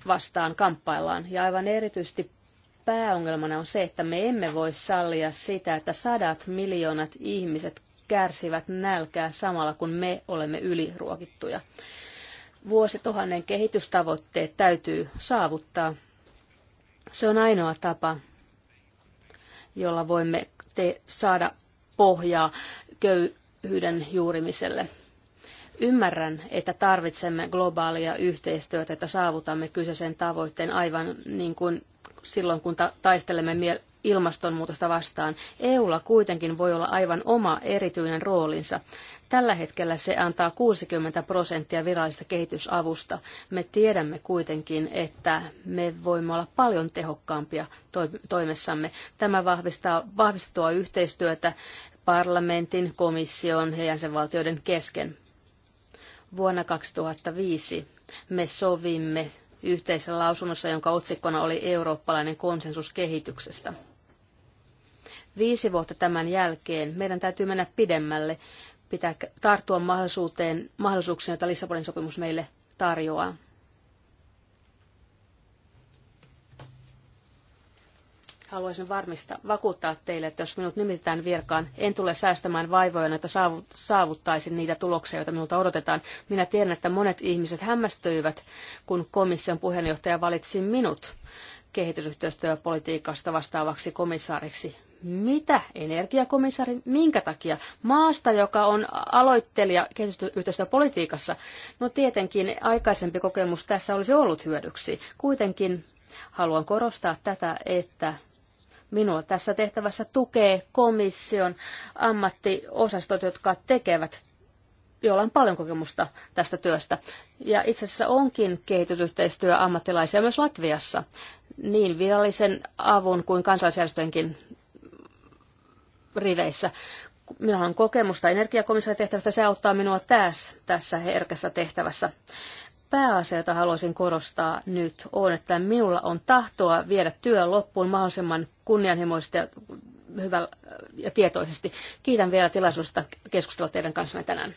vastaan kamppaillaan. Ja aivan erityisesti pääongelmana on se, että me emme voi sallia sitä, että sadat miljoonat ihmiset kärsivät nälkää samalla, kun me olemme yliruokittuja. Vuosituhannen kehitystavoitteet täytyy saavuttaa. Se on ainoa tapa, jolla voimme te- saada pohjaa köyhyyden juurimiselle. Ymmärrän, että tarvitsemme globaalia yhteistyötä, että saavutamme kyseisen tavoitteen aivan niin kuin silloin, kun ta- taistelemme ilmastonmuutosta vastaan. EUlla kuitenkin voi olla aivan oma erityinen roolinsa. Tällä hetkellä se antaa 60 prosenttia virallista kehitysavusta. Me tiedämme kuitenkin, että me voimme olla paljon tehokkaampia toimessamme. Tämä vahvistaa vahvistettua yhteistyötä parlamentin, komission ja jäsenvaltioiden kesken. Vuonna 2005 me sovimme yhteisessä lausunnossa, jonka otsikkona oli eurooppalainen konsensus kehityksestä. Viisi vuotta tämän jälkeen meidän täytyy mennä pidemmälle, pitää tarttua mahdollisuuteen, mahdollisuuksiin, joita Lissabonin sopimus meille tarjoaa. haluaisin varmistaa, vakuuttaa teille, että jos minut nimitetään virkaan, en tule säästämään vaivoja, että saavuttaisin niitä tuloksia, joita minulta odotetaan. Minä tiedän, että monet ihmiset hämmästyivät, kun komission puheenjohtaja valitsi minut kehitysyhteistyöpolitiikasta vastaavaksi komissaariksi. Mitä energiakomissaari, minkä takia? Maasta, joka on aloittelija kehitysyhteistyöpolitiikassa. No tietenkin aikaisempi kokemus tässä olisi ollut hyödyksi. Kuitenkin haluan korostaa tätä, että minua tässä tehtävässä tukee komission ammattiosastot, jotka tekevät joilla on paljon kokemusta tästä työstä. Ja itse asiassa onkin kehitysyhteistyö myös Latviassa, niin virallisen avun kuin kansalaisjärjestöjenkin riveissä. Minulla on kokemusta energiakomissaari tehtävästä, se auttaa minua tässä, tässä herkässä tehtävässä pääasia, jota haluaisin korostaa nyt, on, että minulla on tahtoa viedä työ loppuun mahdollisimman kunnianhimoisesti ja, hyvä, äh, ja tietoisesti. Kiitän vielä tilaisuudesta keskustella teidän kanssanne tänään.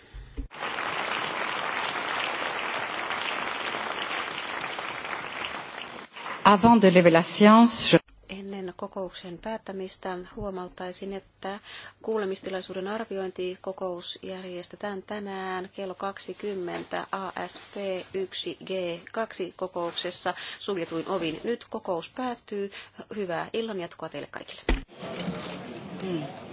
Avant de lever la je Ennen kokouksen päättämistä huomauttaisin, että kuulemistilaisuuden arviointikokous järjestetään tänään kello 20 ASP 1G2 kokouksessa suljetuin ovin. Nyt kokous päättyy. Hyvää illanjatkoa teille kaikille. Mm.